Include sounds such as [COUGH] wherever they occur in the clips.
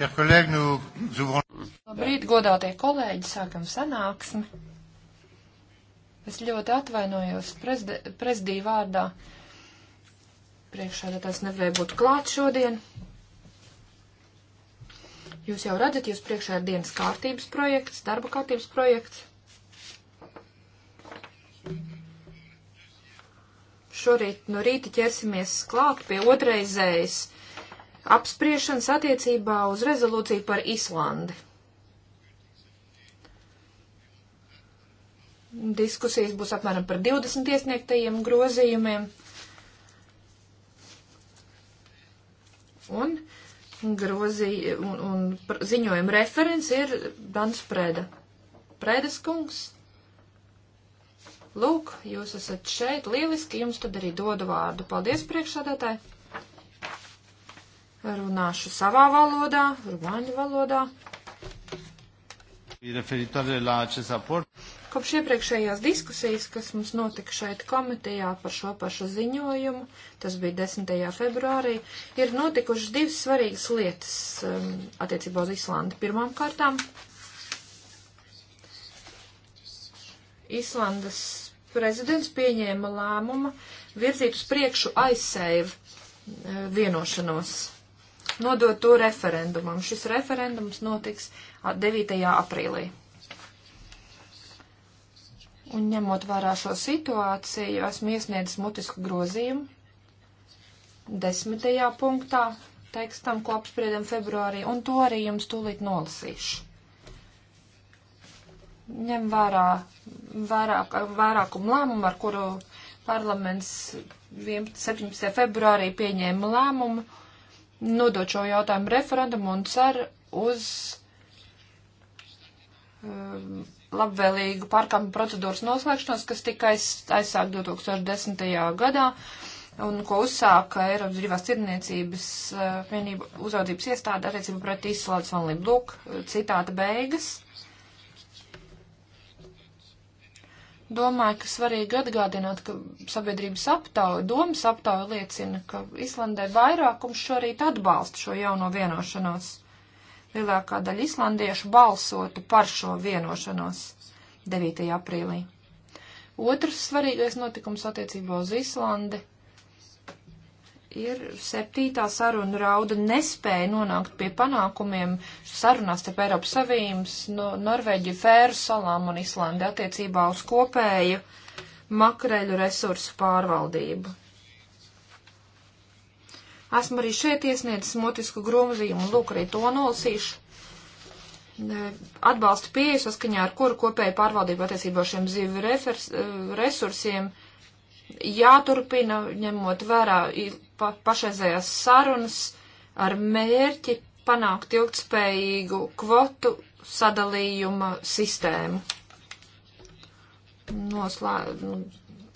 Labrīt, godātie kolēģi, sākam sanāksmi. Es ļoti atvainojos prezidiju vārdā. Priekšādā tās nevarēja būt klāt šodien. Jūs jau redzat, jūs priekšā ir dienas kārtības projekts, darba kārtības projekts. Šorīt no rīta ķersimies klāt pie otrreizējas apspriešanas attiecībā uz rezolūciju par Islandi. Diskusijas būs apmēram par 20 iesniegtajiem grozījumiem. Un, grozī, un, un ziņojuma referents ir Dans Preda. Predes kungs. Lūk, jūs esat šeit, lieliski, jums tad arī dodu vārdu. Paldies priekšsādātāji! Runāšu savā valodā, rumāņu valodā. E Kopš iepriekšējās diskusijas, kas mums notika šeit komitejā par šo pašu ziņojumu, tas bija 10. februārī, ir notikušas divas svarīgas lietas um, attiecībā uz Islandi. Pirmām kārtām Islandas prezidents pieņēma lēmumu virzīt uz priekšu aizsēju uh, vienošanos nodot to referendumam. Šis referendums notiks 9. aprīlī. Un ņemot vērā šo situāciju, esmu iesniedzis mutisku grozījumu desmitajā punktā tekstam, ko apspriedam februārī, un to arī jums tūlīt nolasīšu. Ņem vērā vairāk, vairākumu lēmumu, ar kuru parlaments 17. februārī pieņēma lēmumu nodot šo jautājumu referendumu un cer uz um, labvēlīgu pārkāpumu procedūras noslēgšanos, kas tika aiz, aizsākt 2010. gadā un ko uzsāka Eiropas brīvās cirniecības uh, vienība uzraudzības iestāde attiecībā pret izslēdzu vanlību. Lūk, citāta beigas. Domāju, ka svarīgi atgādināt, ka sabiedrības aptauja, domas aptauja liecina, ka Islandē vairākums šorīt atbalsta šo jauno vienošanos. Lielākā daļa islandiešu balsotu par šo vienošanos 9. aprīlī. Otrs svarīgais notikums attiecībā uz Islandi ir septītā saruna rauda nespēja nonākt pie panākumiem sarunās starp Eiropas Savienības, no Norvēģiju, Fēru salām un Islandi attiecībā uz kopēju makreļu resursu pārvaldību. Esmu arī šeit iesniedzis motisku grozījumu, lūk, arī to nolasīšu. Atbalsta pieeja saskaņā ar kuru kopēju pārvaldību attiecībā šiem zivu refers, eh, resursiem jāturpina ņemot vērā pa, pašreizējās sarunas ar mērķi panākt ilgtspējīgu kvotu sadalījuma sistēmu. Noslē, nu,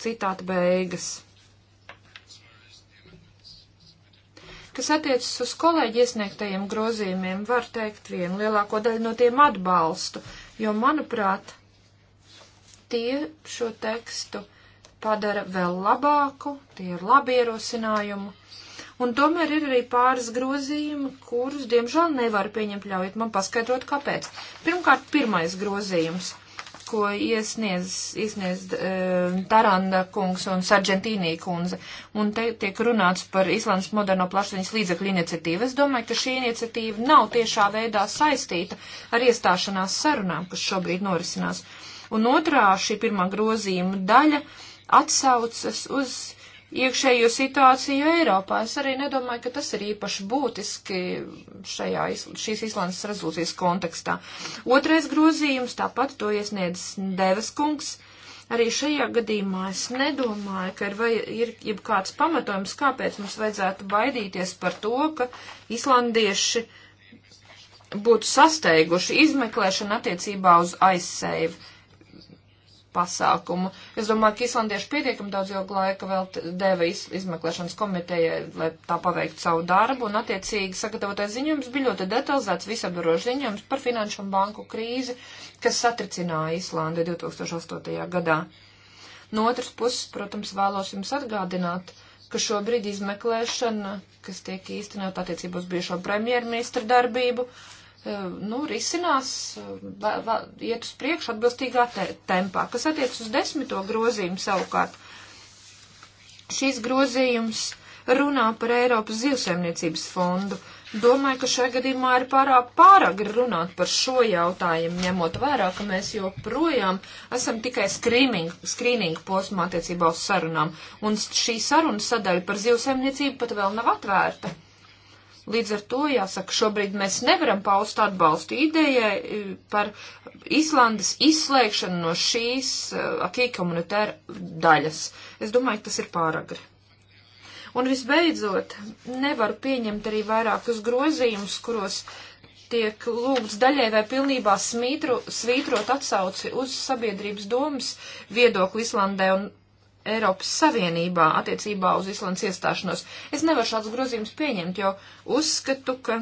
citāta beigas. Kas attiecas uz kolēģi iesniegtajiem grozījumiem, var teikt vienu lielāko daļu no tiem atbalstu, jo, manuprāt, tie šo tekstu padara vēl labāku, tie ir labi ierosinājumi. Un tomēr ir arī pāris grozījumi, kurus, diemžēl, nevar pieņemt. Ļaujiet man paskaidrot, kāpēc. Pirmkārt, pirmais grozījums, ko iesniedz, iesniedz e, Taranda kungs un Sargentīnī kundze, un te tiek runāts par Islandas moderno plašsaziņas līdzekļu iniciatīvu. Es domāju, ka šī iniciatīva nav tiešā veidā saistīta ar iestāšanās sarunām, kas šobrīd norisinās. Un otrā šī pirmā grozījuma daļa atsaucas uz iekšējo situāciju Eiropā. Es arī nedomāju, ka tas ir īpaši būtiski šajā, šīs Islandes rezolūcijas kontekstā. Otrais grozījums, tāpat to iesniedz Devas kungs. Arī šajā gadījumā es nedomāju, ka ir, vai, ir jebkāds pamatojums, kāpēc mums vajadzētu baidīties par to, ka islandieši būtu sasteiguši izmeklēšanu attiecībā uz aizsēju pasākumu. Es domāju, ka islandieši pietiekami daudz ilgu laiku vēl deva iz, izmeklēšanas komitejai, lai tā paveiktu savu darbu, un attiecīgi sagatavotais ziņojums bija ļoti detalizēts visapdarošs ziņojums par finanšu un banku krīzi, kas satricināja Islandi 2008. gadā. No otras puses, protams, vēlos jums atgādināt, ka šobrīd izmeklēšana, kas tiek īstenot attiecībos bijušo premjerministra darbību, uh, Um, nu, risinās, um, va, va, iet uz priekšu atbilstīgā te, tempā. Kas attiec uz desmito grozījumu savukārt, šīs grozījums runā par Eiropas zivsaimniecības fondu. Domāju, ka šajā gadījumā ir pārāk pāragri runāt par šo jautājumu, ņemot vērā, ka mēs joprojām esam tikai skrīninga posmā attiecībā uz sarunām, un šī saruna sadaļa par zivsaimniecību pat vēl nav atvērta. Līdz ar to jāsaka, šobrīd mēs nevaram paust atbalstu idejai e, par Islandes izslēgšanu no šīs e, akī komunitēra daļas. Es domāju, tas ir pāragri. Un visbeidzot, nevaru pieņemt arī vairākus grozījumus, kuros tiek lūgts daļai vai pilnībā smītru, svītrot atsauci uz sabiedrības domas viedokli Islandē un Eiropas Savienībā attiecībā uz Islandes iestāšanos. Es nevaru šāds grozījums pieņemt, jo uzskatu, ka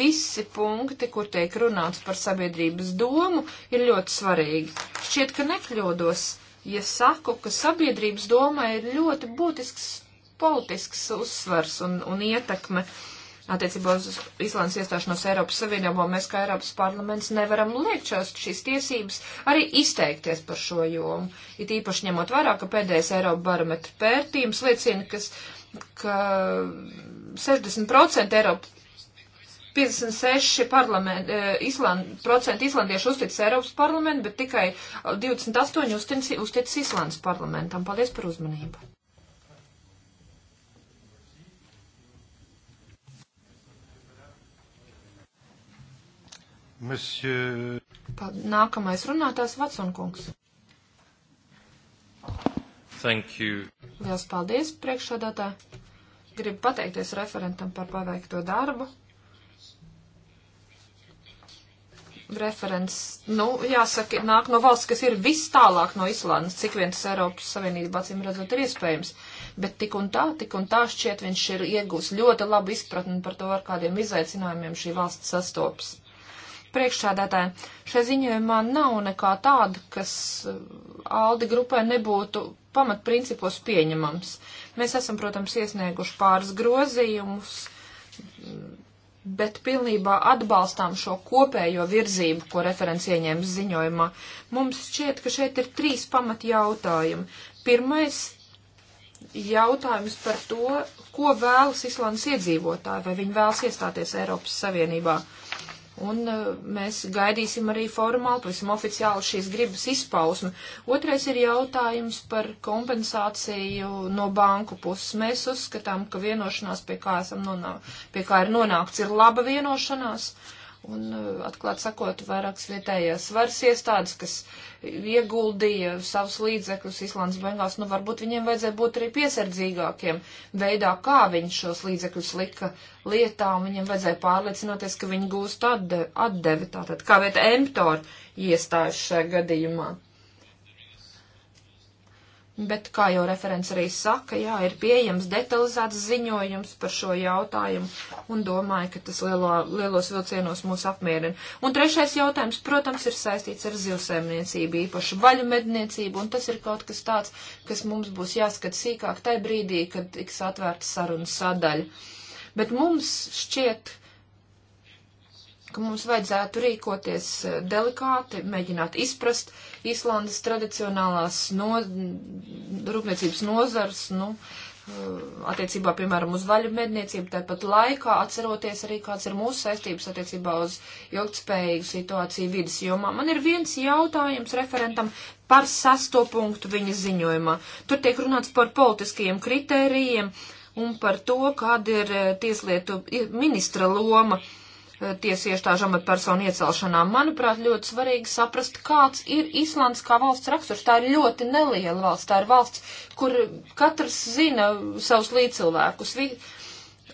visi punkti, kur tiek runāts par sabiedrības domu, ir ļoti svarīgi. Šķiet, ka nekļūdos, ja saku, ka sabiedrības domai ir ļoti būtisks politisks uzsvars un, un ietekme. Uh, attiecībā uz Islandes iestāšanos Eiropas Savienībā, mēs kā Eiropas parlaments nevaram liekt šos, šīs tiesības arī izteikties par šo jomu. It īpaši ņemot vērā, ka pēdējais Eiropa barometra pērtījums liecina, kas, ka 60% Eiropas 56 parlament, e, Island, procenti islandiešu uztic Eiropas parlamentu, bet tikai 28 uztic, uztic Islandes parlamentam. Paldies par uzmanību. Monsieur... Tad nākamais runātājs Vatsonkungs. Thank you. Lielas paldies, priekšsādātā. Gribu pateikties referentam par paveikto darbu. Referents, nu, jāsaka, nāk no valsts, kas ir vis tālāk no Islandas, cik vien tas Eiropas Savienībā, acīm redzot, ir iespējams bet tik un tā, tik un tā šķiet viņš ir iegūs ļoti labu izpratni par to, ar kādiem izaicinājumiem šī valsts sastopas priekšsādātājiem. Šai ziņojumā nav nekā tāda, kas eh, Aldi grupai nebūtu pamatprincipos pieņemams. Mēs esam, protams, iesnieguši pāris grozījumus, bet pilnībā atbalstām šo kopējo virzību, ko referents ieņēma ziņojumā. Mums šķiet, ka šeit ir trīs pamat jautājumi. Pirmais jautājums par to, ko vēlas Islandas iedzīvotāji, vai viņi vēlas iestāties Eiropas Savienībā. Uh, Un e, mēs gaidīsim arī formāli, pavisam oficiāli šīs gribas izpausmi. Otrais ir jautājums par kompensāciju no banku puses. Mēs uzskatām, ka vienošanās, pie kā, esam nonā... pie kā ir nonākts, ir laba vienošanās. Uh, Un, eh, atklāt sakot, vairākas vietējās varas iestādes, kas ieguldīja savus līdzekļus Islandas Bengās, nu varbūt viņiem vajadzēja būt arī piesardzīgākiem veidā, kā viņi šos līdzekļus lika lietā, un viņiem vajadzēja pārliecinoties, ka viņi gūst atde atdevi, tātad kā vieta emptor iestājas šajā gadījumā. Bet, kā jau referents arī saka, jā, ir pieejams detalizēts ziņojums par šo jautājumu un domāju, ka tas lielo, lielos vilcienos mūs apmierina. Un trešais jautājums, protams, ir saistīts ar zilsēmniecību, īpaši vaļu medniecību, un tas ir kaut kas tāds, kas mums būs jāskat sīkāk tajā brīdī, kad tiks atvērta saruna sadaļa. Bet mums šķiet, ka mums vajadzētu rīkoties eh, delikāti, mēģināt izprast, uh, Īslandes tradicionālās no, rūpniecības nozars, nu, eh, attiecībā, piemēram, uz vaļu medniecību, tāpat laikā atceroties arī, kāds ir mūsu saistības attiecībā uz ilgtspējīgu situāciju vidas jomā. Man ir viens jautājums referentam par sasto punktu viņa ziņojumā. Tur tiek runāts par politiskajiem kritērijiem un par to, kāda ir eh, tieslietu ministra loma. Uh, tiesu iestāžu amatpersonu iecelšanām. Manuprāt, ļoti svarīgi saprast, kāds ir Īslands kā valsts raksturs. Tā ir ļoti neliela valsts. Tā ir valsts, kur katrs zina savus līdzcilvēkus.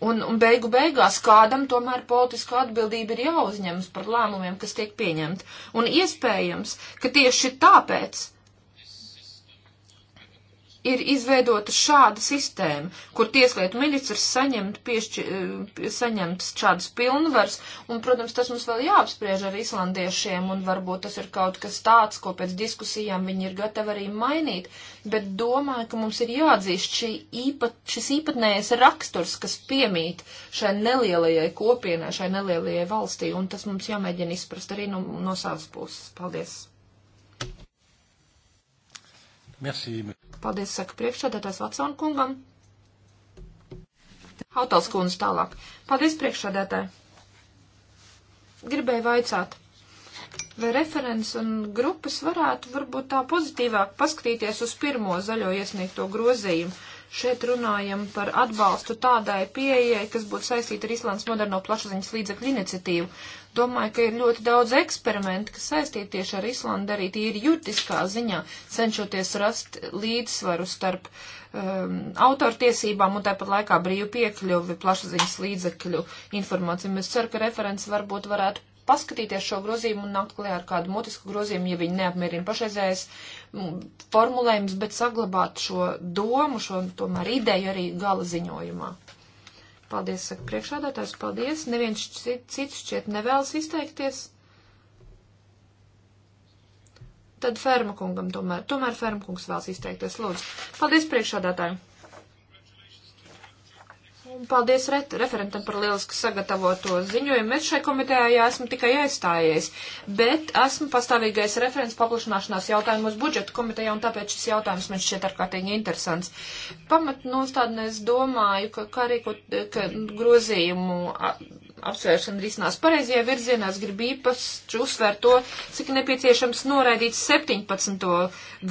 Un, un beigu beigās kādam tomēr politiska atbildība ir jāuzņemas par lēmumiem, kas tiek pieņemti. Un iespējams, ka tieši tāpēc ir izveidota šāda sistēma, kur tieslietu ministrs saņemt, piešķi, eh, saņemt šādas pilnvars, un, protams, tas mums vēl jāapspriež ar islandiešiem, un varbūt tas ir kaut kas tāds, ko pēc diskusijām viņi ir gatavi arī mainīt, bet domāju, ka mums ir jāatzīst šī īpat, šis īpatnējais raksturs, kas piemīt šai nelielajai kopienai, šai nelielajai valstī, un tas mums jāmēģina izprast arī no, no savas puses. Paldies! Merci. Paldies, saka priekšsēdētājs Vatsona kungam. Hautals kundze tālāk. Paldies, priekšsēdētāji. Gribēju vaicāt, vai referents un grupas varētu varbūt tā pozitīvāk paskatīties uz pirmo zaļo iesniegto grozījumu Šeit runājam par atbalstu tādai pieejai, kas būtu saistīta ar Islandas moderno plašsaziņas līdzekļu iniciatīvu. Domāju, ka ir ļoti daudz eksperimentu, kas saistīti tieši ar Islandu, arī tīri juridiskā ziņā, cenšoties rast līdzsvaru starp um, autortiesībām un tāpat laikā brīvu piekļuvi plašsaziņas līdzekļu informācijām. Es ceru, ka referents varbūt varētu paskatīties šo grozījumu un nākt klajā ar kādu mutisku grozījumu, ja viņi neapmierina pašreizējais Nu, formulējums, bet saglabāt šo domu, šo tomēr ideju arī gala ziņojumā. Paldies, saka priekšādātājs, paldies. Neviens cits šķiet nevēlas izteikties. Tad ferma kungam tomēr, tomēr ferma kungs vēlas izteikties, lūdzu. Paldies priekšādātājiem! Paldies re referentam par lielisku sagatavoto ziņojumu. Es šai komitejā jau esmu tikai aizstājies, bet esmu pastāvīgais referents paplašanāšanās jautājumos budžeta komitejā, un tāpēc šis jautājums man šķiet ārkārtīgi interesants. Pamatnostādnē es domāju, ka, ka arī ka, ka grozījumu apsvēršana risinās pareizajā virzienā. Es gribu īpaši uzsvērt to, cik nepieciešams noraidīt 17.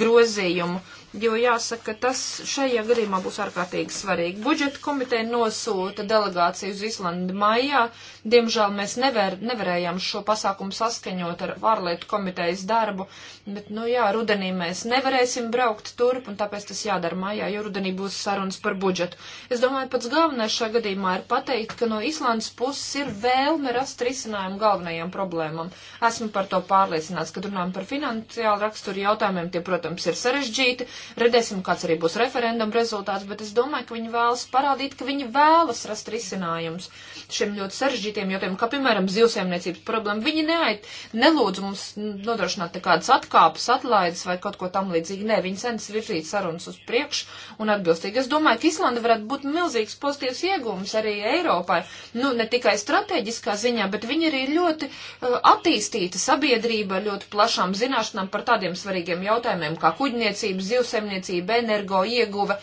grozījumu jo jāsaka, tas šajā gadījumā būs ārkārtīgi svarīgi. Budžeta komiteja nosūta delegāciju uz Islandi maijā. Diemžēl mēs nevar, nevarējām šo pasākumu saskaņot ar ārlietu komitejas darbu, bet, nu jā, rudenī mēs nevarēsim braukt turp, un tāpēc tas jādara maijā, jo rudenī būs sarunas par budžetu. Es domāju, pats galvenais šajā gadījumā ir pateikt, ka no Islandas puses ir vēlme rast risinājumu galvenajām problēmām. Esmu par to pārliecināts, kad runājam par finansiālu raksturu jautājumiem, tie, protams, ir sarežģīti Redzēsim, kāds arī būs referenduma rezultāts, bet es domāju, ka viņi vēlas parādīt, ka viņi vēlas rast risinājumus šiem ļoti sarežģītiem jautājumiem, kā piemēram zivsēmniecības problēma. Viņi neait, nelūdz mums nodrošināt kādas atkāpes, atlaides vai kaut ko tam līdzīgi. Nē, viņi cenas virzīt sarunas uz priekšu un atbilstīgi. Es domāju, ka Islanda varētu būt milzīgs pozitīvs iegūms arī Eiropai. Nu, ne tikai strateģiskā ziņā, bet viņi arī ļoti uh, attīstīta sabiedrība ar ļoti plašām zināšanām par tādiem svarīgiem jautājumiem kā kuģniecības, zivs lauksaimniecība, energo ieguve.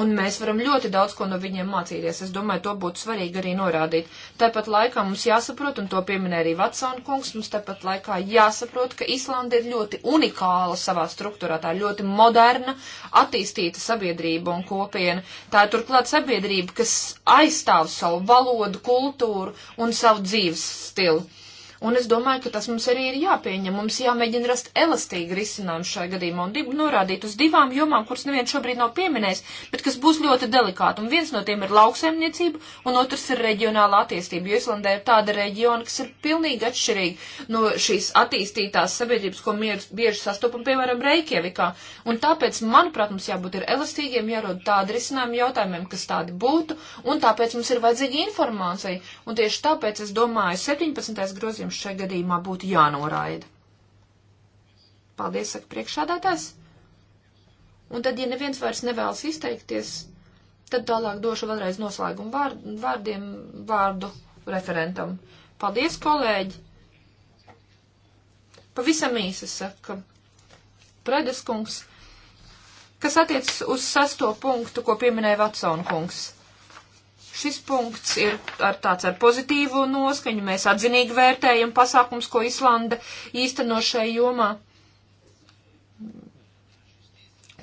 Un mēs varam ļoti daudz ko no viņiem mācīties. Es domāju, to būtu svarīgi arī norādīt. Tāpat laikā mums jāsaprot, un to pieminēja arī Vatsona kungs, mums tāpat laikā jāsaprot, ka Islanda ir ļoti unikāla savā struktūrā, tā ir ļoti moderna, attīstīta sabiedrība un kopiena. Tā ir turklāt sabiedrība, kas aizstāv savu valodu, kultūru un savu dzīves stilu. Un es domāju, ka tas mums arī ir jāpieņem. Mums jāmēģina rast elastīgi risinājumu šai gadījumā un norādīt uz divām jomām, kuras neviens šobrīd nav pieminējis, bet kas būs ļoti delikāti. Un viens no tiem ir lauksaimniecība, un otrs ir reģionāla attīstība. Jo Islandē ir tāda reģiona, kas ir pilnīgi atšķirīga no šīs attīstītās sabiedrības, ko mēs bieži sastopam, piemēram, Reikjavikā. Un tāpēc, manuprāt, mums jābūt ir elastīgiem, jārod tādi risinājumi jautājumiem, kas tādi būtu, un tāpēc mums ir vajadzīga informācija. Un tieši tāpēc es domāju, 17. grozījums grozījums šajā gadījumā būtu jānoraida. Paldies, saka priekšādātājs. Un tad, ja neviens vairs nevēlas izteikties, tad tālāk došu vēlreiz noslēgumu vārd, vārdiem vārdu referentam. Paldies, kolēģi! Pavisam īsi saka Predeskungs, kas attiecas uz sasto punktu, ko pieminēja Vatsona kungs. Šis punkts ir ar tāds ar pozitīvu noskaņu. Mēs atzinīgi vērtējam pasākums, ko Islanda īsteno šai jomā,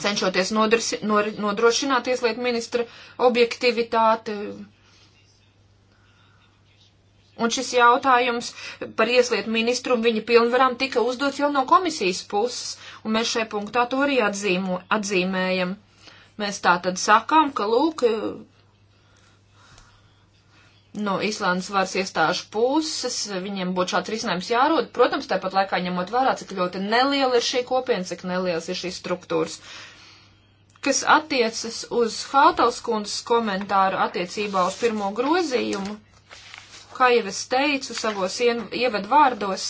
cenšoties nodrsi, nor, nodrošināt ieslietu ministra objektivitāti. Un šis jautājums par ieslietu ministru un viņa pilnvarām tika uzdots jau no komisijas puses, un mēs šai punktā to arī atzīmo, atzīmējam. Mēs tā tad sakām, ka, lūk, no Islandes varas iestāžu puses, viņiem būtu šāds risinājums jārod. Protams, tāpat laikā ņemot vērā, cik ļoti neliela ir šī kopiena, cik nelielas ir šīs struktūras. Kas attiecas uz Hautelskundas komentāru attiecībā uz pirmo grozījumu, kā jau es teicu savos ievadvārdos,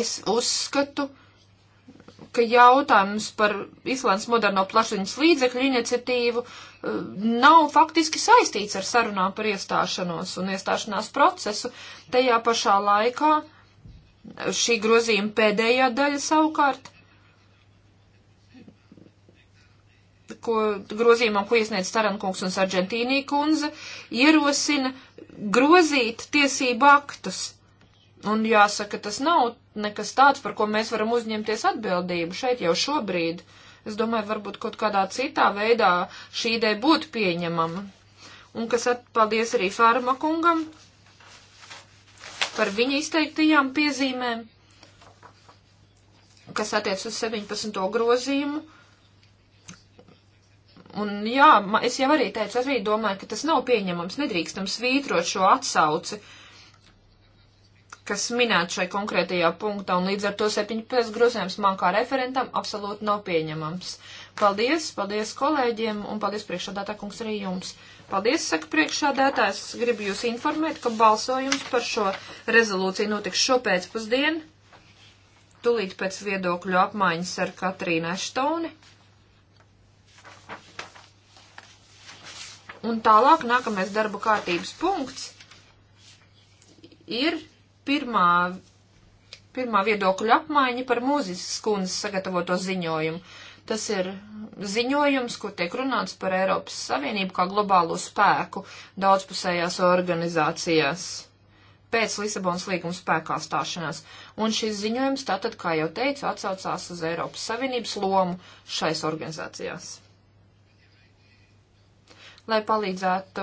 es uzskatu, ka jautājums par Islandes moderno plašiņas līdzekļu iniciatīvu eh, nav faktiski saistīts ar sarunām par iestāšanos un iestāšanās procesu. Tajā pašā laikā eh, šī grozījuma pēdējā daļa savukārt, ko grozījumam, ko iesniedz Tarankungs un Sargentīnī kundze, ierosina grozīt tiesību aktus. Un jāsaka, tas nav nekas tāds, par ko mēs varam uzņemties atbildību šeit jau šobrīd. Es domāju, varbūt kaut kādā citā veidā šī ideja būtu pieņemama. Un kas atpaldies arī Fārma kungam par viņa izteiktajām piezīmēm, kas attiec uz 17. grozījumu. Un jā, es jau arī teicu, arī domāju, ka tas nav pieņemams, nedrīkstam svītrot šo atsauci. Uh, kas minēts šai konkrētajā punktā, un līdz ar to 7.5 grozījums man kā referentam absolūti nav pieņemams. Paldies, paldies kolēģiem, un paldies priekšādātā kungs arī jums. Paldies, saka priekšādātājs, gribu jūs informēt, ka balsojums par šo rezolūciju notiks šopēcpusdien, tulīt pēc viedokļu apmaiņas ar Katrīnu Eštoni. Un tālāk nākamais darba kārtības punkts ir pirmā, pirmā viedokļa apmaiņa par mūzijas skundas sagatavoto ziņojumu. Tas ir ziņojums, kur tiek runāts par Eiropas Savienību kā globālo spēku daudzpusējās organizācijās pēc Lisabonas līguma spēkā stāšanās. Un šis ziņojums tātad, kā jau teicu, atsaucās uz Eiropas Savienības lomu šais organizācijās lai palīdzētu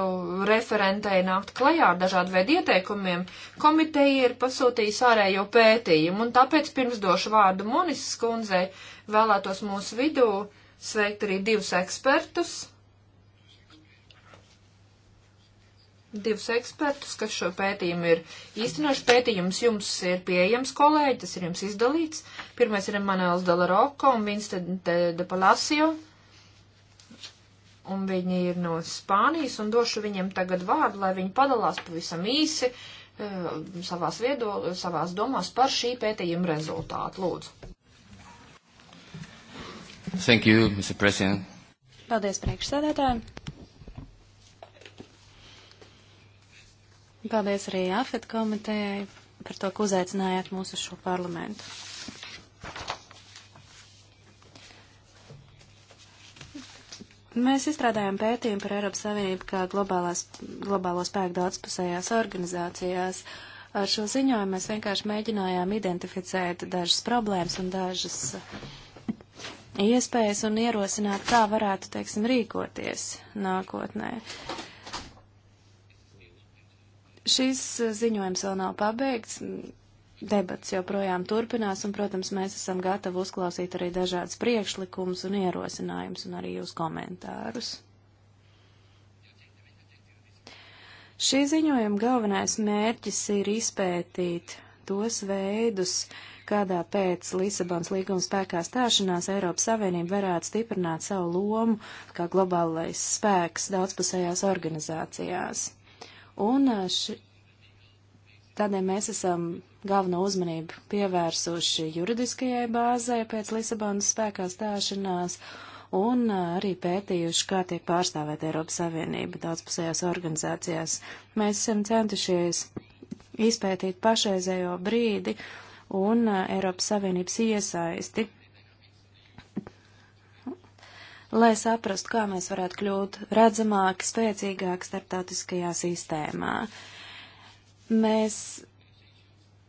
referentei nākt klajā ar dažādu veidu ieteikumiem, komiteja ir pasūtījusi ārējo pētījumu, un tāpēc pirms došu vārdu Monis skundzei vēlētos mūsu vidū sveikt arī divus ekspertus. divus ekspertus, kas šo pētījumu ir īstenojuši. Pētījums jums ir pieejams, kolēģi, tas ir jums izdalīts. Pirmais ir Emanuels Delaroko un Vincent de, de Palacio un viņi ir no Spānijas, un došu viņiem tagad vārdu, lai viņi padalās pavisam īsi eh, savās, viedo, savās domās par šī pētījuma rezultātu. Lūdzu. Thank you, Mr. President. Paldies, priekšsēdētāji. Paldies arī AFET komitejai par to, ka uzaicinājāt mūsu šo parlamentu. Mēs izstrādājam pētījumu par Eiropas Savienību kā globālās, globālo spēku daudzpusējās organizācijās. Ar šo ziņojumu mēs vienkārši mēģinājām identificēt dažas problēmas un dažas iespējas un ierosināt, kā varētu, teiksim, rīkoties nākotnē. Šis ziņojums vēl nav pabeigts, debats joprojām turpinās, un, protams, mēs esam gatavi uzklausīt arī dažādas priekšlikumus un ierosinājumus un arī jūs komentārus. Šī ziņojuma galvenais mērķis ir izpētīt tos veidus, kādā pēc Lisabons līguma spēkā stāšanās Eiropas Savienība varētu stiprināt savu lomu kā globālais spēks daudzpusējās organizācijās. Un š... tādēļ mēs esam galveno uzmanību pievērsuši juridiskajai bāzē pēc Lisabonas spēkā stāšanās un arī pētījuši, kā tiek pārstāvēta Eiropas Savienība daudzpusējās organizācijās. Mēs esam centušies izpētīt pašreizējo brīdi un Eiropas Savienības iesaisti, lai saprastu, kā mēs varētu kļūt redzamāki, spēcīgāki starptautiskajā sistēmā. Mēs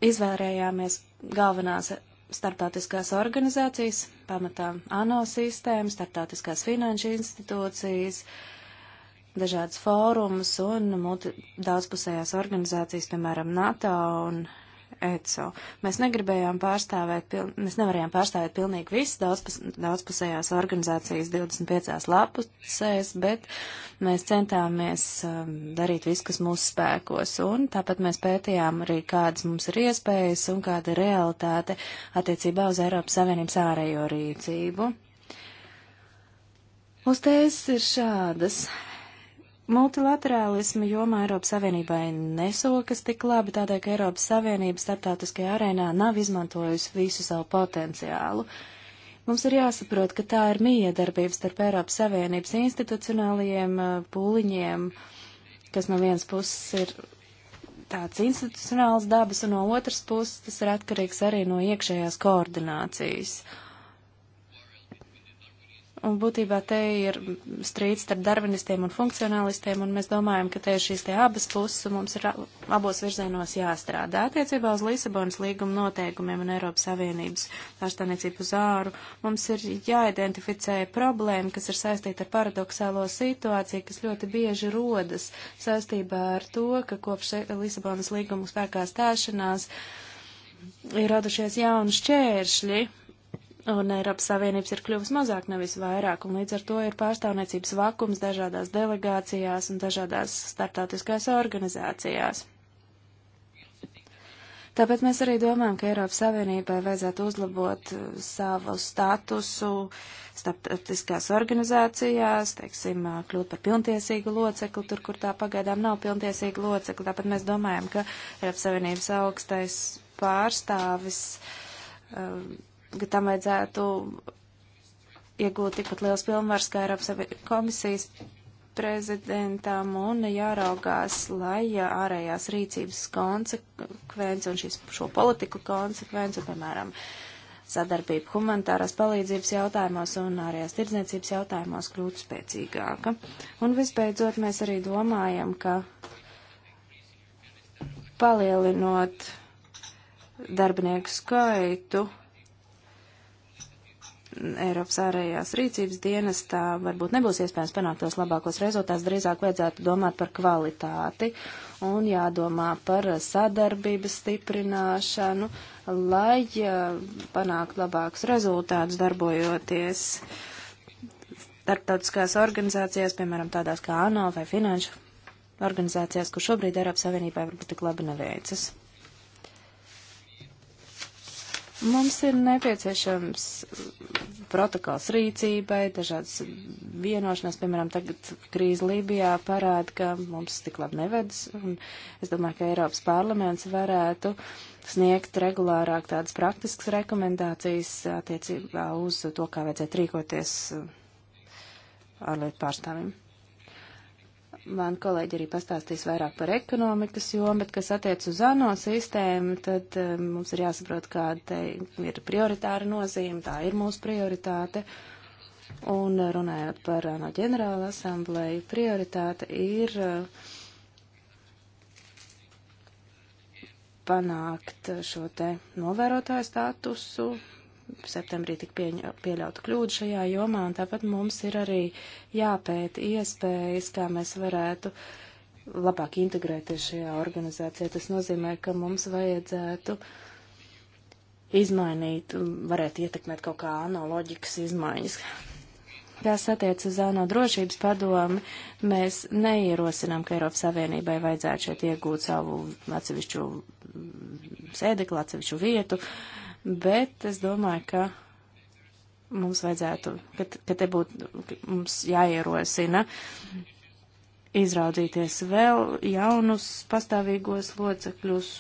izvērējāmies galvenās starptautiskās organizācijas, pamatā ANO sistēma, starptautiskās finanšu institūcijas, dažādas fórumus un multi, daudzpusējās organizācijas, piemēram, NATO un ECO. Mēs negribējām pārstāvēt, mēs nevarējām pārstāvēt pilnīgi visas daudzpus, daudzpusējās organizācijas 25 lapusēs, bet mēs centāmies um, darīt visu, kas mūsu spēkos, un tāpat mēs pētījām arī, kādas mums ir iespējas un kāda ir realitāte attiecībā uz Eiropas Savienības ārējo rīcību. Uz tēzes ir šādas. Multilaterālisma jomā Eiropas Savienībai nesokas tik labi, tādēļ, ka Eiropas Savienība starptautiskajā arēnā nav izmantojusi visu savu potenciālu. Mums ir jāsaprot, ka tā ir miedarbība starp Eiropas Savienības institucionālajiem uh, pūliņiem, kas no vienas puses ir tāds institucionāls dabas, un no otras puses tas ir atkarīgs arī no iekšējās koordinācijas. Uh, Un būtībā te ir strīds starp darvinistiem un funkcionālistiem, un mēs domājam, ka te ir šīs te abas puses, un mums ir abos virzienos jāstrādā. Attiecībā uz Lisabonas līguma noteikumiem un Eiropas Savienības ārstāniecību uz āru mums ir jāidentificē problēma, kas ir saistīta ar paradoxālo situāciju, kas ļoti bieži rodas saistībā ar to, ka kopš Lisabonas līguma spēkā stāšanās ir radušies jauni šķēršļi Un Eiropas Savienības ir kļuvusi mazāk, nevis vairāk, un līdz ar to ir pārstāvniecības vakums dažādās delegācijās un dažādās starptautiskās organizācijās. Tāpēc mēs arī domājam, ka Eiropas Savienībai vajadzētu uzlabot uh, savu statusu starptautiskās organizācijās, teiksim, uh, kļūt par pilntiesīgu locekli, tur, kur tā pagaidām nav pilntiesīga locekli. Tāpat mēs domājam, ka Eiropas Savienības augstais pārstāvis um, ka tam vajadzētu iegūt tikpat liels pilnvars kā Eiropas komisijas prezidentam un jāraugās, lai ārējās rīcības konsekvence un šis, šo politiku konsekvence, piemēram, sadarbība humanitārās palīdzības jautājumos un ārējās tirdzniecības jautājumos kļūtu spēcīgāka. Un visbeidzot, mēs arī domājam, ka palielinot darbinieku skaitu, Eiropas ārējās rīcības dienestā varbūt nebūs iespējams panākt tos labākos rezultātus, drīzāk vajadzētu domāt par kvalitāti un jādomā par sadarbības stiprināšanu, lai panāktu labākus rezultātus darbojoties starptautiskās organizācijās, piemēram, tādās kā ANO vai Finanšu organizācijās, kur šobrīd Eiropas Savienībai varbūt tik labi neveicas. Mums ir nepieciešams protokols rīcībai, dažādas vienošanās, piemēram, tagad krīze Lībijā parāda, ka mums tik labi nevedas, un es domāju, ka Eiropas parlaments varētu sniegt regulārāk tādas praktiskas rekomendācijas attiecībā uz to, kā vajadzētu rīkoties uh, ārlietu pārstāvim. Man kolēģi arī pastāstīs vairāk par ekonomikas jomu, bet kas attiec uz ANO sistēmu, tad um, mums ir jāsaprot, kāda ir prioritāra nozīme, tā ir mūsu prioritāte. Un runājot par ANO ģenerāla asamblēju, prioritāte ir uh, panākt šo te novērotāju statusu, septembrī tik pieņa, pieļauta kļūda šajā jomā, un tāpat mums ir arī jāpēta iespējas, kā mēs varētu labāk integrēties šajā organizācijā. Tas nozīmē, ka mums vajadzētu izmainīt, varētu ietekmēt kaut kā analoģikas izmaiņas. Kas attiec uz ANO drošības padomi, mēs neierosinām, ka Eiropas Savienībai vajadzētu šeit iegūt savu atsevišķu sēdekli, atsevišķu vietu. Uh, bet es domāju, ka mums vajadzētu, ka, ka te būtu, ka mums jāierosina izraudzīties vēl jaunus pastāvīgos locekļus.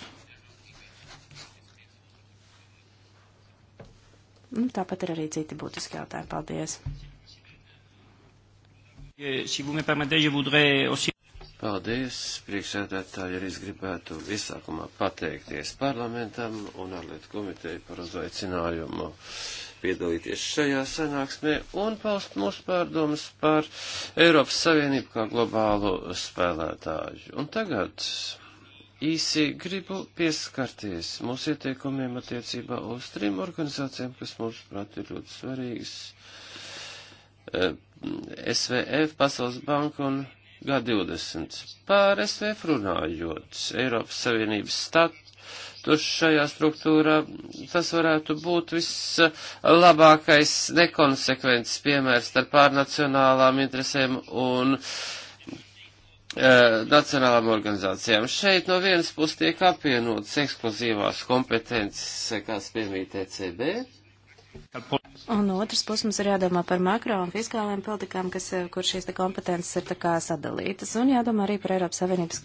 Nu, tāpat ir arī citi būtiski jautājumi. Paldies! Eh, si vous me permettez, je voudrais aussi... Paldies, priekšsēdētāji, arī es gribētu visākumā pateikties parlamentam un ārlietu komiteju par uzaicinājumu piedalīties šajā sanāksmē un paust mūsu pārdomas par Eiropas Savienību kā globālu spēlētāju. Un tagad īsi gribu pieskarties mūsu ieteikumiem attiecībā uz trim organizācijām, kas mums, prāt, ir ļoti svarīgas. Eh, SVF, Pasaules banka un G20 pār SVF runājot, Eiropas Savienības status šajā struktūrā, tas varētu būt vislabākais nekonsekvences piemērs ar pārnacionālām interesēm un eh, nacionālām organizācijām. Šeit no vienas puses tiek apvienotas ekskluzīvās kompetences, eh, kas piemīt ECB, Un no otrs puses mums ir jādomā par makro un fiskālajām politikām, kas, eh, kur šīs te kompetences ir tā kā sadalītas, un jādomā arī par Eiropas Savienības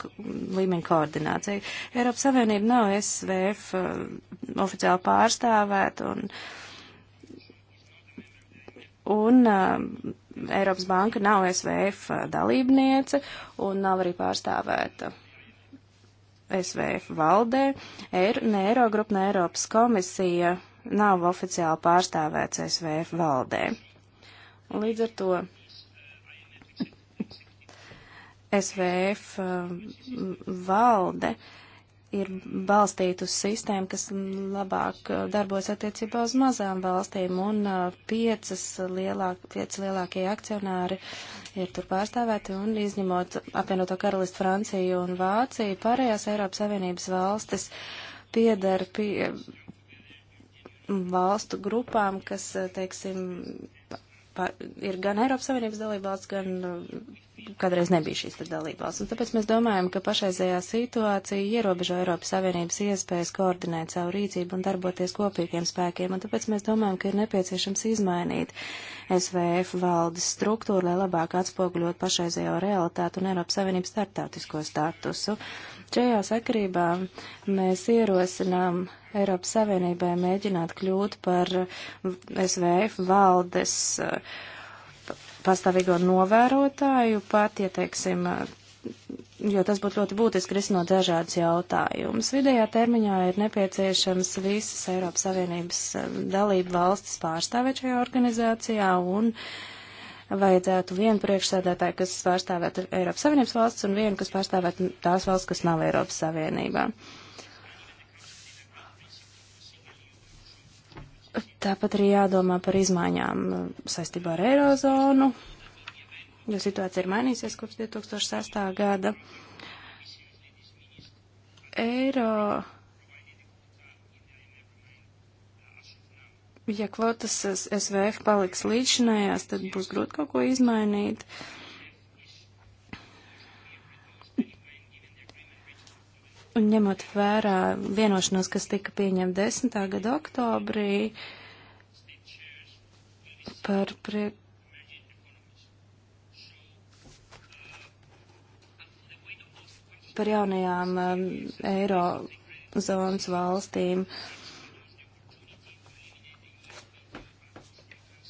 līmeņu koordināciju. Eiropas Savienība nav SVF uh, eh, oficiāli pārstāvēt, un, un uh, Eiropas Banka nav SVF dalībniece, un nav arī pārstāvēta. SVF valdē, Eir, ne Eirogrupa, ne Eiropas komisija nav oficiāli pārstāvēts SVF valdē. Līdz ar to SVF um, valde ir balstīta uz sistēmu, kas labāk uh, darbojas attiecībā uz mazām valstīm, un uh, piecas lielāk, piec lielākie akcionāri ir tur pārstāvēti, un izņemot apvienoto karalistu Franciju un Vāciju, pārējās Eiropas Savienības valstis piedara pie valstu grupām, kas, eh, teiksim, pa, ir gan Eiropas Savienības dalībvalsts, gan eh, kādreiz nebija šīs dalībvalsts. Un tāpēc mēs domājam, ka pašreizējā situācija ierobežo Eiropas Savienības iespējas koordinēt savu rīcību un darboties kopīgiem spēkiem. Un tāpēc mēs domājam, ka ir nepieciešams izmainīt SVF valdes struktūru, lai labāk atspoguļot pašreizējo realitātu un Eiropas Savienības startautisko statusu. Uh, Šajā sakarībā mēs ierosinām Eiropas Savienībai mēģināt kļūt par SVF valdes eh, pastāvīgo novērotāju, pat, ja teiksim, eh, jo tas būtu ļoti būtiski risinot dažādus jautājumus. Vidējā termiņā ir nepieciešams visas Eiropas Savienības eh, dalību valstis pārstāvēt šajā organizācijā un uh, vajadzētu vienu priekšsēdētāju, kas pārstāvētu Eiropas Savienības valsts, un vienu, kas pārstāvētu tās valsts, kas nav Eiropas Savienībā. Tāpat arī jādomā par izmaiņām saistībā ar Eirozonu, jo situācija ir mainīsies kopš 2006. gada. Eiro ja kvotas SVF paliks līdzinājās, tad būs grūti kaut ko izmainīt. Un ņemot vērā vienošanos, kas tika pieņemta 10. gada oktobrī par priek. par jaunajām um, eiro zonas valstīm. Uh,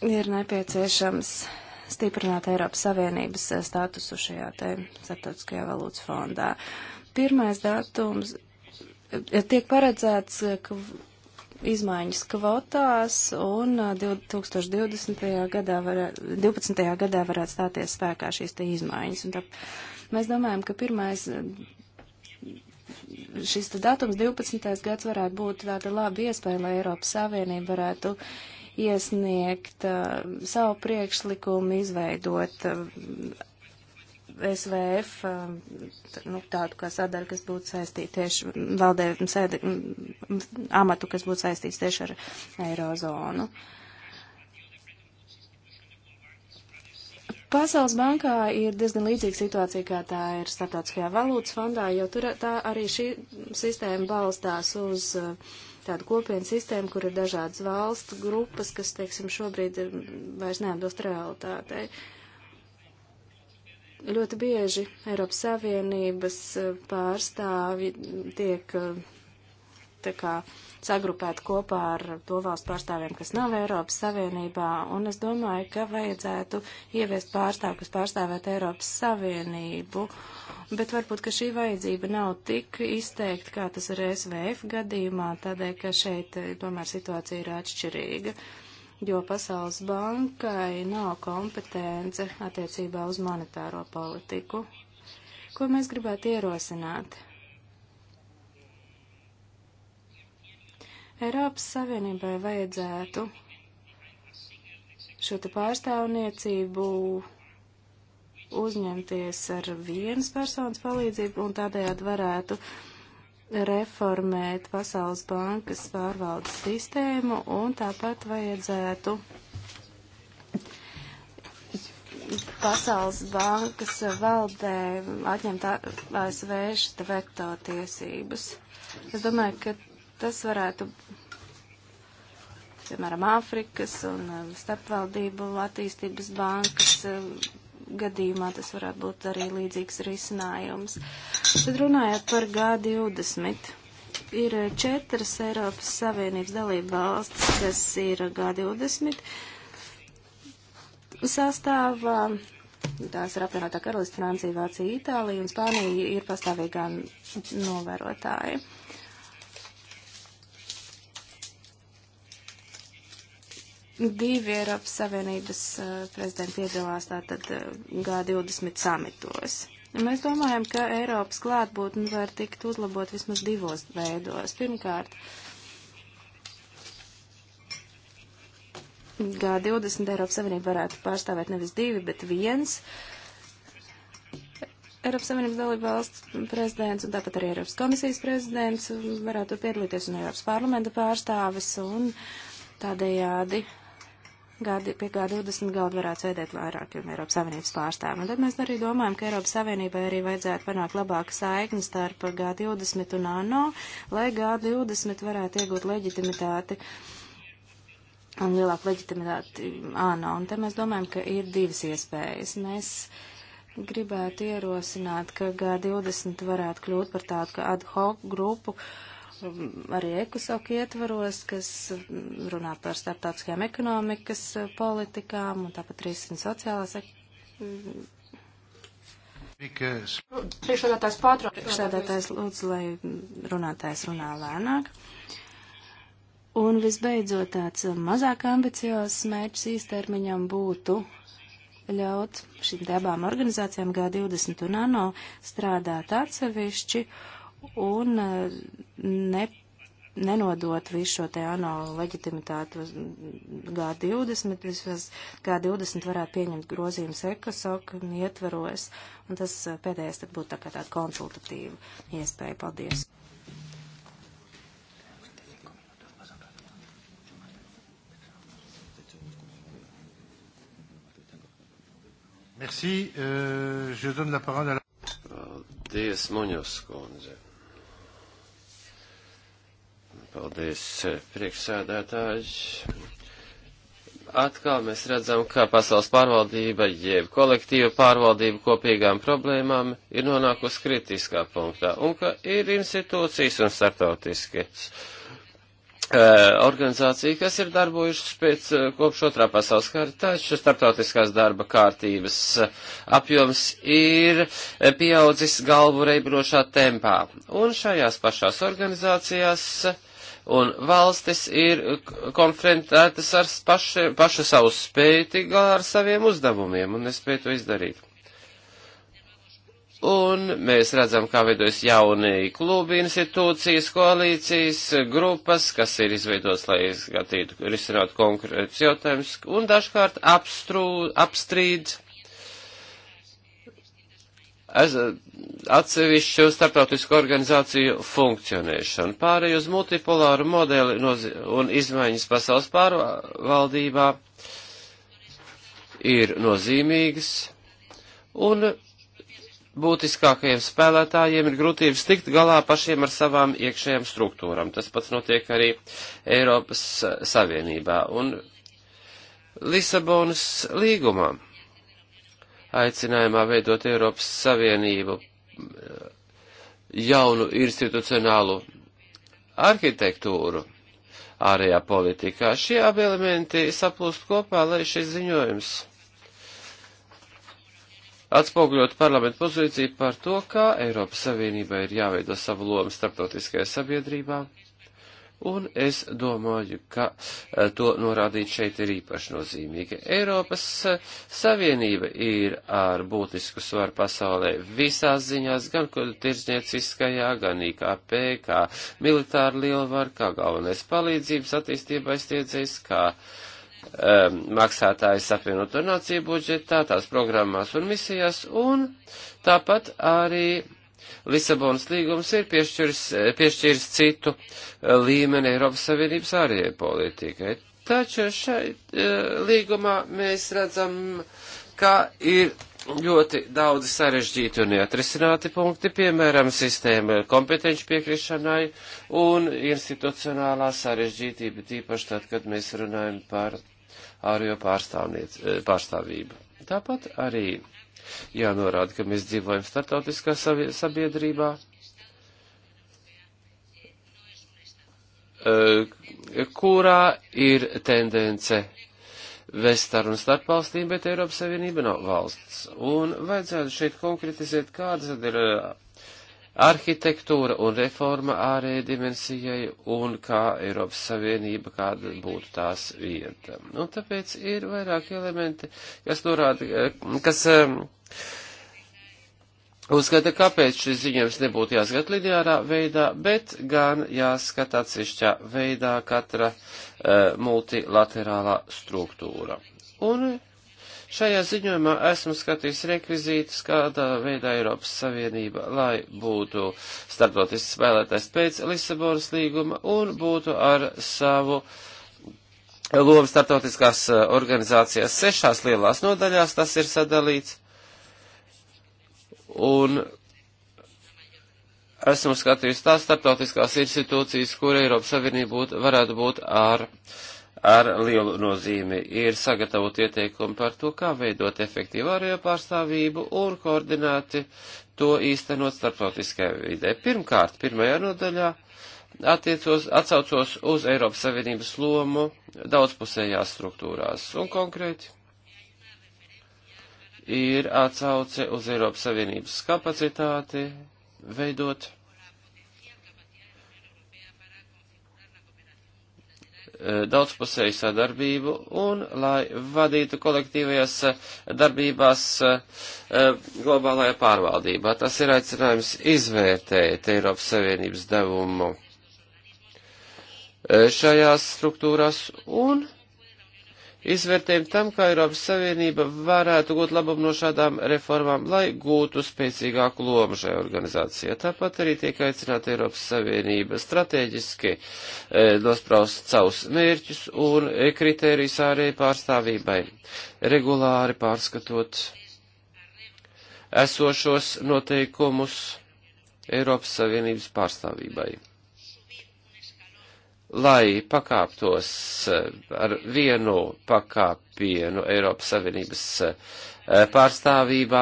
ir nepieciešams stiprināt Eiropas Savienības eh, statusu šajā te starptautiskajā valūtas fondā. Pirmais datums eh, tiek paredzēts eh, izmaiņas kvotās un 2020. gadā, varē, 12. gadā varētu stāties spēkā šīs te izmaiņas. Un tā, mēs domājam, ka pirmais šis datums 12. gads varētu būt tāda laba iespēja, lai Eiropas Savienība varētu uh, iesniegt uh, savu priekšlikumu, izveidot uh, eh, SVF, uh, eh, nu, tādu kā sadaļu, kas būtu saistīta tieši valdē, sēde, amatu, kas būtu saistīts tieši ar Eirozonu. Pasaules bankā ir diezgan līdzīga situācija, kā tā ir starptautiskajā valūtas fondā, jo tur tā arī šī sistēma balstās uz uh, tādu kopienu sistēmu, kur ir dažādas valstu grupas, kas, teiksim, šobrīd eh, vairs neatbilst realitātei. Ļoti bieži Eiropas Savienības eh, pārstāvji tiek eh, tā kā sagrupēt kopā ar to valstu pārstāvjiem, kas nav Eiropas Savienībā, un es domāju, ka vajadzētu ieviest pārstāvu, kas pārstāvētu Eiropas Savienību, bet varbūt, ka šī vajadzība nav tik izteikta, kā tas ir SVF gadījumā, tādēļ, ka šeit eh, tomēr situācija ir atšķirīga jo Pasaules bankai nav kompetence attiecībā uz monetāro politiku. Ko mēs gribētu ierosināt? Eiropas Savienībai vajadzētu šo te pārstāvniecību uzņemties ar vienas personas palīdzību un tādējādi varētu reformēt Pasaules bankas pārvaldes sistēmu un tāpat vajadzētu Pasaules bankas valdē atņemt ASV šita veto tiesības. Es domāju, ka Tas varētu, piemēram, Āfrikas un um, starpvaldību attīstības bankas um, gadījumā tas varētu būt arī līdzīgs risinājums. Tad runājot par G20. Ir četras Eiropas Savienības dalība valstis, kas ir G20 sastāvā. Tās ir apvienotā karalista, Francija, Vācija, Itālija un Spānija ir pastāvīgā novērotāja. Divi Eiropas Savienības eh, prezidenti piedalās tātad eh, G20 samitos. Mēs domājam, ka Eiropas klātbūtne var tikt uzlabot vismaz divos veidos. Pirmkārt, G20 Eiropas Savienība varētu pārstāvēt nevis divi, bet viens. Eiropas Savienības dalībvalsts prezidents un tāpat arī Eiropas komisijas prezidents varētu piedalīties un Eiropas parlamenta pārstāvis un tādējādi gadi, pie G20 galda varētu sēdēt vairākiem Eiropas Savienības pārstāvjiem. Un tad mēs arī domājam, ka Eiropas Savienībai arī vajadzētu panākt labāku saikni starp G20 un ANO, lai G20 varētu iegūt leģitimitāti un lielāku leģitimitāti ANO. Un te mēs domājam, ka ir divas iespējas. Mēs gribētu ierosināt, ka G20 varētu kļūt par tādu ad hoc grupu, uh, arī ekosoku ietvaros, kas runā par starptautiskajām ekonomikas eh, politikām un tāpat risina sociālās. Priekšsēdētājs pārtrauc. Priekšsēdētājs lūdzu, lai runātājs runā lēnāk. Un visbeidzot tāds mazāk ambiciozs mērķis īstermiņam būtu ļaut šīm debām organizācijām G20 un ANO strādāt atsevišķi un eh, ne, nenodot visu šo te ANO leģitimitātu G20, vismaz G20 varētu pieņemt grozījumus ekosok un ietveros, un tas eh, pēdējais tad būtu tā kā tāda konsultatīva iespēja. Paldies! Merci. Euh, je donne la parole à la... Paldies, Muņos kundze. Paldies, priekšsēdētāji. Atkal mēs redzam, ka pasaules pārvaldība, jeb kolektīva pārvaldība kopīgām problēmām ir nonākusi kritiskā punktā, un ka ir institūcijas un startautiskas eh, organizācija, kas ir darbojušas pēc eh, kopš otrā pasaules kara, taču starptautiskās darba kārtības eh, apjoms ir pieaudzis galvu reibrošā tempā. Un šajās pašās organizācijās uh, un valstis ir konfrontētas ar paši, pašu savu spēju tik galā ar saviem uzdevumiem un nespēju to izdarīt. Un mēs redzam, kā veidojas jaunie klubi, institūcijas, koalīcijas, grupas, kas ir izveidotas, lai izskatītu, risinātu konkrētus jautājumus, un dažkārt apstrū, apstrīd atsevišķu starptautisku organizāciju funkcionēšanu. Pārēj uz multipolāru modeli un izmaiņas pasaules pārvaldībā ir nozīmīgas, un būtiskākajiem spēlētājiem ir grūtības tikt galā pašiem ar savām iekšējām struktūram. Tas pats notiek arī Eiropas Savienībā un Lisabonas līgumā aicinājumā veidot Eiropas Savienību jaunu institucionālu arhitektūru ārējā politikā. Šie abi elementi saplūst kopā, lai šis ziņojums atspoguļot parlamentu pozīciju par to, kā Eiropas Savienībai ir jāveido savu lomu starptautiskajā sabiedrībā un es domāju, ka eh, to norādīt šeit ir īpaši nozīmīgi. Eiropas eh, Savienība ir ar būtisku svaru pasaulē visās ziņās, gan tirdznieciskajā, gan IKP, kā militāra lielvar, kā galvenais palīdzības attīstībai stiedzējs, kā um, maksātājs apvienoto nāciju budžetā, tās programmās un misijās, un tāpat arī Lisabonas līgums ir piešķirs, piešķirs citu eh, līmeni Eiropas Savienības ārējai politikai. Taču šeit eh, līgumā mēs redzam, ka ir ļoti daudz sarežģīti un neatrisināti punkti, piemēram, sistēma kompetenci piekrišanai un institucionālā sarežģītība, tīpaši tad, kad mēs runājam par ārējo pārstāvību. Tāpat arī jānorāda, ka mēs dzīvojam startautiskā sabiedrībā, eh, kurā ir tendence vest sarunu starp valstīm, bet Eiropas Savienība nav valsts. Un vajadzētu šeit konkretizēt, kādas ir eh, arhitektūra un reforma ārēja dimensijai un kā Eiropas Savienība, kāda būtu tās vieta. Un tāpēc ir vairāk elementi, kas norāda, eh, kas um, uzskata, kāpēc šis ziņojums nebūtu jāskat lineārā veidā, bet gan jāskat atsevišķā veidā katra uh, multilaterālā struktūra. Un Šajā ziņojumā esmu skatījis rekvizītus, kādā veidā Eiropas Savienība, lai būtu starptautisks spēlētājs pēc Lisabonas līguma un būtu ar savu lomu starptautiskās eh, organizācijās sešās lielās nodaļās, tas ir sadalīts. Un esmu skatījis tās starptautiskās institūcijas, kur Eiropas Savienība būt, varētu būt ar. Uh, ar lielu nozīmi ir sagatavot ieteikumu par to, kā veidot efektīvu ārējo pārstāvību un koordināti to īstenot starptautiskajā vidē. Pirmkārt, pirmajā nodaļā attiecos, atsaucos uz Eiropas Savienības lomu daudzpusējās struktūrās un konkrēti ir atsauce uz Eiropas Savienības kapacitāti veidot Eh, daudzpusēju sadarbību un lai vadītu kolektīvajās eh, darbībās eh, globālajā pārvaldībā. Tas ir aicinājums izvērtēt Eiropas Savienības devumu šajās struktūrās un izvērtējumu tam, kā Eiropas Savienība varētu gūt labumu no šādām reformām, lai gūtu spēcīgāku lomu šajā organizācijā. Tāpat arī tiek aicināta Eiropas Savienība strateģiski e, nospraust savus mērķus un e, kritērijus ārēji pārstāvībai, regulāri pārskatot esošos noteikumus Eiropas Savienības pārstāvībai lai pakāptos eh, ar vienu pakāpienu Eiropas Savienības eh, pārstāvībā,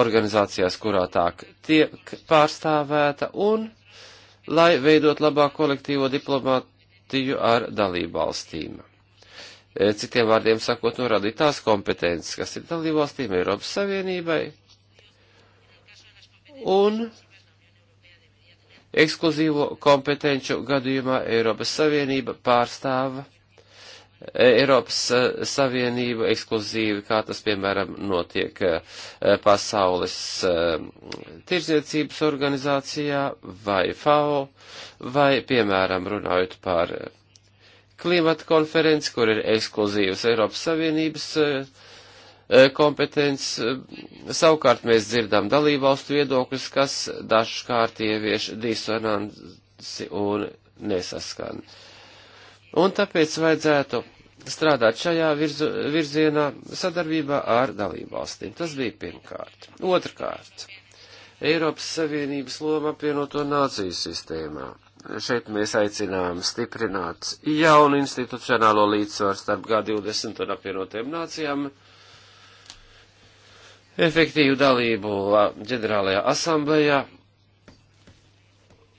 organizācijās, kurā tā tiek pārstāvēta, un lai veidot labāku kolektīvo diplomātiju ar dalību valstīm. Eh, citiem vārdiem sakot, norādīt tās kompetences, kas ir dalību valstīm Eiropas Savienībai, un Ekskluzīvo kompetenču gadījumā Eiropas Savienība pārstāva e, Eiropas e, Savienību ekskluzīvi, kā tas, piemēram, notiek e, Pasaules tirdzniecības organizācijā vai FAO, vai, piemēram, runājot par klimata konferenci, kur ir ekskluzīvas Eiropas Savienības uh, Eh, kompetences. Eh, savukārt mēs dzirdam dalībvalstu viedokļus, kas dažkārt ievieš disonanci un nesaskan. Un tāpēc vajadzētu strādāt šajā virzu, virzienā sadarbībā ar dalībvalstīm. Tas bija pirmkārt. Otrkārt, Eiropas Savienības loma apvienoto nāciju sistēmā. Šeit mēs aicinām stiprināt jaunu institucionālo līdzsvaru starp G20 un apvienotajām nācijām. Uh, efektīvu dalību ģenerālajā asamblējā.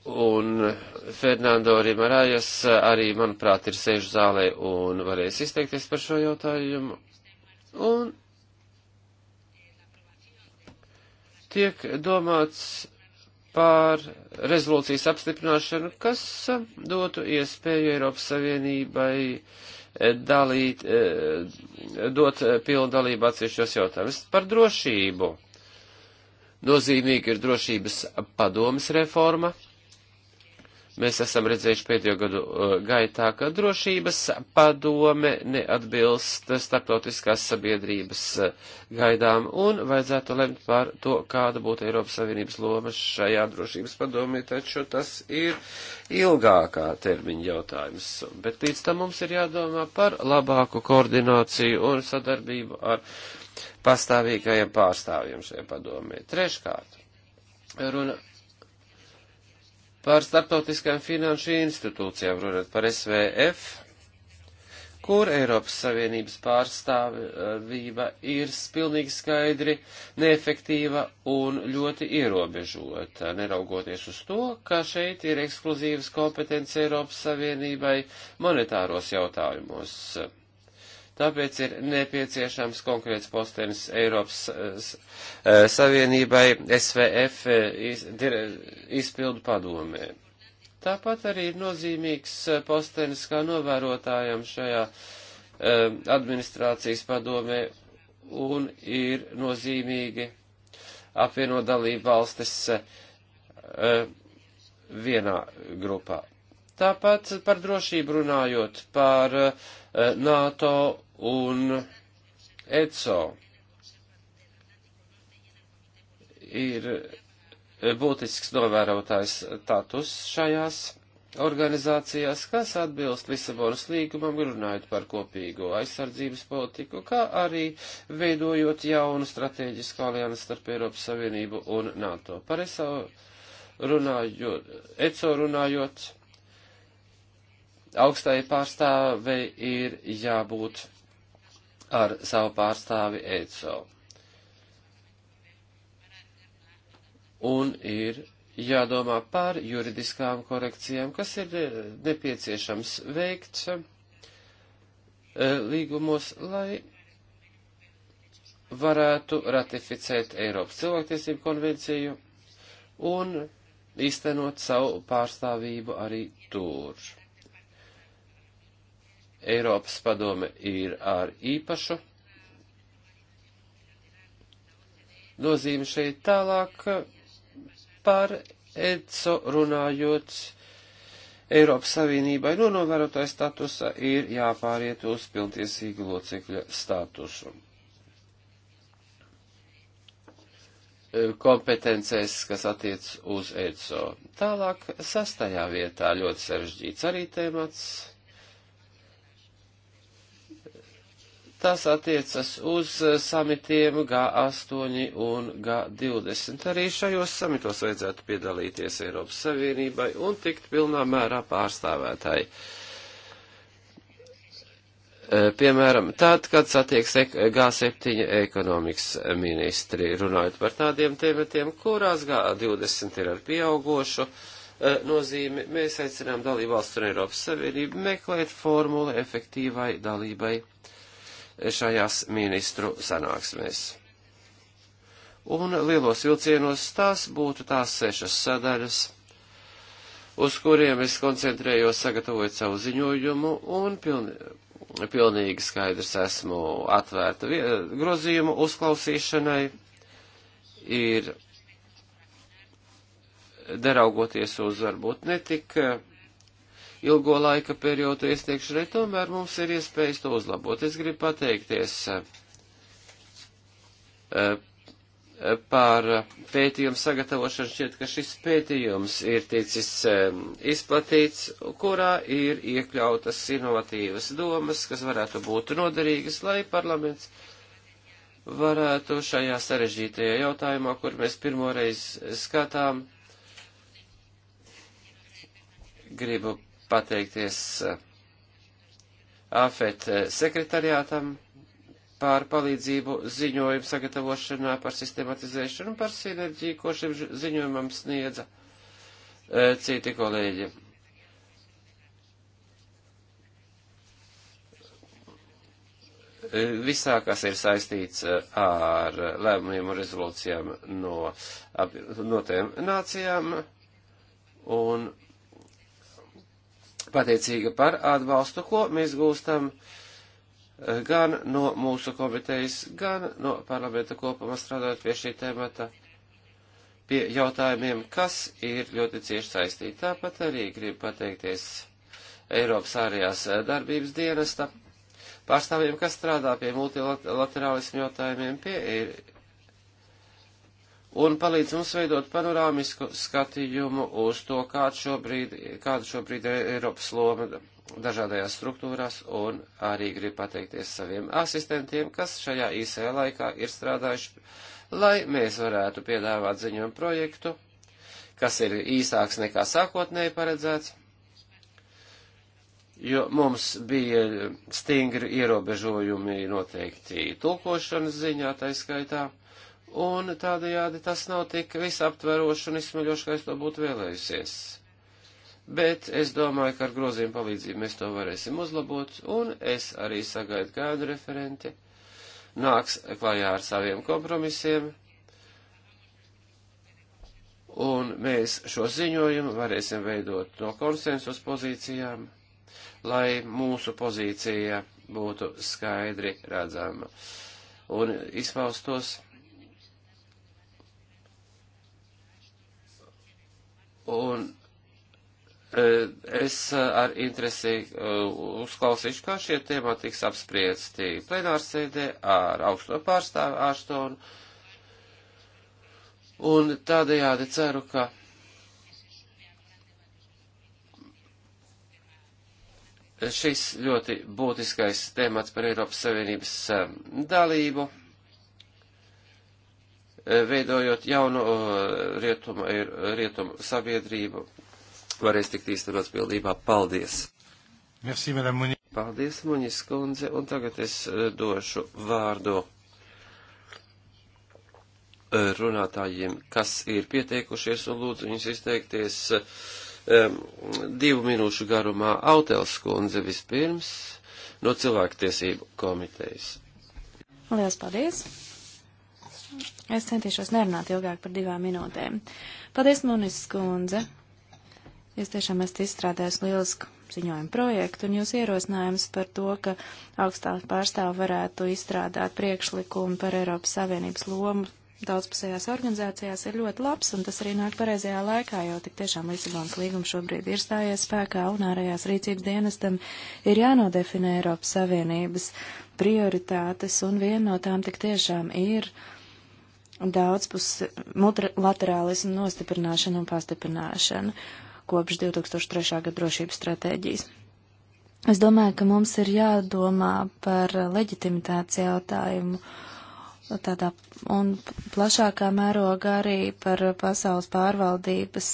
Un Fernando Rimarājas arī, manuprāt, ir sēžu zālē un varēs izteikties par šo jautājumu. Un tiek domāts par rezolūcijas apstiprināšanu, kas dotu iespēju Eiropas Savienībai uh, dalīt, e, dot e, pilnu dalību atsevišķos jautājumus. Par drošību. Nozīmīgi ir drošības padomas reforma mēs esam redzējuši pēdējo gadu uh, gaitā, ka drošības padome neatbilst starptautiskās sabiedrības uh, gaidām un vajadzētu lemt par to, kāda būtu Eiropas Savienības loma šajā drošības padomē, taču tas ir ilgākā termiņa jautājums. Bet līdz tam mums ir jādomā par labāku koordināciju un sadarbību ar pastāvīgajiem pārstāvjiem šajā padomē. Treškārt, runa Par starptautiskām finanšu institūcijām runāt par SVF, kur Eiropas Savienības pārstāvība ir pilnīgi skaidri neefektīva un ļoti ierobežota, neraugoties uz to, ka šeit ir ekskluzīvas kompetences Eiropas Savienībai monetāros jautājumos. Tāpēc ir nepieciešams konkrēts postenis Eiropas Savienībai SVF e, izpildu padomē. Tāpat arī ir nozīmīgs e, postenis kā novērotājam šajā e, administrācijas padomē un ir nozīmīgi apvienot dalību valstis vienā grupā. Tāpat par drošību runājot, par eh, NATO un ECO ir eh, būtisks novērotājs status šajās organizācijās, kas atbilst Lisabonas līgumam, runājot par kopīgo aizsardzības politiku, kā arī veidojot jaunu strateģisku aliansu starp Eiropas Savienību un NATO. Par ESO runājot, ECO runājot augstai pārstāvei ir jābūt ar savu pārstāvi ECO. Un ir jādomā par juridiskām korekcijām, kas ir nepieciešams veikt eh, līgumos, lai varētu ratificēt Eiropas cilvēktiesību konvenciju un īstenot savu pārstāvību arī tur. Eiropas padome ir ar īpašu nozīmi šeit tālāk par EDSO runājot. Eiropas Savienībai no novērotāja statusa ir jāpāriet uz pilntiesīgu locekļa statusu. Kompetencēs, kas attiec uz EDSO. Tālāk sastajā vietā ļoti sarežģīts arī tēmats Tas attiecas uz eh, samitiem G8 un G20. Arī šajos samitos vajadzētu piedalīties Eiropas Savienībai un tikt pilnā mērā pārstāvētāji. Eh, piemēram, tad, kad satieks G7 ekonomikas ministri, runājot par tādiem tematiem, kurās G20 ir ar pieaugošu eh, nozīmi, mēs aicinām dalībvalstu un Eiropas Savienību meklēt formulu efektīvai dalībai šajās ministru sanāksmēs. Un lielos vilcienos tās būtu tās sešas sadaļas, uz kuriem es koncentrējos sagatavojot savu ziņojumu, un pilni, pilnīgi skaidrs esmu atvērta grozījumu uzklausīšanai. Ir deraugoties uz varbūt netika ilgo laika periodu iestiekšanai, tomēr mums ir iespējas to uzlabot. Es gribu pateikties eh, eh, par pētījumu sagatavošanu. Šķiet, ka šis pētījums ir ticis eh, izplatīts, kurā ir iekļautas inovatīvas domas, kas varētu būt noderīgas, lai parlaments varētu šajā sarežģītajā jautājumā, kur mēs pirmoreiz skatām, gribu pateikties eh, AFET eh, sekretariātam par palīdzību ziņojumu sagatavošanā, par sistematizēšanu un par sinerģiju, ko šim ziņojumam sniedza eh, citi kolēģi. visā, kas ir saistīts ar lēmumiem un rezolūcijām no, no tiem nācijām. Un pateicīga par atbalstu, ko mēs gūstam eh, gan no mūsu komitejas, gan no parlamenta kopumā strādājot pie šī temata, pie jautājumiem, kas ir ļoti cieši saistīti. Tāpat arī gribu pateikties Eiropas ārējās eh, darbības dienesta pārstāvjiem, kas strādā pie multilaterālismu jautājumiem, pie un palīdz mums veidot panorāmisku skatījumu uz to, kāda šobrīd, kāda šobrīd ir Eiropas loma dažādajās struktūrās, un arī grib pateikties saviem asistentiem, kas šajā īsajā laikā ir strādājuši, lai mēs varētu piedāvāt ziņojumu projektu, kas ir īsāks nekā sākotnēji paredzēts, jo mums bija stingri ierobežojumi noteikti tulkošanas ziņā taiskaitā. skaitā un tādējādi tas nav tik visaptveroši un izsmeļoši, kā es to būtu vēlējusies. Bet es domāju, ka ar grozījumu palīdzību mēs to varēsim uzlabot, un es arī sagaidu kādu referenti. Nāks klājā ar saviem kompromisiem, un mēs šo ziņojumu varēsim veidot no konsensus pozīcijām, lai mūsu pozīcija būtu skaidri redzama un izpaustos Un e, es e, ar interesi e, uzklausīšu, kā šie temati tiks apspriesti plenārsēdē ar augsto pārstāvu Ārstonu. Un tādējādi ceru, ka. šis ļoti būtiskais temats par Eiropas Savienības dalību Eh, veidojot jaunu eh, rietumu, eh, rietumu sabiedrību, varēs tikt īstenots pildībā. Paldies! Merci, Muņi. Paldies, Muņis kundze, un tagad es došu vārdu runātājiem, kas ir pieteikušies, un lūdzu viņus izteikties um, divu minūšu garumā. Autels kundze vispirms no cilvēktiesību komitejas. Lielas paldies! Es centīšos nerunāt ilgāk par divām minūtēm. Paldies, Munis Skundze! Jūs tiešām esat izstrādājis lielisku ziņojumu projektu, un jūs ierosinājums par to, ka augstā pārstāva varētu izstrādāt priekšlikumu par Eiropas Savienības lomu daudzpusējās organizācijās ir ļoti labs, un tas arī nāk pareizajā laikā, jo tik tiešām Lisabonas līgums šobrīd ir stājies spēkā, un ārējās rīcības dienestam ir jānodefinē Eiropas Savienības prioritātes, un viena no tām tik tiešām ir uh, daudzpus multilaterālismu nostiprināšanu un pastiprināšanu kopš 2003. gada drošības stratēģijas. Es domāju, ka mums ir jādomā par leģitimitātes jautājumu tādā un plašākā mērogā arī par pasaules pārvaldības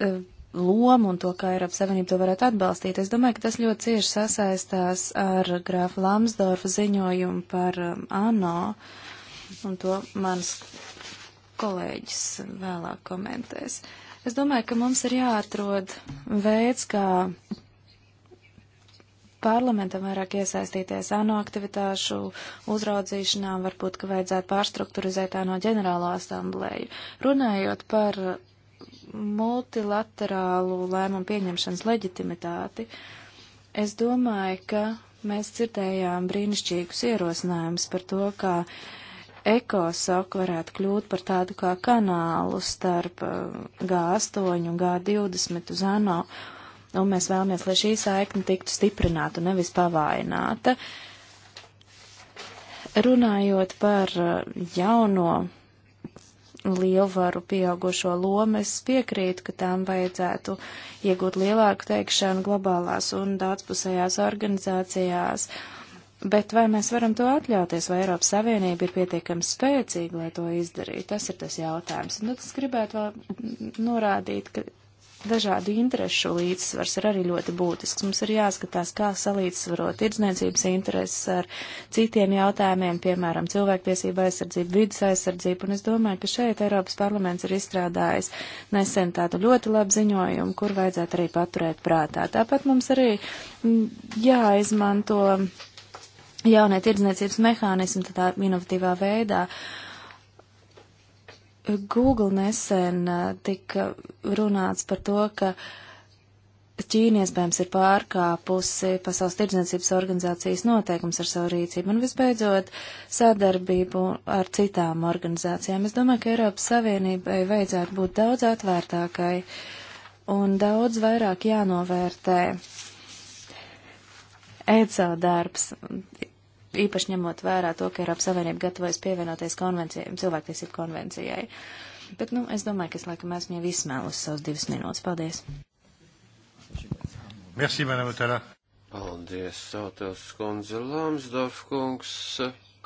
e, lomu un to, kā Eiropas Savienība to varētu atbalstīt. Es domāju, ka tas ļoti cieši sasaistās ar grāfa Lamsdorfa ziņojumu par e, ANO. Um, un to mans kolēģis vēlāk komentēs. Es domāju, ka mums ir jāatrod veids, kā parlamentam vairāk iesaistīties ANO aktivitāšu uzraudzīšanā, varbūt, ka vajadzētu pārstrukturizēt ANO ģenerālo asamblēju. Runājot par multilaterālu lēmumu pieņemšanas leģitimitāti, es domāju, ka mēs dzirdējām brīnišķīgus ierosinājumus par to, kā uh, ECOSOC varētu kļūt par tādu kā kanālu starp uh, G8 un G20 uz ANO, un mēs vēlamies, lai šī saikne tiktu stiprināta un nevis pavaināta. Runājot par uh, jauno lielvaru pieaugušo lomu, es piekrītu, ka tām vajadzētu iegūt lielāku teikšanu globālās un daudzpusējās organizācijās. Uh, Bet vai mēs varam to atļauties, vai Eiropas Savienība ir pietiekami spēcīga, lai to izdarītu? Tas ir tas jautājums. Un tad es gribētu vēl norādīt, ka dažādu interešu līdzsvars ir arī ļoti būtisks. Mums ir jāskatās, kā salīdzsvarot tirdzniecības intereses ar citiem jautājumiem, piemēram, cilvēktiesība aizsardzība, vidas aizsardzība, un es domāju, ka šeit Eiropas parlaments ir izstrādājis nesen tādu ļoti labu ziņojumu, kur vajadzētu arī paturēt prātā. Tāpat mums arī jāizmanto. Ja, jaunie tirdzniecības mehānismi tādā inovatīvā veidā. Google nesen tika runāts par to, ka Ķīna iespējams ir pārkāpusi Pasaules tirdzniecības organizācijas noteikums ar savu rīcību un visbeidzot sadarbību ar citām organizācijām. Es domāju, ka Eiropas Savienībai vajadzētu būt daudz atvērtākai un daudz vairāk jānovērtē ECO darbs, īpaši ņemot vērā to, ka Eiropas Savienība gatavojas pievienoties konvencijai, cilvēktiesību konvencijai. Bet, nu, es domāju, ka es laikam esmu jau izsmēlus savus divas minūtes. Paldies! Merci, Madame Otala. Paldies, Sautels kundze Lamsdorf kungs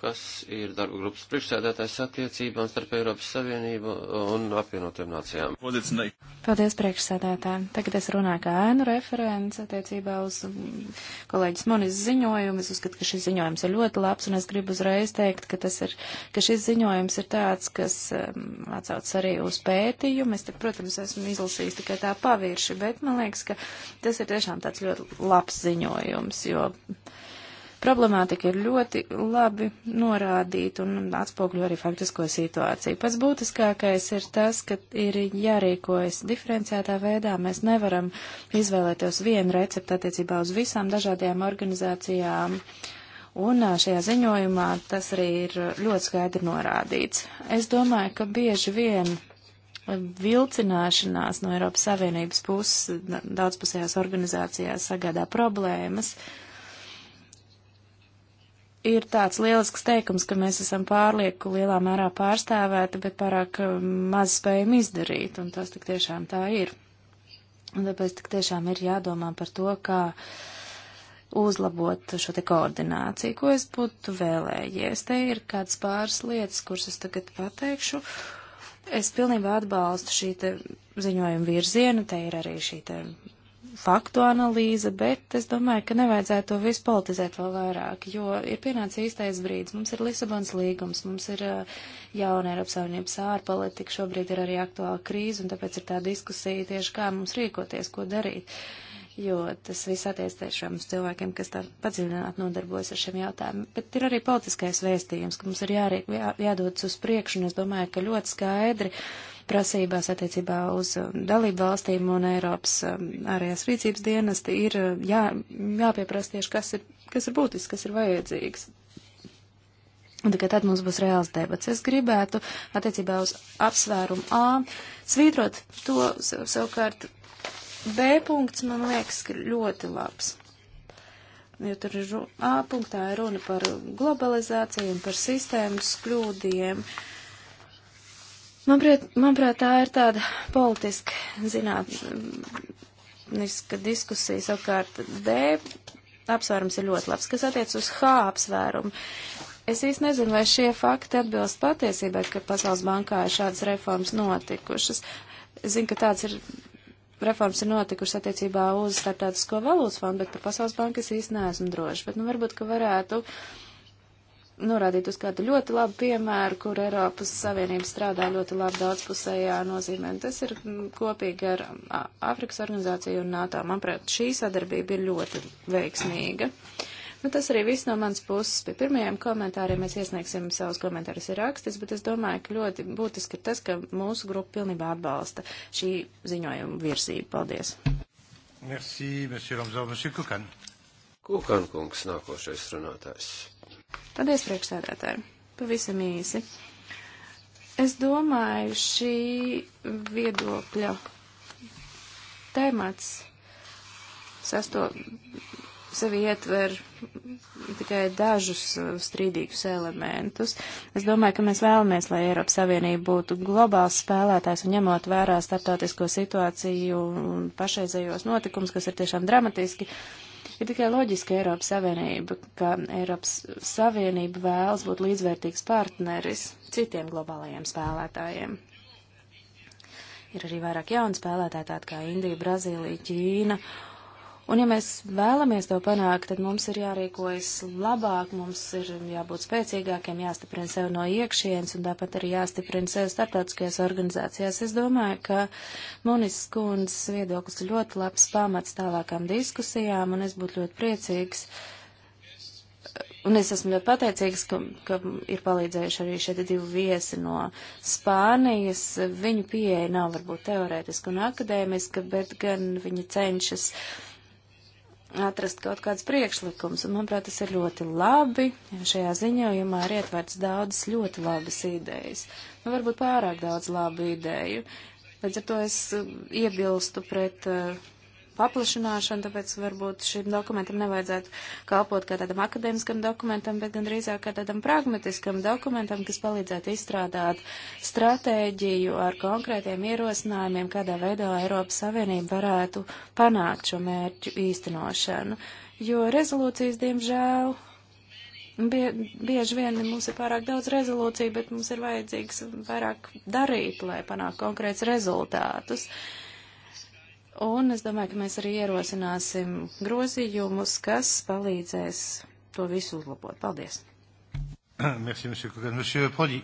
kas ir darba grupas priekšsēdētājs attiecībām starp Eiropas Savienību un apvienotiem nācijām. Paldies, priekšsēdētāji. Tagad es runāju kā ēnu referents attiecībā uz kolēģis Monis ziņojumu. Es uzskatu, ka šis ziņojums ir ļoti labs, un es gribu uzreiz teikt, ka, ir, ka šis ziņojums ir tāds, kas um, atsauc arī uz pētījumu. Es, te, protams, esmu izlasījis tikai tā pavirši, bet man liekas, ka tas ir tiešām tāds ļoti labs ziņojums, jo. Uh, Problemātika ir ļoti labi norādīta un atspoguļo arī faktisko situāciju. Pats būtiskākais ir tas, ka ir jārīkojas diferenciētā veidā. Mēs nevaram izvēlēties vienu receptu attiecībā uz visām dažādajām organizācijām. Un šajā ziņojumā tas arī ir ļoti skaidri norādīts. Es domāju, ka bieži vien vilcināšanās no Eiropas Savienības puses daudzpusējās organizācijās sagādā problēmas. Uh, ir tāds lielisks teikums, ka mēs esam pārlieku lielā mērā pārstāvēti, bet pārāk um, maz spējam izdarīt, un tas tik tiešām tā ir. Un tāpēc tik tiešām ir jādomā par to, kā uzlabot šo te koordināciju, ko es būtu vēlējies. Te ir kādas pāris lietas, kuras es tagad pateikšu. Es pilnībā atbalstu šī te ziņojuma virzienu, te ir arī šī te faktu analīze, bet es domāju, ka nevajadzētu to visu politizēt vēl vairāk, jo ir pienācis īstais brīdis. Mums ir Lisabons līgums, mums ir uh, jauna Eiropas Savienības ārpolitika, šobrīd ir arī aktuāla krīze, un tāpēc ir tā diskusija tieši, kā mums rīkoties, ko darīt, jo tas viss attiec tiešām uz cilvēkiem, kas tā padziļināt nodarbojas ar šiem jautājumiem. Bet ir arī politiskais vēstījums, ka mums ir jārī, jā, jādodas uz priekšu, un es domāju, ka ļoti skaidri prasībās attiecībā uz um, dalību valstīm un Eiropas um, ārējās rīcības dienesti ir uh, jā, jāpieprasa tieši, kas ir, kas ir būtisks, kas ir vajadzīgs. Un tikai tad mums būs reāls debats. Es gribētu attiecībā uz apsvērumu A svītrot to sav, savukārt B punkts, man liekas, ļoti labs. Jo tur ir A punktā ir runa par globalizāciju un par sistēmas kļūdiem. Uh, Manuprāt, manuprāt, tā ir tāda politiska zinātniska diskusija. Savukārt D apsvērums ir ļoti labs, kas attiec uz H apsvērumu. Es īsti nezinu, vai šie fakti atbilst patiesībai, ka Pasaules bankā ir šādas reformas notikušas. Es zinu, ka tāds ir reformas ir notikušas attiecībā uz starptautisko valūtas fondu, bet par Pasaules banku es īsti neesmu droši. Bet, nu, varbūt, ka varētu. Uh, norādīt uz kādu ļoti labu piemēru, kur Eiropas Savienība strādā ļoti labi daudzpusējā nozīmē. Tas ir mm, kopīgi ar Āfrikas organizāciju un NATO. Manuprāt, šī sadarbība ir ļoti veiksmīga. Nu, tas arī viss no manas puses. Pie pirmajiem komentāriem mēs iesniegsim savus komentārus ir rakstis, bet es domāju, ka ļoti būtiski ir tas, ka mūsu grupa pilnībā atbalsta šī ziņojuma virzību. Paldies! Merci, monsieur Lamzov, monsieur Kukan. Kukan kungs, nākošais runātājs. Paldies, priekšsēdētāji. Pavisam īsi. Es domāju, šī viedokļa temats sasto sevi ietver tikai dažus uh, strīdīgus elementus. Es domāju, ka mēs vēlamies, lai Eiropas Savienība būtu globāls spēlētājs un ņemot vērā starptautisko situāciju un pašreizējos notikumus, kas ir tiešām dramatiski, uh, Ir tikai loģiski Eiropas Savienība, ka Eiropas Savienība vēlas būt līdzvērtīgs partneris citiem globālajiem spēlētājiem. Ir arī vairāk jaunu spēlētāju, tādu kā Indija, Brazīlija, Ķīna Un ja mēs vēlamies to panākt, tad mums ir jārīkojas labāk, mums ir jābūt spēcīgākiem, jāstiprina sev no iekšienes un tāpat arī jāstiprina sev starptautiskajās organizācijās. Es domāju, ka Munis skundzes viedoklis ir ļoti labs pamats tālākām diskusijām un es būtu ļoti priecīgs. Un es esmu ļoti pateicīgs, ka, ka ir palīdzējuši arī šeit divi viesi no Spānijas. Viņu pieeja nav varbūt teorētiska un akadēmiska, bet gan viņi cenšas uh, atrast kaut kāds priekšlikums, un manuprāt, tas ir ļoti labi, jo šajā ziņojumā ir ietverts daudzas ļoti labas idejas. Nu, varbūt pārāk daudz labu ideju. Līdz ar to es uh, iebilstu pret uh, paplašināšanu, tāpēc varbūt šim dokumentam nevajadzētu kalpot kā tādam akadēmiskam dokumentam, bet gan drīzāk kā tādam pragmatiskam dokumentam, kas palīdzētu izstrādāt stratēģiju ar konkrētiem ierosinājumiem, kādā veidā Eiropas Savienība varētu panākt šo mērķu īstenošanu. Jo rezolūcijas, diemžēl, Bie, bieži vien mums ir pārāk daudz rezolūciju, bet mums ir vajadzīgs vairāk darīt, lai panāktu konkrēts rezultātus. Uh, Un es domāju, ka mēs arī ierosināsim grozījumus, kas palīdzēs to visu uzlabot. Paldies! [COUGHS] Merci, monsieur Kogan. Monsieur Prodi.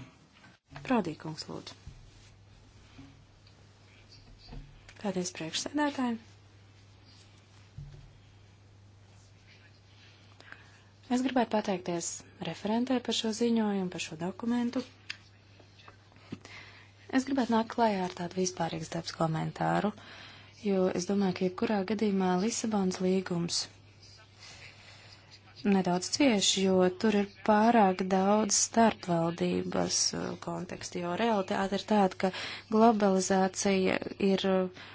Prodi, kungs, lūdzu. Paldies priekšsēdētājiem. Es gribētu pateikties referentē par šo ziņojumu, par šo dokumentu. Es gribētu nākt klajā ar tādu vispārīgas dabas komentāru. Uh, jo es domāju, ka jebkurā gadījumā Lisabons līgums nedaudz cieši, jo tur ir pārāk daudz starpvaldības uh, konteksti, jo realitāte ir tāda, ka globalizācija ir uh,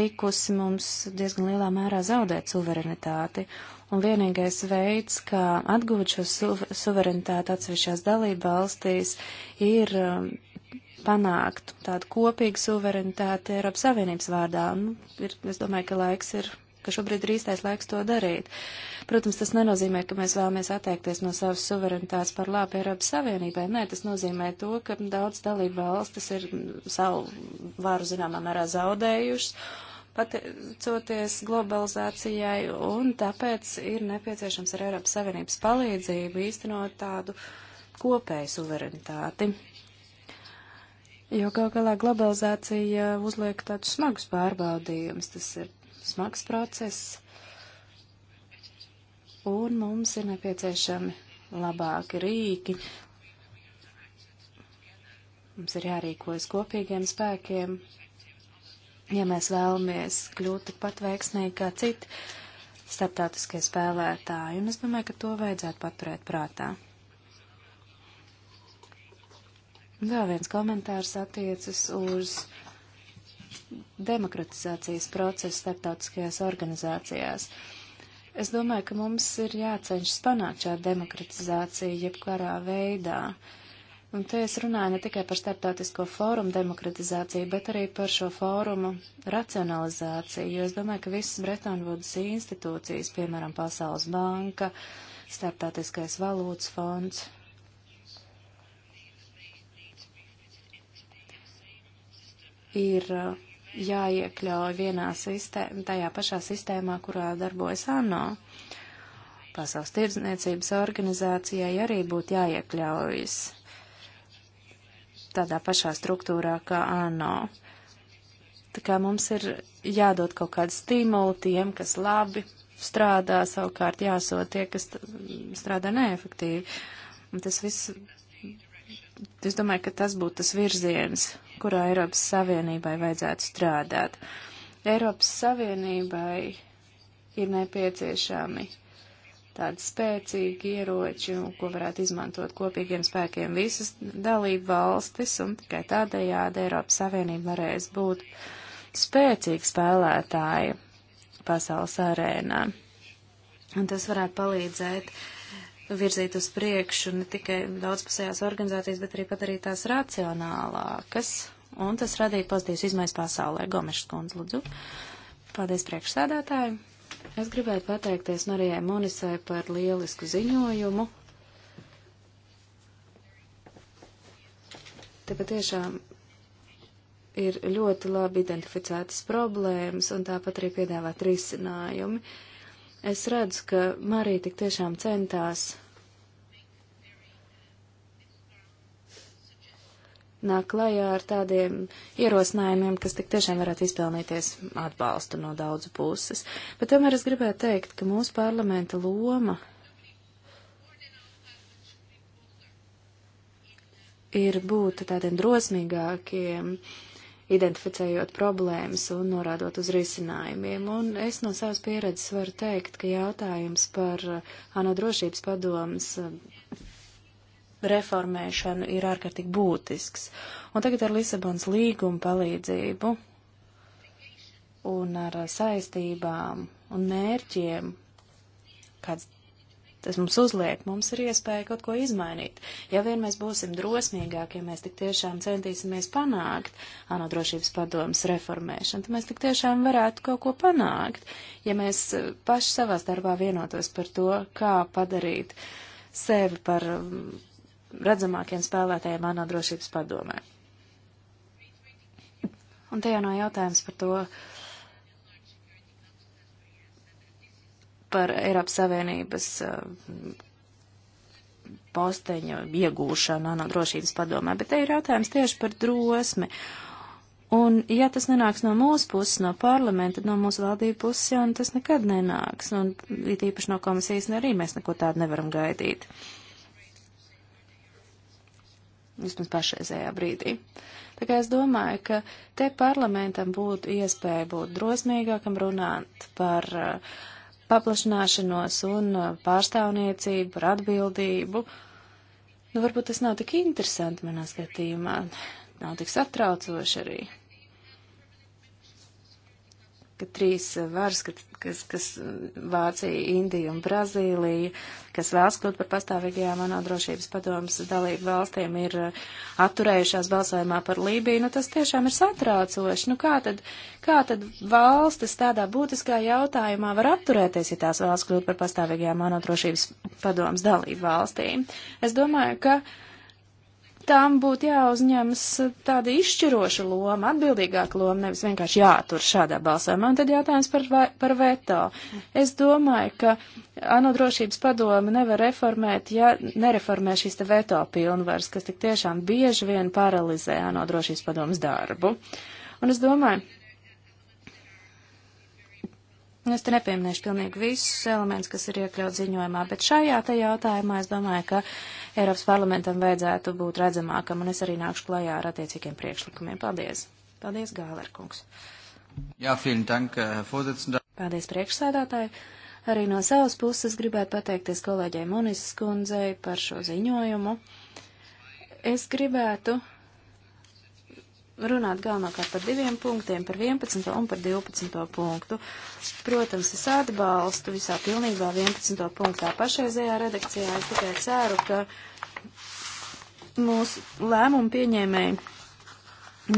likusi mums diezgan lielā mērā zaudēt suverenitāti. Un vienīgais veids, kā atgūt šo su suverenitāti atsevišķās dalība valstīs, ir um, panākt tādu kopīgu suverenitāti Eiropas Savienības vārdā. Nu, ir, es domāju, ka laiks ir, ka šobrīd ir īstais laiks to darīt. Protams, tas nenozīmē, ka mēs vēlamies atteikties no savas suverenitātes par labu Eiropas Savienībai. Nē, tas nozīmē to, ka daudz dalību valstis ir savu varu zināmā mērā zaudējušas pateicoties globalizācijai, un tāpēc ir nepieciešams ar Eiropas Savienības palīdzību īstenot tādu kopēju suverenitāti. Jo gal galā globalizācija uh, uzliek tādus smagus pārbaudījumus. Tas ir smags process, un mums ir nepieciešami labāki rīki. Mums ir jārīkojas kopīgiem spēkiem, ja mēs vēlamies kļūt tikpat veiksmīgi kā citi starptautiskie spēlētāji, un es domāju, ka to vajadzētu paturēt prātā. Vēl viens komentārs attiecas uz demokratizācijas procesu starptautiskajās organizācijās. Es domāju, ka mums ir jācenšas panākt šādu demokratizāciju jebkurā veidā. Un te es runāju ne tikai par starptautisko fórumu demokratizāciju, bet arī par šo fórumu racionalizāciju, jo es domāju, ka visas Bretonvudas institūcijas, piemēram, Pasaules banka, Starptautiskais valūtas fonds, ir eh, jāiekļauj vienā sistēmā, tajā pašā sistēmā, kurā darbojas ANO. Pasaules tirdzniecības organizācijai arī būtu jāiekļaujas tādā pašā struktūrā kā ANO. Tā kā mums ir jādod kaut kādu stimulu tiem, kas labi strādā, savukārt jāsot tie, kas strādā neefektīvi. Un tas viss, es domāju, ka tas būtu tas virziens, kurā Eiropas Savienībai vajadzētu strādāt. Eiropas Savienībai ir nepieciešami tādi spēcīgi ieroči, ko varētu izmantot kopīgiem spēkiem visas dalību valstis, un tikai tādējādi Eiropas Savienība varēs būt spēcīgi spēlētāji pasaules arēnā. Un tas varētu palīdzēt uh, virzīt uz priekšu ne tikai daudzpusējās organizācijas, bet arī padarīt tās racionālākas, un tas radīja pozitīvas izmaiņas pasaulē. Gomešs kundze, lūdzu. Paldies priekšsēdētāji. Es gribētu pateikties Marijai Monisai par lielisku ziņojumu. Te patiešām ir ļoti labi identificētas problēmas un tāpat arī piedāvāt risinājumi. Uh, Es redzu, ka Marija tik tiešām centās nāk klajā ar tādiem ierosinājumiem, kas tik tiešām varētu izpelnīties atbalstu no daudzu puses. Bet tomēr es gribēju teikt, ka mūsu parlamenta loma ir būt tādiem drosmīgākiem, uh, identificējot problēmas un norādot uz risinājumiem. Un es no savas pieredzes varu teikt, ka jautājums par uh, ANO drošības padomas uh, reformēšanu ir ārkārtīgi būtisks. Un tagad ar Lisabons līgumu palīdzību un ar saistībām un mērķiem, kāds tas mums uzliek, mums ir iespēja kaut ko izmainīt. Ja vien mēs būsim drosmīgāki, ja mēs tik tiešām centīsimies panākt ANO drošības padomas reformēšanu, tad mēs tik tiešām varētu kaut ko panākt, ja mēs eh, paši savā starpā vienotos par to, kā padarīt sevi par mm, redzamākiem spēlētājiem ANO drošības padomē. Un te jau nav jautājums par to, uh, par Eiropas Savienības eh, posteņu iegūšanu no drošības padomē, bet te ir jautājums tieši par drosmi. Un, ja tas nenāks no mūsu puses, no parlamenta, no mūsu valdību puses, jau tas nekad nenāks. Un it īpaši no komisijas nu arī mēs neko tādu nevaram gaidīt. Vismaz pašreizējā brīdī. Tā kā es domāju, ka te parlamentam būtu iespēja būt drosmīgākam runāt par uh, paplašināšanos un uh, pārstāvniecību, par atbildību. Nu, varbūt tas nav tik interesanti manā skatījumā, nav tik satraucoši arī ka trīs varas, kas, kas mm, Vācija, Indija un Brazīlija, kas vēlas kļūt par pastāvīgajām ANO drošības padomas dalību valstīm, ir uh, atturējušās balsojumā par Lībiju. Nu, tas tiešām ir satraucoši. Nu, kā tad, kā tad valstis tādā būtiskā jautājumā var atturēties, ja tās vēlas kļūt par pastāvīgajām ANO drošības padomas dalību valstīm? Es domāju, ka tām būtu jāuzņemas tāda izšķiroša loma, atbildīgāka loma, nevis vienkārši jātur šādā balsojumā. Un tad jautājums par, par veto. Es domāju, ka ANO drošības padome nevar reformēt, ja nereformē šīs te veto pilnvaras, kas tik tiešām bieži vien paralizē ANO drošības padomas darbu. Un es domāju, Es te nepieminēšu pilnīgi visus elementus, kas ir iekļauts ziņojumā, bet šajā te jautājumā es domāju, ka Eiropas parlamentam vajadzētu būt redzamākam, un es arī nākšu klajā ar attiecīgiem priekšlikumiem. Paldies! Paldies, Gālerkungs! Jā, vielen dank, eh, Vorsitzender! Paldies, priekšsēdātāji! Arī no savas puses gribētu pateikties kolēģei Monisas kundzei par šo ziņojumu. Es gribētu runāt galvenokārt par diviem punktiem, par 11. un par 12. punktu. Protams, es atbalstu visā pilnībā 11. punktā pašreizējā redakcijā. Es tikai ceru, ka mūsu lēmumu pieņēmēji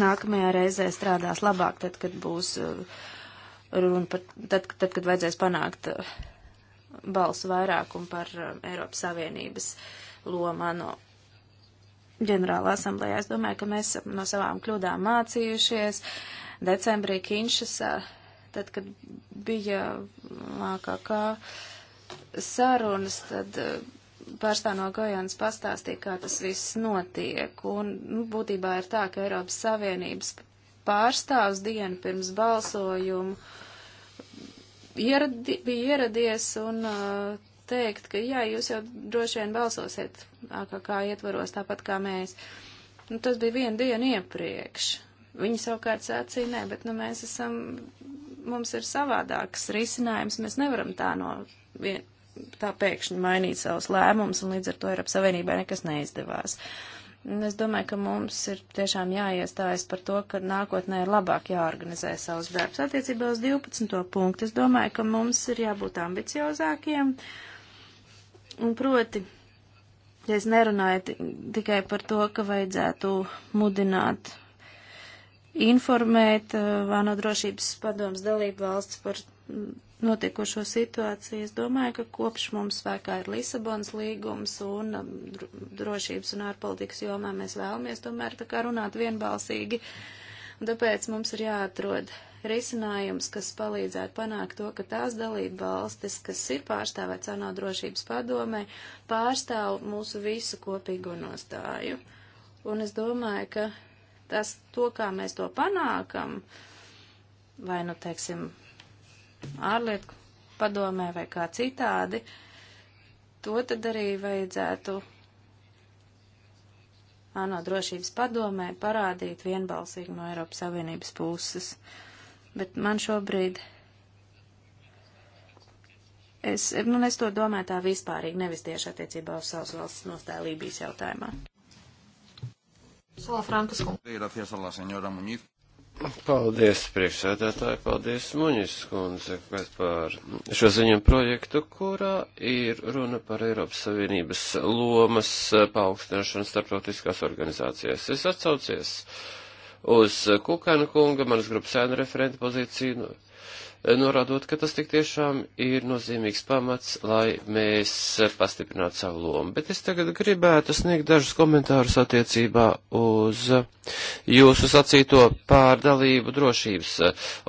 nākamajā reizē strādās labāk, tad, kad būs uh, runa par, tad, tad kad vajadzēs panākt uh, balsu vairākumu par um, Eiropas Savienības lomu ANO ģenerāla asamblējā. Es domāju, ka mēs no savām kļūdām mācījušies. Decembrī Kinšasā, tad, kad bija lākākā sarunas, tad pārstāv no Gojans pastāstīja, kā tas viss notiek. Un nu, būtībā ir tā, ka Eiropas Savienības pārstāvs dienu pirms balsojumu ieradi, bija ieradies un uh, teikt, ka jā, jūs jau droši vien balsosiet AKK ietvaros tāpat kā mēs. Nu, tas bija vienu dienu iepriekš. Viņi savukārt sacīja, nē, bet nu, mēs esam, mums ir savādāks risinājums, mēs nevaram tā no vien, tā pēkšņi mainīt savus lēmumus, un līdz ar to Eiropas Savienībai nekas neizdevās. Es domāju, ka mums ir tiešām jāiestājas par to, ka nākotnē ir labāk jāorganizē savus darbus. Attiecībā uz 12. punktu, es domāju, ka mums ir jābūt ambiciozākiem. Uh, Un proti, ja es nerunāju tikai par to, ka vajadzētu mudināt informēt Vāno eh, drošības padomas dalību valsts par notiekošo situāciju. Es domāju, ka kopš mums spēkā ir Lisabonas līgums un um, drošības un ārpolitikas jomā mēs vēlamies tomēr tā kā runāt vienbalsīgi. Un tāpēc mums ir jāatrod risinājums, kas palīdzētu panākt to, ka tās dalība valstis, kas ir pārstāvēts ANO drošības padomē, pārstāv mūsu visu kopīgo nostāju. Un es domāju, ka tas, to, kā mēs to panākam, vai, nu, teiksim, ārlietu padomē vai kā citādi, to tad arī vajadzētu ANO drošības padomē parādīt vienbalsīgi no Eiropas Savienības puses. Uh, bet man šobrīd. Es, nu, es to domāju tā vispārīgi, nevis tieši attiecībā uz savas valsts nostāju Lībijas jautājumā. Salafrankas kungs. Paldies, priekšsēdētāji, paldies Muņas kundze par šo ziņu projektu, kurā ir runa par Eiropas Savienības lomas paaugstināšanu starptautiskās organizācijas. Es atsaucies uz Kukana kunga, manas grupas ēna referenta pozīciju, nu, norādot, ka tas tik tiešām ir nozīmīgs pamats, lai mēs pastiprinātu savu lomu. Bet es tagad gribētu sniegt dažus komentārus attiecībā uz jūsu sacīto pārdalību drošības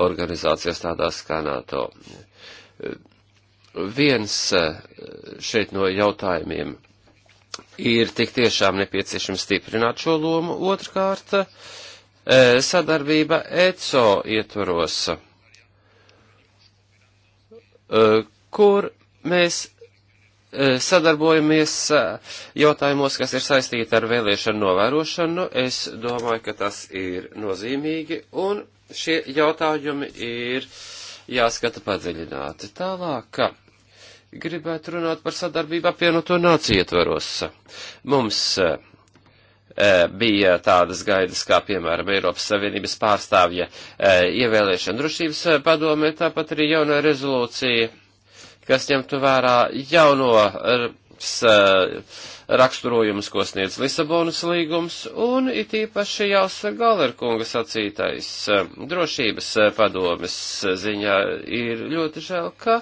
organizācijas tādās kā NATO. Viens šeit no jautājumiem ir tik tiešām nepieciešams stiprināt šo lomu. Otrkārt, uh, E, sadarbība ECO ietvaros, e, kur mēs e, sadarbojamies jautājumos, kas ir saistīti ar vēlēšanu novērošanu. Es domāju, ka tas ir nozīmīgi, un šie jautājumi ir jāskata padziļināti. Tālāk gribētu runāt par sadarbību apvienoto nāciju ietvaros. Mums Eh, bija tādas gaidas, kā piemēram Eiropas Savienības pārstāvja eh, ievēlēšana drošības eh, padomē, tāpat arī jauno rezolūciju, kas ņemtu vērā jauno raksturojumus, ko sniedz Lisabonas līgums, un it īpaši jāsaka Galerkunga sacītais drošības padomes ziņā ir ļoti žēl, ka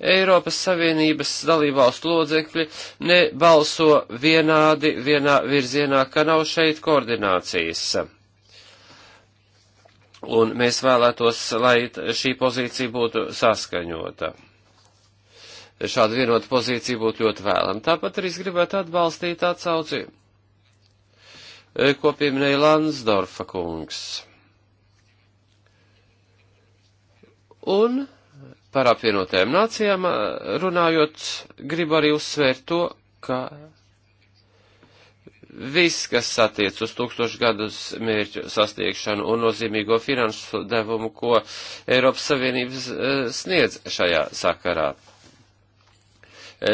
Eiropas Savienības dalībvalstu lodzekļi nebalso vienādi vienā virzienā, ka nav šeit koordinācijas. Un mēs vēlētos, lai šī pozīcija būtu saskaņota. Šāda vienota pozīcija būtu ļoti vēlama. Tāpat arī es gribētu atbalstīt atsauci, eh, ko pieminēja Lansdorfa kungs. Un par apvienotajām nācijām runājot, gribu arī uzsvērt to, ka viss, kas attiec uz tūkstošgadus mērķu sasniegšanu un nozīmīgo finanšu devumu, ko Eiropas Savienības sniedz šajā sakarā.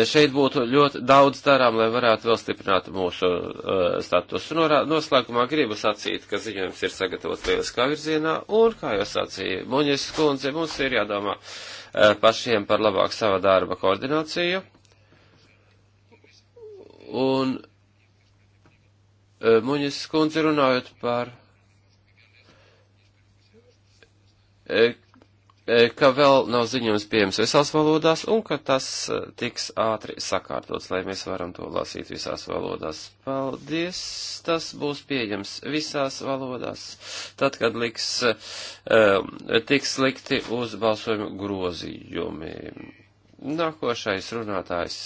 Šeit būtu ļoti daudz darām, lai varētu vēl stiprināt mūsu uh, statusu. Norā, noslēgumā gribu sacīt, ka ziņojums ir sagatavots lieliskā virzienā, un, kā jau sacīja Muņas kundze, mums ir jādomā uh, Eh, pašiem par labāku sava darba koordināciju. Un eh, Muņas skundze runājot par eh, E, ka vēl nav ziņojums pieejams visās valodās un ka tas e, tiks ātri sakārtots, lai mēs varam to lasīt visās valodās. Paldies! Tas būs pieejams visās valodās, tad, kad liks, um, tiks likti uz balsojumu grozījumi. Nākošais runātājs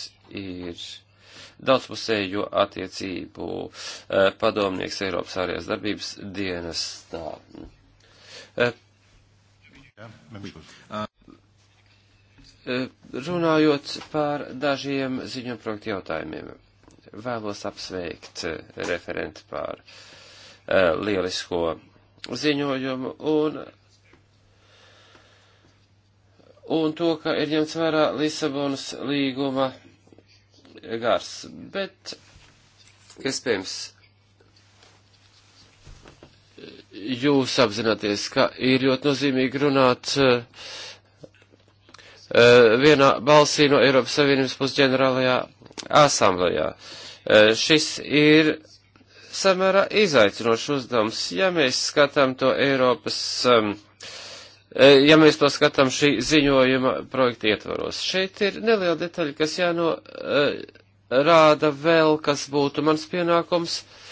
ir daudzpusējo attiecību uh, padomnieks Eiropas ārējās darbības dienestā. Uh, Runājot par dažiem ziņu projektu jautājumiem, vēlos apsveikt eh, referenti par uh, lielisko ziņojumu un, un to, ka ir ņemts vērā Lisabonas līguma gars. Bet, iespējams, jūs apzināties, ka ir ļoti nozīmīgi runāt uh, vienā balsī no Eiropas Savienības pusģenerālajā asamblējā. Uh, šis ir samērā izaicinošs uzdevums, ja mēs skatām to Eiropas, um, ja mēs to skatām šī ziņojuma projekta ietvaros. Šeit ir neliela detaļa, kas jāno uh, rāda vēl, kas būtu mans pienākums. Uh,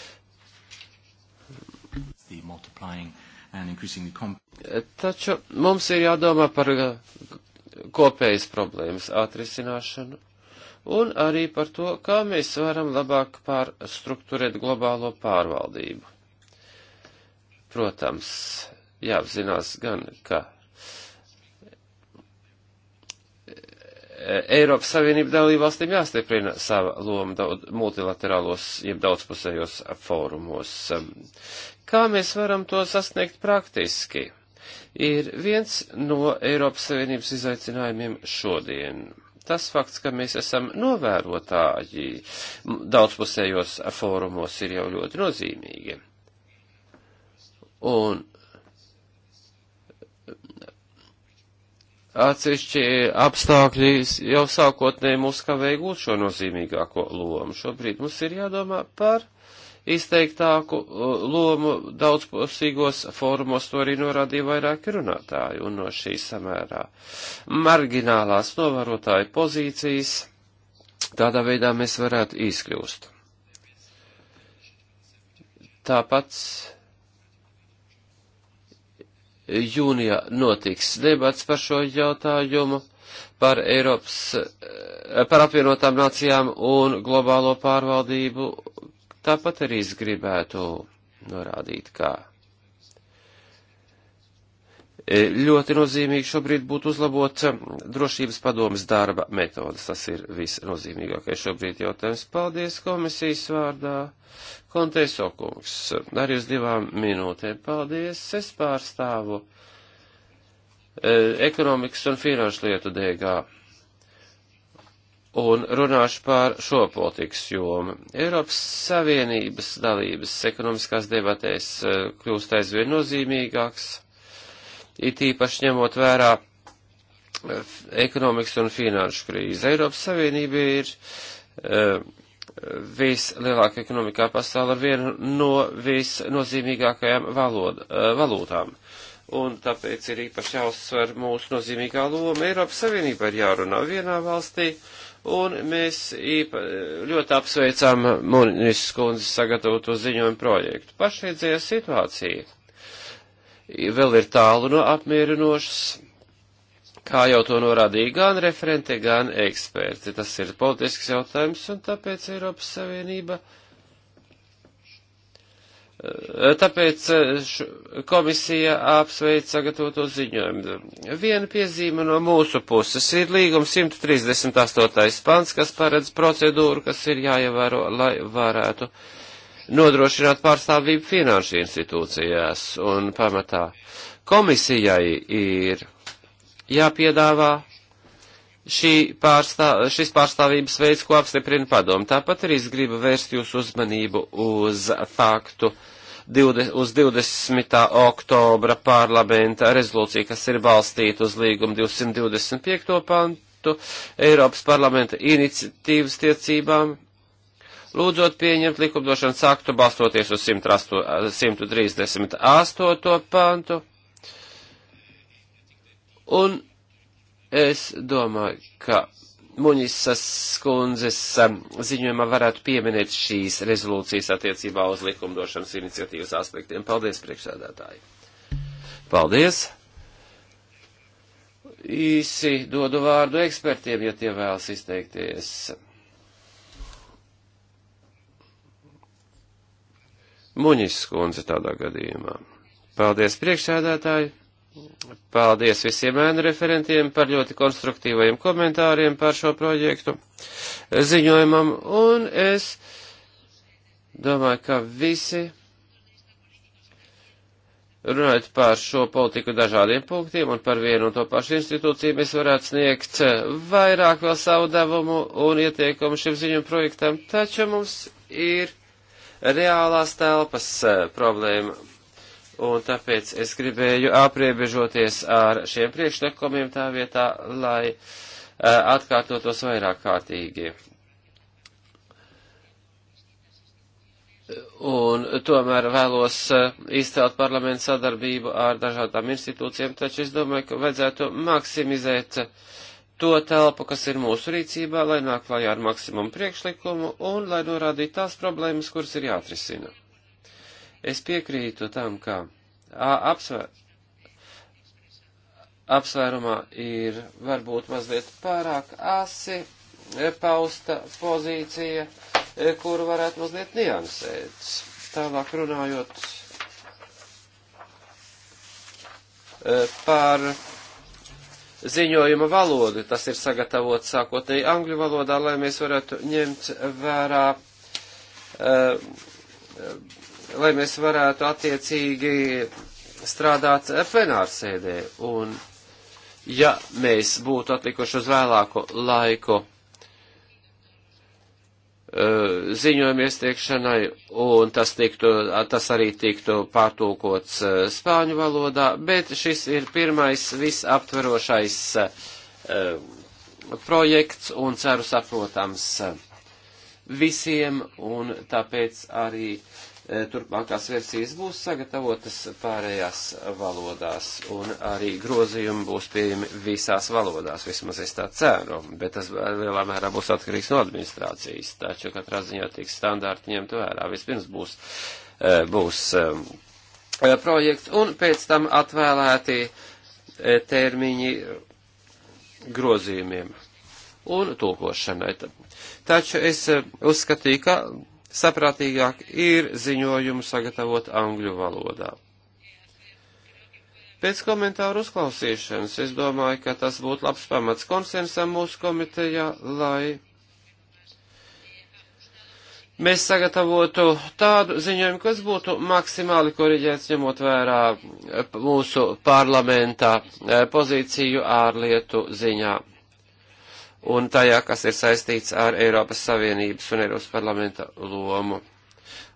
multiplying and increasingly complex. Taču mums ir jādomā par uh, kopējas problēmas atrisināšanu un arī par to, kā mēs varam labāk pārstruktūrēt globālo pārvaldību. Protams, jāapzinās gan, ka e, Eiropas Savienība dalībvalstīm jāstiprina sava loma multilaterālos, jeb daudzpusējos fórumos. Kā mēs varam to sasniegt praktiski? Ir viens no Eiropas Savienības izaicinājumiem šodien. Tas fakts, ka mēs esam novērotāji daudzpusējos fórumos, ir jau ļoti nozīmīgi. Un atsevišķi apstākļi jau sākotnēji mūs kavēja gūt šo nozīmīgāko lomu. Šobrīd mums ir jādomā par izteiktāku uh, lomu daudzpusīgos fórumos, to arī norādīja vairāki runātāji, un no šīs samērā marginālās novērotāju pozīcijas tādā veidā mēs varētu izkļūst. Tāpat jūnijā notiks debats par šo jautājumu par Eiropas, eh, par apvienotām nācijām un globālo pārvaldību Tāpat arī es gribētu norādīt, kā e, ļoti nozīmīgi šobrīd būtu uzlabot e, drošības padomas darba metodas. Tas ir visnozīmīgākais šobrīd jautājums. Paldies komisijas vārdā. Konteiso kungs, arī uz divām minūtēm. Paldies, es pārstāvu e, ekonomikas un finanšu lietu dēgā un runāšu pār šo politikas jomu. Eiropas Savienības dalības ekonomiskās debatēs eh, kļūst aizvien nozīmīgāks, it īpaši ņemot vērā eh, ekonomikas un finanšu krīze. Eiropas Savienība ir eh, vislielākā ekonomikā pasaulē ar vienu no visnozīmīgākajām valod, valūtām. Un tāpēc ir īpaši jāuzsver mūsu nozīmīgā loma. Eiropas Savienībā ir jārunā vienā valstī, uh, un mēs īpa, ļoti apsveicam Muniņas kundzes sagatavoto ziņojumu projektu. Pašreizējā situācija vēl ir tālu no apmierinošas, kā jau to norādīja gan referenti, gan eksperti. Tas ir politisks jautājums, un tāpēc Eiropas Savienība. Uh, Eh, tāpēc eh, komisija apsveic sagatavoto ziņojumu. Viena piezīme no mūsu puses ir līguma 138. pants, kas paredz procedūru, kas ir jāievēro, lai varētu nodrošināt pārstāvību finanšu institūcijās. Un pamatā komisijai ir jāpiedāvā pārstā, šis pārstāvības veids, ko apstiprina padomu. Tāpat arī es gribu vērst jūsu uzmanību uz faktu, 20, uz 20. oktobra parlamenta rezolūciju, kas ir balstīta uz līgumu 225. pantu Eiropas parlamenta iniciatīvas tiecībām lūdzot pieņemt likumdošanas aktu balstoties uz 138. pantu. Un Es domāju, ka Muņisas kundzes um, ziņojumā varētu pieminēt šīs rezolūcijas attiecībā uz likumdošanas iniciatīvas aspektiem. Paldies, priekšsēdētāji! Paldies! Īsi dodu vārdu ekspertiem, ja tie vēlas izteikties. Muņis skundze tādā gadījumā. Paldies, priekšsēdētāji! Paldies visiem ēnu referentiem par ļoti konstruktīvajiem komentāriem par šo projektu ziņojumam, un es domāju, ka visi runājot par šo politiku dažādiem punktiem un par vienu un to pašu institūciju, mēs varētu sniegt vairāk vēl savu devumu un ieteikumu šim ziņam projektam, taču mums ir reālās telpas eh, problēma un tāpēc es gribēju apriebežoties ar šiem priekšlikumiem tā vietā, lai eh, atkārtotos vairāk kārtīgi. Un tomēr vēlos eh, izcelt parlamentu sadarbību ar dažādām institūcijām, taču es domāju, ka vajadzētu maksimizēt eh, to telpu, kas ir mūsu rīcībā, lai nāk klājā ar maksimumu priekšlikumu un lai norādītu tās problēmas, kuras ir jāatrisina. Es piekrītu tam, ka apsver, apsvērumā ir varbūt mazliet pārāk asi e, pausta pozīcija, e, kuru varētu mazliet niansēt. Tālāk runājot e, par ziņojuma valodu. Tas ir sagatavots sākotnēji angļu valodā, lai mēs varētu ņemt vērā uh, lai mēs varētu attiecīgi strādāt plenārsēdē. Un ja mēs būtu atlikuši uz vēlāku laiku eh, ziņojumu iesniegšanai, un tas, tiktu, tas arī tiktu pārtūkots eh, spāņu valodā, bet šis ir pirmais visaptverošais eh, projekts un ceru saprotams visiem, un tāpēc arī E, turpmākās versijas būs sagatavotas pārējās valodās, un arī grozījumi būs pieejami visās valodās, vismaz es tā ceru, bet tas lielā mērā būs atkarīgs no administrācijas, taču katrā ziņā tiks standārti ņemt vērā. Vispirms būs, e, būs e, projekts, un pēc tam atvēlēti termiņi grozījumiem un tulkošanai. Taču es uzskatīju, ka saprātīgāk ir ziņojumu sagatavot angļu valodā. Pēc komentāru uzklausīšanas es domāju, ka tas būtu labs pamats konsensam mūsu komitejā, lai mēs sagatavotu tādu ziņojumu, kas būtu maksimāli koriģēts, ņemot vērā eh, mūsu parlamentā eh, pozīciju ārlietu ziņā un tajā, kas ir saistīts ar Eiropas Savienības un Eiropas parlamenta lomu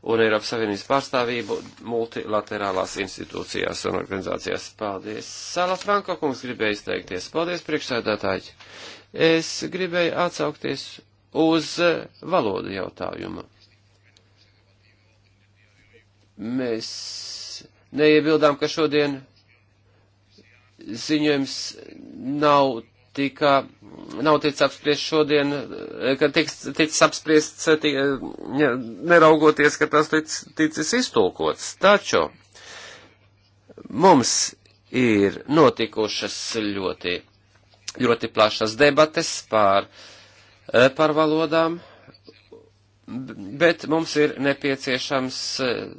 un Eiropas Savienības pārstāvību multilaterālās institūcijās un organizācijās. Paldies! Sala Franko kungs gribēja izteikties. Paldies, priekšsēdētāji! Es gribēju atsaukties uz eh, valodu jautājumu. Mēs neiebildām, ka šodien ziņojums nav tika, nav ticis apspriests šodien, ka tiks, ticis apspriests, eh, tic, ja, neraugoties, ka tas tic, ticis iztulkots. Taču mums ir notikušas ļoti, ļoti plašas debates pār, eh, par valodām, bet mums ir nepieciešams eh,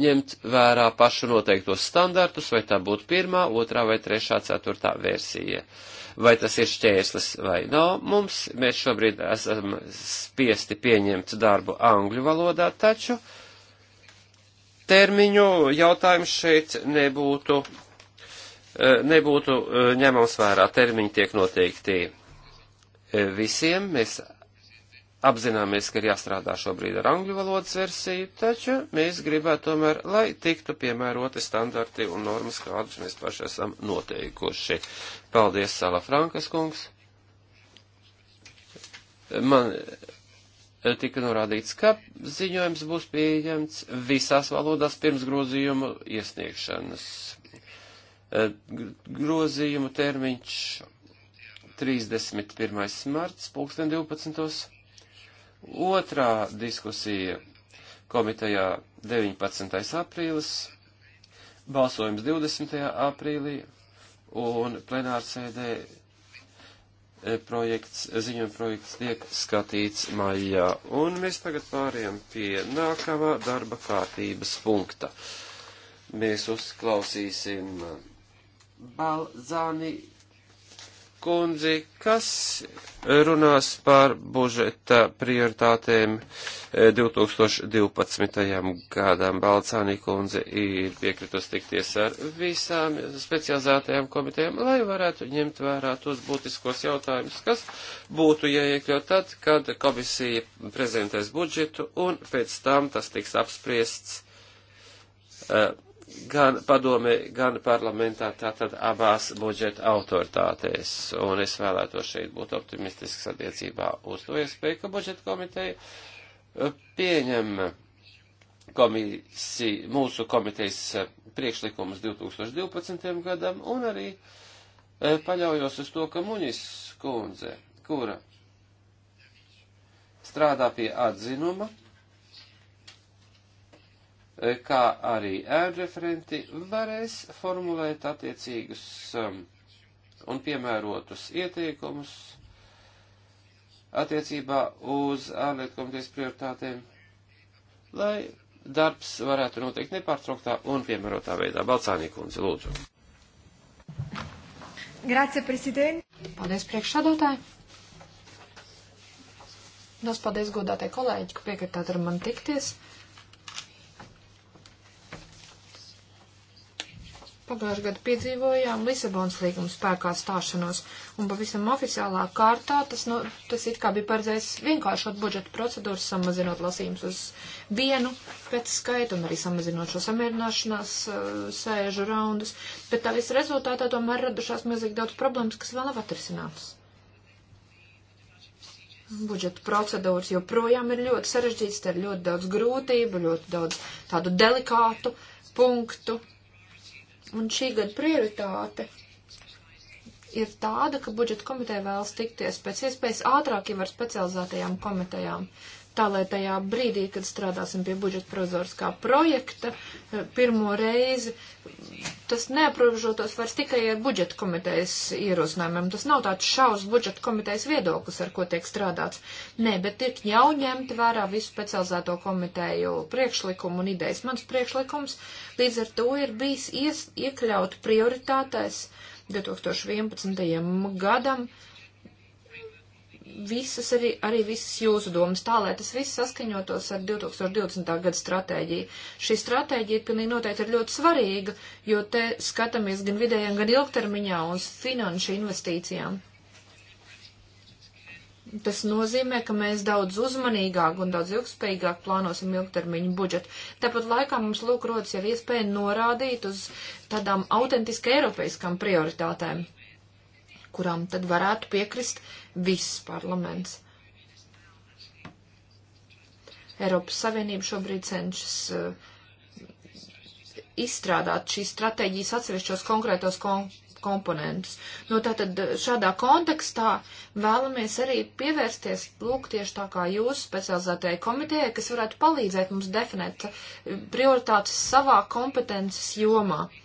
ņemt vērā pašu noteiktos standartus, vai tā būtu pirmā, otrā vai trešā, ceturtā versija. Uh, vai tas ir šķērslis vai nav. No, mums, mēs šobrīd esam spiesti pieņemt darbu angļu valodā, taču termiņu jautājums šeit nebūtu, e, nebūtu e, ņemams vērā. Termiņi tiek noteikti e, visiem. Mēs apzināmies, ka ir jāstrādā šobrīd ar angļu valodas versiju, taču mēs gribētu tomēr, lai tiktu piemēroti standarti un normas, kādus mēs paši esam noteikuši. Paldies, Sala Frankas kungs. Man eh, tika norādīts, ka ziņojums būs pieejams visās valodās pirms grozījumu iesniegšanas. Eh, grozījumu termiņš 31. marts, pulksten 12. Otrā diskusija komitejā 19. aprīlis, balsojums 20. aprīlī un plenārsēdē e, projekts, ziņojuma projekts tiek skatīts maijā. Un mēs tagad pāriem pie nākamā darba kārtības punkta. Mēs uzklausīsim Balzāni kundzi, kas runās par budžeta prioritātēm 2012. E, gadam. Balcānī kundze ir piekritus tikties ar visām specializētajām komitejām, lai varētu ņemt vērā tos būtiskos jautājumus, kas būtu jāiekļaut tad, kad komisija prezentēs budžetu un pēc tam tas tiks apspriests. Uh, gan padomē, gan parlamentā, tātad abās budžeta autoritātēs. Un es vēlētos šeit būt optimistisks attiecībā uz to iespēju, ka budžeta komiteja eh, pieņem komisi, mūsu komitejas eh, priekšlikumus 2012. gadam un arī eh, paļaujos uz to, ka Muņis kundze, kura strādā pie atzinuma, Eh, kā arī ērreferenti, varēs formulēt attiecīgus um, un piemērotus ieteikumus attiecībā uz ārlietu komitejas prioritātēm, lai darbs varētu notikt nepārtrauktā un piemērotā veidā. Balcānī kundze, lūdzu. Grazie, prezident. Paldies, priekšsādātāji. Dos paldies godātie kolēģi, ka piekritāt ar mani tikties. Uh, pagājušajā gadā piedzīvojām Lisabonas līguma spēkā stāšanos, un pavisam oficiālā kārtā tas, nu, tas it kā bija paredzējis vienkāršot budžeta procedūru, samazinot lasījumus uz vienu pēc skaita un arī samazinot šo samierināšanās uh, sēžu raundus, bet tā visa rezultātā tomēr radušās milzīgi daudz problēmas, kas vēl nav atrisinātas. Budžeta procedūras joprojām ir ļoti sarežģītas, te ir ļoti daudz grūtību, ļoti daudz tādu delikātu punktu, Un šī gada prioritāte ir tāda, ka budžeta komiteja vēlas tikties pēc iespējas ātrāk jau ar specializētajām komitejām, tā lai tajā brīdī, kad strādāsim pie budžeta prozorskā projekta, eh, pirmo reizi tas neaprobežotos vairs tikai ar budžeta komitejas ierosinājumiem. Tas nav tāds šaus budžeta komitejas viedoklis, ar ko tiek strādāts. Nē, bet ir jau ņemt vērā visu specializēto komiteju priekšlikumu un idejas. Mans priekšlikums līdz ar to ir bijis ies, iekļaut prioritātēs 2011. gadam visus arī, arī visas jūsu domas, tā lai tas viss saskaņotos ar 2020. gada stratēģiju. Šī stratēģija pilnīgi noteikti ir ļoti svarīga, jo te skatāmies gan vidējiem, gan ilgtermiņā uz finanšu investīcijām. Tas nozīmē, ka mēs daudz uzmanīgāk un daudz ilgspējīgāk plānosim ilgtermiņu budžetu. Tāpat laikā mums lūk rodas jau iespēja norādīt uz tādām autentiski eiropeiskām prioritātēm, kurām tad varētu piekrist uh, viss parlaments. Eiropas Savienība šobrīd cenšas uh, izstrādāt šīs stratēģijas atsevišķos konkrētos kon komponentus. Nu, tātad uh, šādā kontekstā vēlamies arī pievērsties, lūk, tieši tā kā jūs specializētajai komitejai, kas varētu palīdzēt mums definēt uh, prioritātes savā kompetences jomā. Uh,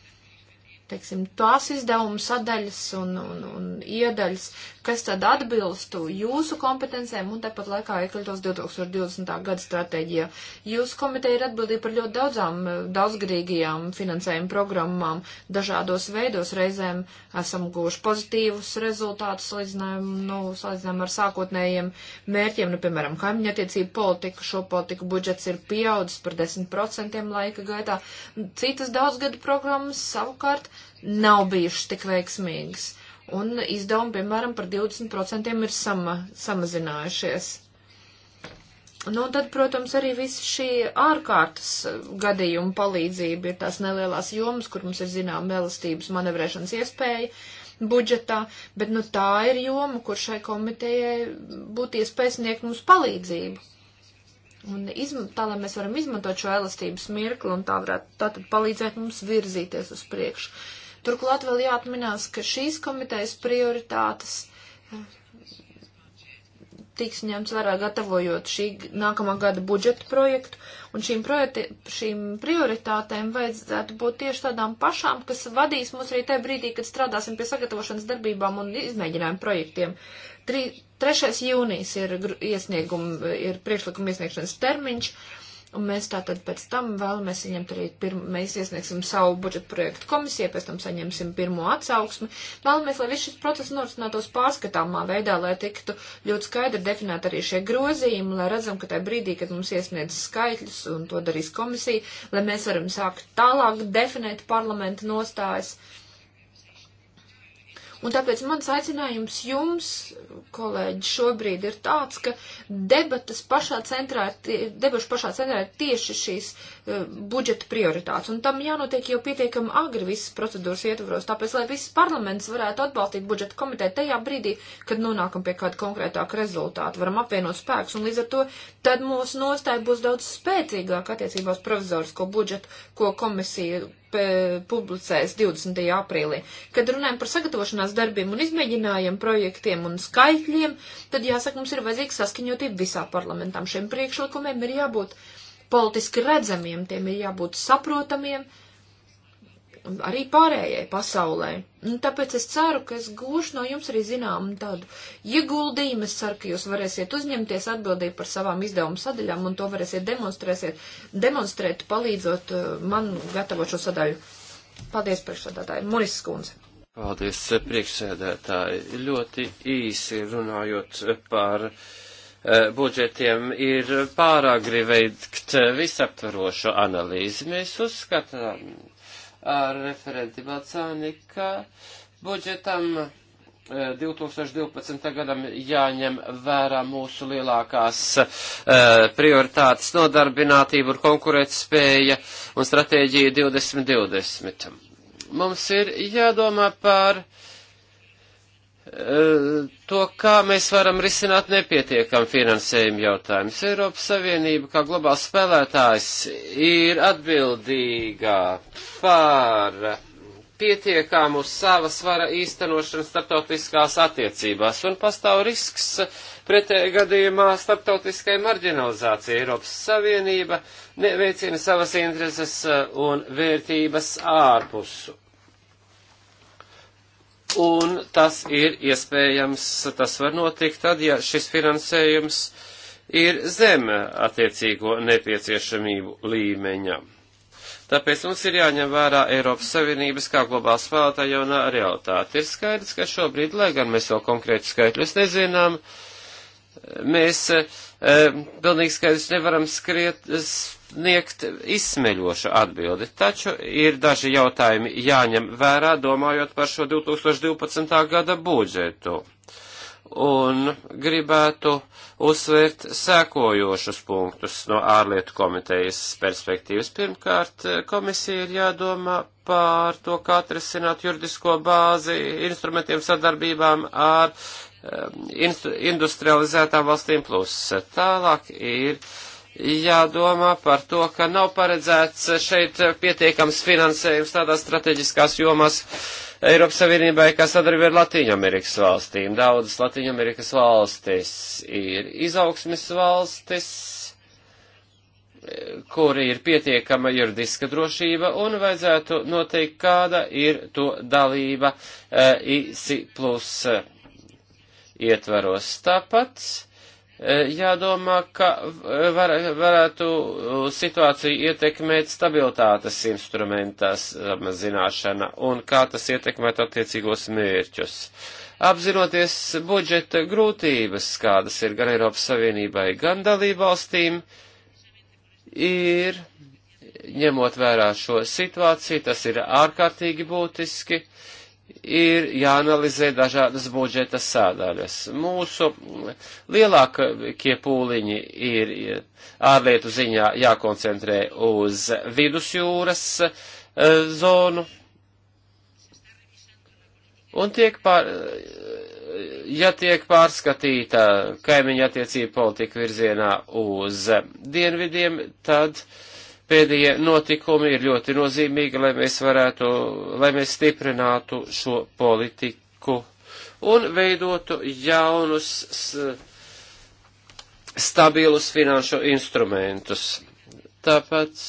teiksim, tās izdevumu sadaļas un, un, un iedaļas, kas tad atbilstu jūsu kompetencēm un tāpat laikā iekļautos 2020. gada stratēģijā. Jūsu komiteja ir atbildīga par ļoti daudzām eh, daudzgrīgajām finansējuma programmām, dažādos veidos reizēm esam guvuši pozitīvus rezultātus salīdzinājumu, nu, salīdzinājumu ar sākotnējiem mērķiem, nu, piemēram, kaimiņattiecību politiku, šo politiku budžets ir pieaudzis par 10% laika gaitā. Citas daudzgadu programmas savukārt nav bijušas tik veiksmīgas. Un izdevumi, piemēram, par 20% ir sama, samazinājušies. Nu, tad, protams, arī visi šī ārkārtas gadījuma palīdzība ir tās nelielās jomas, kur mums ir zinām elastības manevrēšanas iespēja budžetā, bet nu tā ir joma, kur šai komitejai būtu iespēja sniegt mums palīdzību. Un izm, tā, lai mēs varam izmantot šo elastības mirkli un tā varētu tātad palīdzēt mums virzīties uz priekšu. Turklāt vēl jāatminās, ka šīs komitejas prioritātes tiks ņemts vērā gatavojot šī nākamā gada budžeta projektu, un šīm, projekti, šīm prioritātēm vajadzētu būt tieši tādām pašām, kas vadīs mūs arī tajā brīdī, kad strādāsim pie sagatavošanas darbībām un izmēģinājumu projektiem. Tri, 3. jūnijas ir iesnieguma, ir priekšlikuma iesniegšanas termiņš, Un mēs tātad pēc tam vēlamies saņemt arī, pirma, mēs iesniegsim savu budžetu projektu komisijai, pēc tam saņemsim pirmo atsauksmi. Vēlamies, lai viss šis process norisinātos pārskatāmā veidā, lai tiktu ļoti skaidri definēt arī šie grozījumi, lai redzam, ka tajā brīdī, kad mums iesniedz skaitļus un to darīs komisija, lai mēs varam sākt tālāk definēt parlamenta nostājas. Uh, Un tāpēc mans aicinājums jums, kolēģi, šobrīd ir tāds, ka debatas pašā centrā, debašu pašā centrā ir tieši šīs uh, budžeta prioritātes. Un tam jānotiek jau pietiekami agri visas procedūras ietvaros. Tāpēc, lai viss parlaments varētu atbalstīt budžeta komiteju tajā brīdī, kad nonākam pie kāda konkrētāka rezultāta, varam apvienot spēkus. Un līdz ar to tad mūsu nostāja būs daudz spēcīgāka attiecībās provizorisko budžetu, ko komisija E, publicēs 20. aprīlī. Kad runājam par sagatavošanās darbiem un izmēģinājumu projektiem un skaitļiem, tad jāsaka, mums ir vajadzīga saskaņotība visā parlamentām. Šiem priekšlikumiem ir jābūt politiski redzamiem, tiem ir jābūt saprotamiem, uh, arī pārējai pasaulē. Un tāpēc es ceru, ka es gūšu no jums arī zinām tādu ieguldījumu. Es ceru, ka jūs varēsiet uzņemties atbildību par savām izdevuma sadaļām un to varēsiet demonstrēt, palīdzot uh, man gatavot šo sadaļu. Paldies, priekšsēdētāji. Muris Skundze. Paldies, priekšsēdētāji. Ļoti īsi runājot par uh, budžetiem ir pārāk griveikt visaptvarošu analīzi. Mēs uzskatām, ar referenti Balcāni, ka budžetam 2012. Eh, gadam jāņem vērā mūsu lielākās e, prioritātes nodarbinātība un konkurētspēja un stratēģija 2020. Mums ir jādomā par uh, to, kā mēs varam risināt nepietiekam finansējumu jautājumus. Eiropas Savienība kā globāls spēlētājs ir atbildīgā par pietiekamu sava svara īstenošanu starptautiskās attiecībās un pastāv risks pretējā gadījumā starptautiskai marginalizācija. Eiropas Savienība neveicina savas intereses un vērtības ārpus un tas ir iespējams, tas var notikt tad, ja šis finansējums ir zem attiecīgo nepieciešamību līmeņa. Tāpēc mums ir jāņem vērā Eiropas Savienības kā globāls spēlētā jaunā realitāte. Ir skaidrs, ka šobrīd, lai gan mēs vēl konkrētu skaitļus nezinām, mēs e, pilnīgi skaidrs nevaram skriet, sniegt izsmeļošu atbildi, taču ir daži jautājumi jāņem vērā, domājot par šo 2012. gada budžetu. Un gribētu uzsvērt sēkojošus punktus no ārlietu komitejas perspektīvas. Pirmkārt, komisija ir jādomā par to, kā atrisināt juridisko bāzi instrumentiem sadarbībām ar um, industrializētām valstīm plus. Tālāk ir uh, jādomā par to, ka nav paredzēts šeit pietiekams finansējums tādās strateģiskās jomās Eiropas Savienībai, kā sadarbība ar Latīņamerikas valstīm. Daudzas Latīņamerikas valstis ir izaugsmes valstis, kur ir pietiekama juridiska drošība, un vajadzētu noteikt, kāda ir to dalība eh, IC plus eh, ietvaros. Tāpat E, jādomā, ka var, varētu situāciju ietekmēt stabilitātes instrumentās samazināšana un kā tas ietekmēt attiecīgos mērķus. Apzinoties budžeta grūtības, kādas ir gan Eiropas Savienībai, gan dalībvalstīm, ir ņemot vērā šo situāciju, tas ir ārkārtīgi būtiski. Uh, ir jāanalizē dažādas budžeta sādaļas. Mūsu lielākie pūliņi ir ārlietu ziņā jākoncentrē uz vidusjūras e, zonu. Un tiek pār, ja tiek pārskatīta kaimiņa attiecība politika virzienā uz dienvidiem, tad uh, pēdējie notikumi ir ļoti nozīmīgi, lai mēs varētu, lai mēs stiprinātu šo politiku un veidotu jaunus stabilus finanšu instrumentus. Tāpēc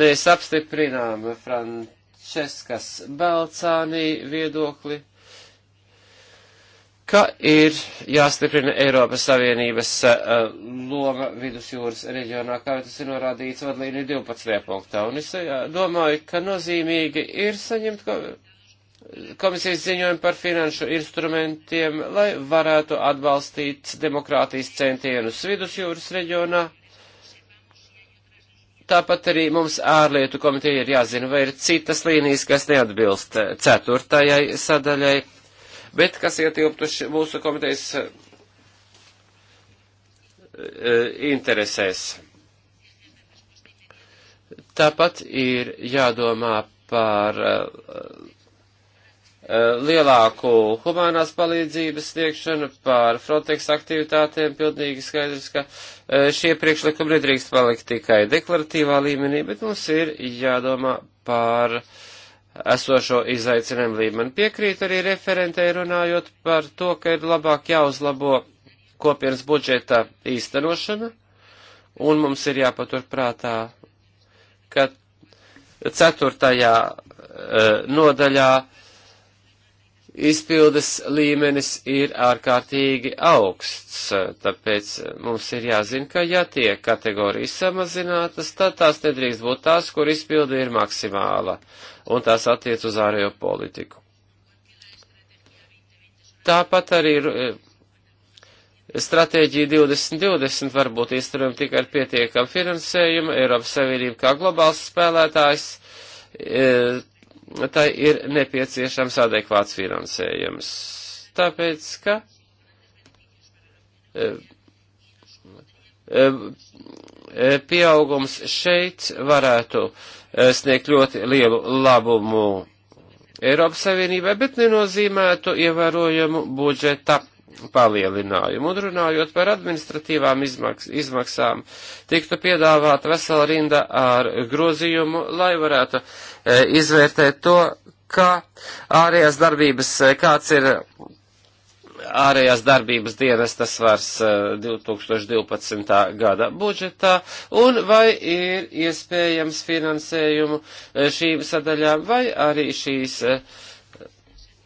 mēs apstiprinām Franceskas Balcānī viedokli ka ir jāstiprina Eiropas Savienības uh, loma vidusjūras reģionā, kā tas ir norādīts vadlīniju 12. punktā. Un es uh, domāju, ka nozīmīgi ir saņemt komisijas ziņojumu par finanšu instrumentiem, lai varētu atbalstīt demokrātijas centienus vidusjūras reģionā. Tāpat arī mums ārlietu komiteja ir jāzina, vai ir citas līnijas, kas neatbilst eh, ceturtajai sadaļai Bet kas ietilptu mūsu komitejas eh, eh, interesēs? Tāpat ir jādomā par eh, lielāku humanās palīdzības sniegšanu, par Frontex aktivitātēm, pilnīgi skaidrs, ka šie priekšlikumi nedrīkst palikt tikai deklaratīvā līmenī, bet mums ir jādomā par uh, esošo izaicinājumu līmeni. Piekrīt arī referentei runājot par to, ka ir labāk jāuzlabo kopienas budžeta īstenošana, un mums ir jāpatur prātā, ka ceturtajā eh, nodaļā izpildes līmenis ir ārkārtīgi augsts, tāpēc mums ir jāzina, ka ja tiek kategorijas samazinātas, tad tās nedrīkst būt tās, kur izpilde ir maksimāla. Uh, un tās attiec uz ārējo politiku. Tāpat arī eh, stratēģija 2020 var būt īstenojama tikai ar pietiekamu finansējumu. Eiropas Savienība kā globāls spēlētājs, eh, tai ir nepieciešams adekvāts finansējums. Tāpēc, ka eh, pieaugums šeit varētu uh, Eh, sniegt ļoti lielu labumu Eiropas Savienībai, bet nenozīmētu ievērojumu budžeta palielinājumu. Un runājot par administratīvām izmaks, izmaksām, tiktu piedāvāta vesela rinda ar grozījumu, lai varētu e, izvērtēt to, kā ārējās darbības, eh, kāds ir ārējās darbības dienestas vairs 2012. gada budžetā, un vai ir iespējams finansējumu eh, šīm sadaļām, vai arī šīs eh,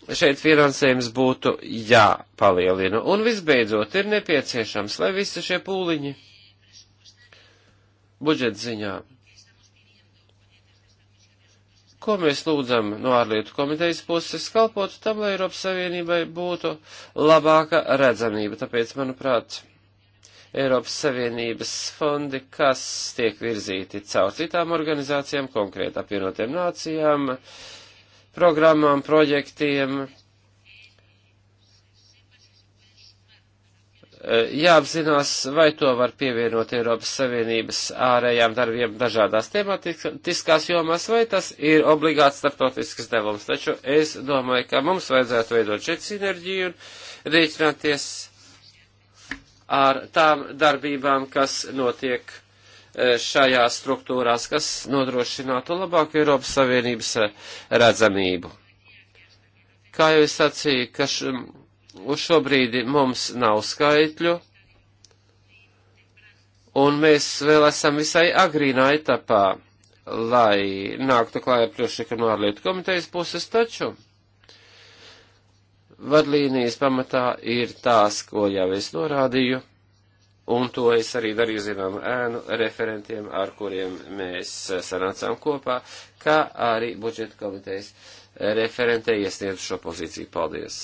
šeit finansējums būtu jāpalielina. Un visbeidzot, ir nepieciešams, lai visi šie pūliņi budžetziņā ko mēs lūdzam no ārlietu komitejas puses, kalpotu tam, lai Eiropas Savienībai būtu labāka redzamība. Tāpēc, manuprāt, Eiropas Savienības fondi, kas tiek virzīti caur citām organizācijām, konkrēti apvienotiem nācijām, programmām, projektiem, Eh, jāapzinās, vai to var pievienot Eiropas Savienības ārējām darbiem dažādās tematiskās jomās, vai tas ir obligāts starptautisks devums. Taču es domāju, ka mums vajadzētu veidot šeit sinerģiju un rēķināties ar tām darbībām, kas notiek eh, šajās struktūrās, kas nodrošinātu labāku Eiropas Savienības eh, redzamību. Kā jau es sacīju, ka šim Uz šo brīdi mums nav skaitļu, un mēs vēl esam visai agrīnā etapā, lai nāktu klājā priekšlikumu no ārlietu komitejas puses taču. Vadlīnijas pamatā ir tās, ko jau es norādīju, un to es arī darīju zinām ēnu referentiem, ar kuriem mēs sanācām kopā, kā arī budžeta komitejas referentē iesniedzu šo pozīciju. Paldies!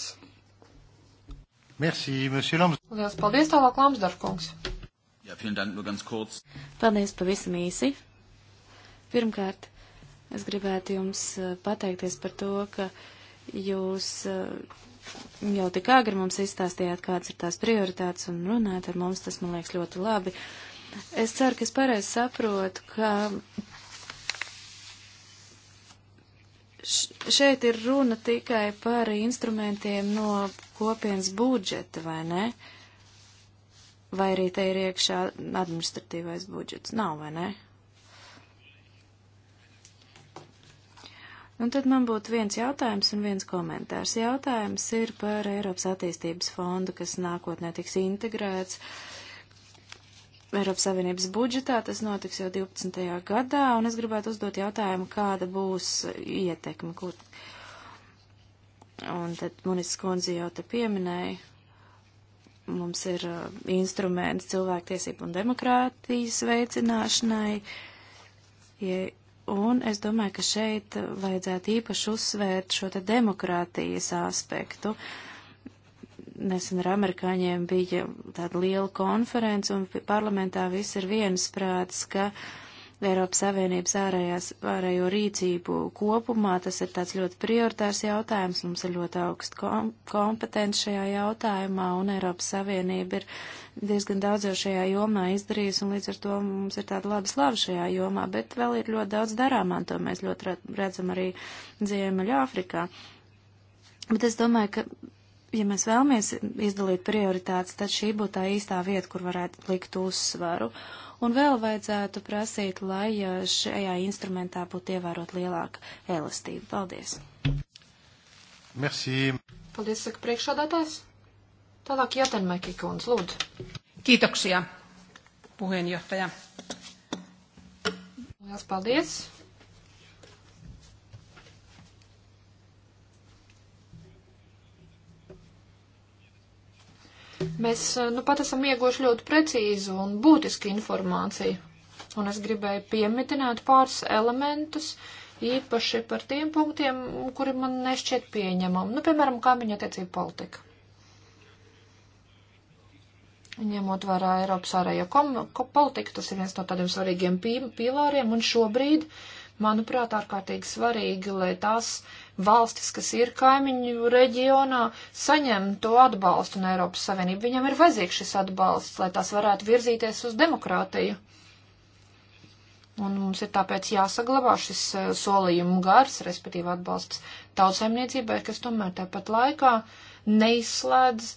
Merci, monsieur Lams. Lielas paldies tālāk, Lamsdorf kungs. Jā, ja, vielen dank, nur ganz kurz. Paldies pavisam īsi. Pirmkārt, es gribētu jums eh, pateikties par to, ka jūs eh, jau tik agri mums izstāstījāt, kādas ir tās prioritātes un runājat ar mums, tas man liekas ļoti labi. Es ceru, ka es pareizi saprotu, ka šeit ir runa tikai par instrumentiem no kopienas budžeta, vai ne? Vai arī te ir iekšā administratīvais budžets? Nav, vai ne? Un tad man būtu viens jautājums un viens komentārs. Jautājums ir par Eiropas attīstības fondu, kas nākotnē tiks integrēts Eiropas Savienības budžetā. Tas notiks jau 12. gadā, un es gribētu uzdot jautājumu, kāda būs ietekme, kur, uh, Un tad Munis Skundze jau te pieminēja, mums ir uh, instruments cilvēktiesību un demokrātijas veicināšanai. Ja, un es domāju, ka šeit vajadzētu īpaši uzsvērt šo te demokrātijas aspektu. Nesen ar amerikāņiem bija tāda liela konference, un parlamentā viss ir viensprāts, ka uh, Eiropas Savienības ārējās, ārējo rīcību kopumā. Tas ir tāds ļoti prioritārs jautājums. Mums ir ļoti augsta kom kompetence šajā jautājumā, un Eiropas Savienība ir diezgan daudz jau šajā jomā izdarījusi, un līdz ar to mums ir tāda laba slava šajā jomā, bet vēl ir ļoti daudz darāmā, un to mēs ļoti redzam arī Ziemeļāfrikā. Bet es domāju, ka ja mēs vēlamies izdalīt prioritātes, tad šī būtu tā īstā vieta, kur varētu likt uzsvaru un vēl vajadzētu prasīt, lai šajā instrumentā būtu ievērot lielāka elastība. Paldies! Merci! Paldies, saka priekšādātājs. Tālāk Jātenmeki kundz, lūdzu. Kiitoksia, puheenjohtaja. Liels paldies! Mēs eh, nu, pat esam ieguvuši ļoti precīzu un būtisku informāciju. Un es gribēju piemitināt pāris elementus, īpaši par tiem punktiem, kuri man nešķiet pieņemami. Nu, piemēram, kaimiņa attiecība politika. Ņemot vērā Eiropas ārējo politiku, tas ir viens no tādiem svarīgiem pīlāriem, un šobrīd, manuprāt, ārkārtīgi svarīgi, lai tās uh, valstis, kas ir kaimiņu reģionā, saņemtu atbalstu no Eiropas Savienības. Viņam ir vajadzīgs šis atbalsts, lai tās varētu virzīties uz demokrātiju. Un mums ir tāpēc jāsaglabā šis eh, solījumu gars, respektīvi atbalsts tautsēmniecībai, kas tomēr tāpat laikā neizslēdz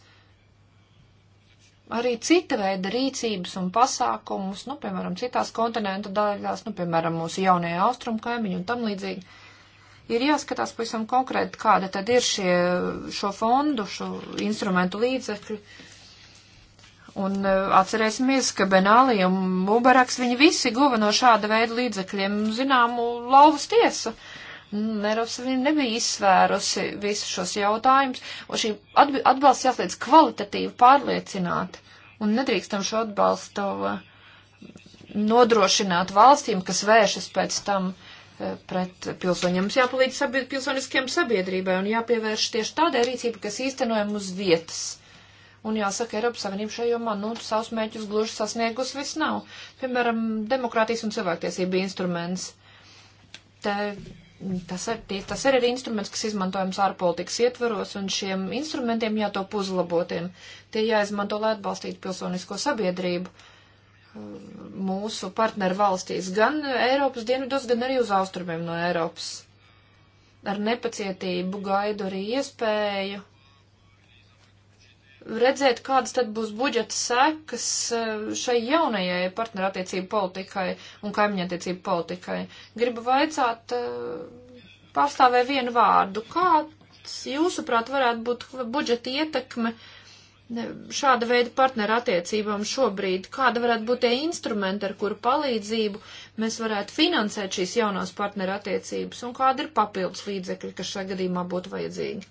arī cita veida rīcības un pasākumus, nu, piemēram, citās kontinentu daļās, nu, piemēram, mūsu jaunajā austrumu kaimiņu un tam līdzīgi ir jāskatās pavisam konkrēti, kāda tad ir šie, šo fondu, šo instrumentu līdzekļu. Un e, atcerēsimies, ka Benāli un Mubaraks viņi visi guva no šāda veida līdzekļiem zināmu lauvas tiesu. Eiropas Savienība nebija izsvērusi visus šos jautājumus, un šī atbalsts jāsliedz kvalitatīvi pārliecināt, un nedrīkstam šo atbalstu e, nodrošināt valstīm, kas vēršas pēc tam uh, pret pilsoņiem. Mums jāpalīdz sabied, pilsoniskiem sabiedrībai un jāpievērš tieši tādai rīcībai, kas īstenojam uz vietas. Un jāsaka, Eiropas Savienība šajā jomā, nu, savus mēķus gluži sasniegus viss nav. Piemēram, demokrātijas un cilvēktiesība instruments. Te, tas, ar, tie, tas ir arī instruments, kas izmantojams ārpolitikas ietvaros, un šiem instrumentiem jātop uzlabotiem. Tie jāizmanto, lai atbalstītu pilsonisko sabiedrību mūsu partneru valstīs, gan Eiropas dienvidos, gan arī uz austrumiem no Eiropas. Ar nepacietību gaidu arī iespēju redzēt, kādas tad būs budžeta sekas eh, šai jaunajai partnerattiecību politikai un kaimiņattiecību politikai. Gribu vaicāt eh, pārstāvē vienu vārdu. Kāds, jūsuprāt, varētu būt budžeta ietekme uh, šāda veida partneru attiecībām šobrīd, kāda varētu būt tie instrumenti, ar kuru palīdzību mēs varētu finansēt šīs jaunās partneru attiecības un kāda ir papildus līdzekļi, kas šajā gadījumā būtu vajadzīgi.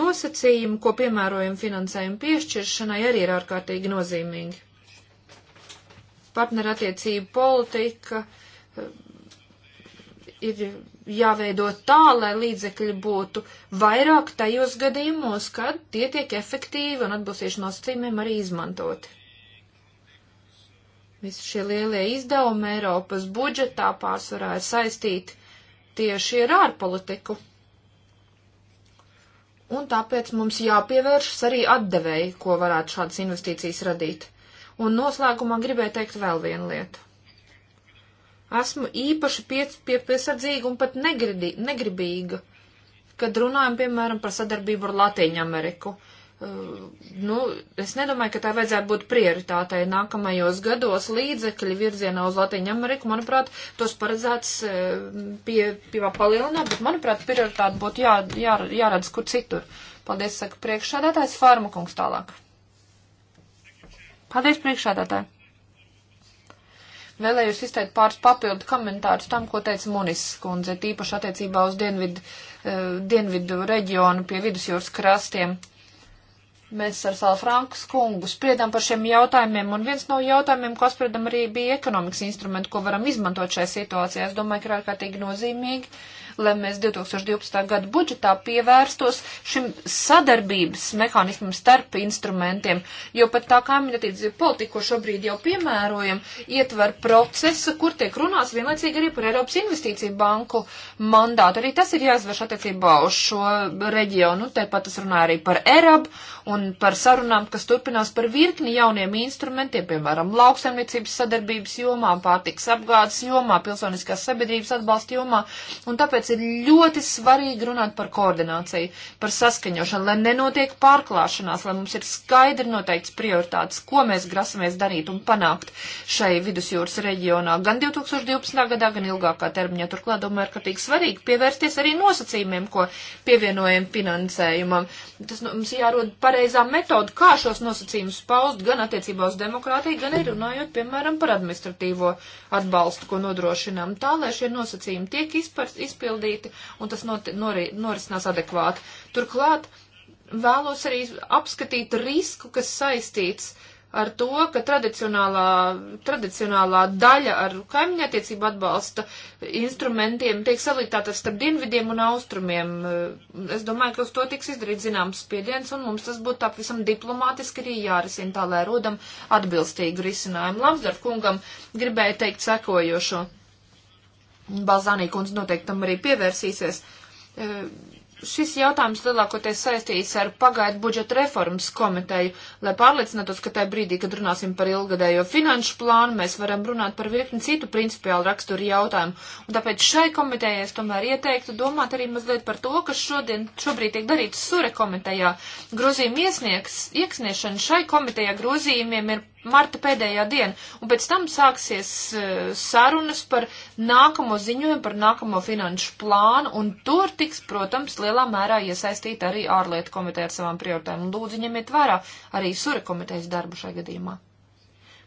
Nosacījumi, ko piemērojam finansējumu piešķiršanai, arī ir ārkārtīgi nozīmīgi. Partnerattiecību politika ir jāveido tā, lai līdzekļi būtu vairāk tajos gadījumos, kad tie tiek efektīvi un atbilstieši nosacījumiem arī izmantoti. Visi šie lielie izdevumi Eiropas budžetā pārsvarā ir saistīti tieši ar ārpolitiku. Un tāpēc mums jāpievēršas arī atdevēji, ko varētu šādas investīcijas radīt. Un noslēgumā gribēju teikt vēl vienu lietu. Esmu īpaši piesardzīga un pat negridi, negribīga, kad runājam, piemēram, par sadarbību ar Latīņu Ameriku. Uh, nu, es nedomāju, ka tā vajadzētu būt prioritātei nākamajos gados līdzekļi virzienā uz Latīņu Ameriku. Manuprāt, tos paredzēts uh, pie, pie palielināt, bet, manuprāt, prioritāte būtu jā, jā, jāredz kur citur. Paldies, saka priekšādātājs Farmakungs tālāk. Paldies, priekšādātāji! Vēlējos izteikt pāris papildu komentārus tam, ko teica Munis skundze, tīpaši attiecībā uz dienvidu, eh, dienvidu reģionu pie vidusjūras krastiem. Mēs ar Salfranku skungu spriedām par šiem jautājumiem, un viens no jautājumiem, ko spriedām arī bija ekonomikas instrumenti, ko varam izmantot šajā situācijā. Es domāju, ka ir ārkārtīgi nozīmīgi lai mēs 2012. gada budžetā pievērstos šim sadarbības mehānismam starp instrumentiem, jo pat tā kaimiņatīdzība politika, ko šobrīd jau piemērojam, ietver procesu, kur tiek runāts vienlaicīgi arī par Eiropas investīciju banku mandātu. Arī tas ir jāizvērš attiecībā uz šo reģionu. Tāpat es runāju arī par ERAB un par sarunām, kas turpinās par virkni jauniem instrumentiem, piemēram, lauksaimniecības sadarbības jomā, pārtiks apgādes jomā, pilsoniskās sabiedrības atbalsta jomā. Un tāpēc tāpēc ir ļoti svarīgi runāt par koordināciju, par saskaņošanu, lai nenotiek pārklāšanās, lai mums ir skaidri noteikts prioritātes, ko mēs grasamies darīt un panākt šai vidusjūras reģionā gan 2012. gadā, gan ilgākā termiņā. Turklāt, domāju, ir kārtīgi svarīgi pievērsties arī nosacījumiem, ko pievienojam finansējumam. Tas nu, mums jārod pareizā metoda, kā šos nosacījumus paust gan attiecībā uz demokrātiju, gan arī runājot, piemēram, par administratīvo atbalstu, ko nodrošinām, tā lai šie nosacījumi tiek izpildīti izpildīti, un tas not, nori, norisinās adekvāti. Turklāt vēlos arī apskatīt risku, kas saistīts ar to, ka tradicionālā, tradicionālā daļa ar kaimiņattiecību atbalsta instrumentiem tiek salītāta starp dienvidiem un austrumiem. Es domāju, ka uz to tiks izdarīt zināms spiediens, un mums tas būtu tā visam diplomātiski arī jārisina tā, lai rodam atbilstīgu risinājumu. Lamsdorf kungam gribēju teikt sekojošo. Balzānī kundze noteikti tam arī pievērsīsies. E, šis jautājums lielākoties saistīs ar pagaidu budžeta reformas komiteju, lai pārliecinātos, ka tajā brīdī, kad runāsim par ilgadējo finanšu plānu, mēs varam runāt par virkni citu principiālu raksturu jautājumu. Un tāpēc šai komitejai es tomēr ieteiktu domāt arī mazliet par to, kas šodien, šobrīd tiek darīts Sure komitejā. Grozījuma iesniegs, iesniegšana šai komitejā grozījumiem ir marta pēdējā diena, un pēc tam sāksies e, sarunas par nākamo ziņojumu, par nākamo finanšu plānu, un tur tiks, protams, lielā mērā iesaistīta arī ārlietu komiteja ar savām prioritēm. Lūdzu, ņemiet vērā arī Sura komitejas darbu šajā gadījumā.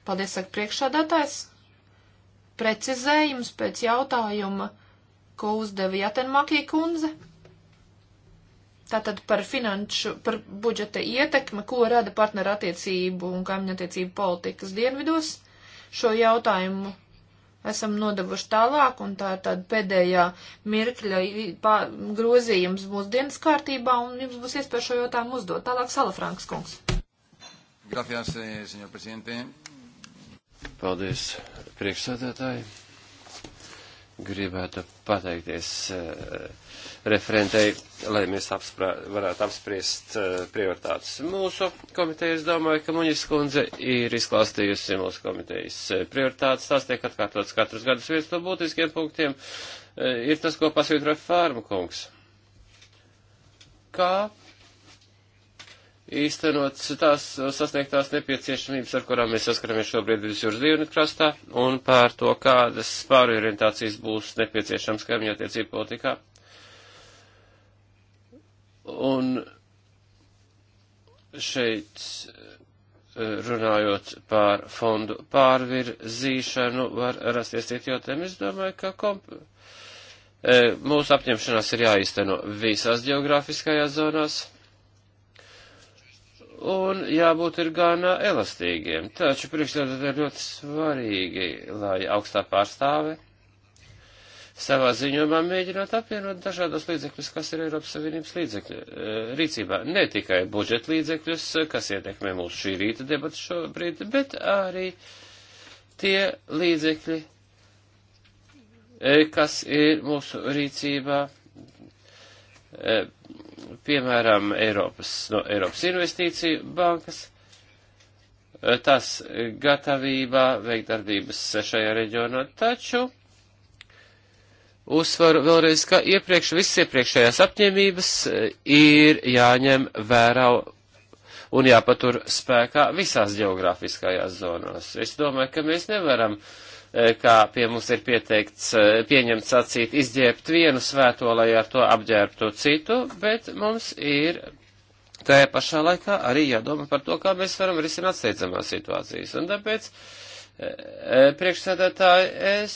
Paldies, saka priekšādātājs. Precizējums pēc jautājuma, ko uzdeva Jatenmakī kundze. Tātad par finanšu, par budžeta ietekmi, ko rada partneru attiecību un kaimiņattiecību politikas dienvidos. Šo jautājumu esam nodevuši tālāk, un tā ir tāda pēdējā mirkļa pā, grozījums mūsu dienas kārtībā, un jums būs iespēja šo jautājumu uzdot. Tālāk Salafrankas kungs. Gracias, eh, senor presidente. Paldies, priekšsēdētāji. Gribētu pateikties. Uh, referentei, lai mēs apsprā, varētu apspriest uh, prioritātes. Mūsu komiteja, es domāju, ka Muņas kundze ir izklāstījusi mūsu komitejas eh, prioritātes. Tās tiek atkārtotas katrs gadus viens no būtiskiem punktiem. Uh, ir tas, ko pasvītro Fārma kungs. Kā īstenot tās sasniegtās nepieciešamības, ar kurām mēs saskaramies šobrīd vidusjūras dienvidkrastā, un pār to, kādas pārorientācijas būs nepieciešams kaimiņattiecību politikā Un šeit eh, runājot par fondu pārvirzīšanu, var rasties citi jautājumi. Es domāju, ka komp... Eh, mūsu apņemšanās ir jāīsteno visās geogrāfiskajās zonās un jābūt ir gan elastīgiem. Taču priekšstādāt ir ļoti svarīgi, lai augstā pārstāve savā ziņojumā mēģināt apvienot dažādos līdzekļus, kas ir Eiropas Savienības līdzekļu eh, rīcībā. Ne tikai budžeta līdzekļus, kas ietekmē mūsu šī rīta debatu šobrīd, bet arī tie līdzekļi, eh, kas ir mūsu rīcībā eh, piemēram, Eiropas, no Eiropas investīciju bankas, tas gatavībā veikt darbības šajā reģionā, taču uzsvaru vēlreiz, ka iepriekš viss iepriekšējās apņēmības eh, ir jāņem vērā un jāpatur spēkā visās geogrāfiskajās zonās. Es domāju, ka mēs nevaram, eh, kā pie mums ir pieteikts, eh, pieņemt sacīt, izģēbt vienu svēto, lai ar to apģērbtu citu, bet mums ir tajā pašā laikā arī jādomā par to, kā mēs varam risināt steidzamās situācijas. Un tāpēc, priekšsēdētāji, es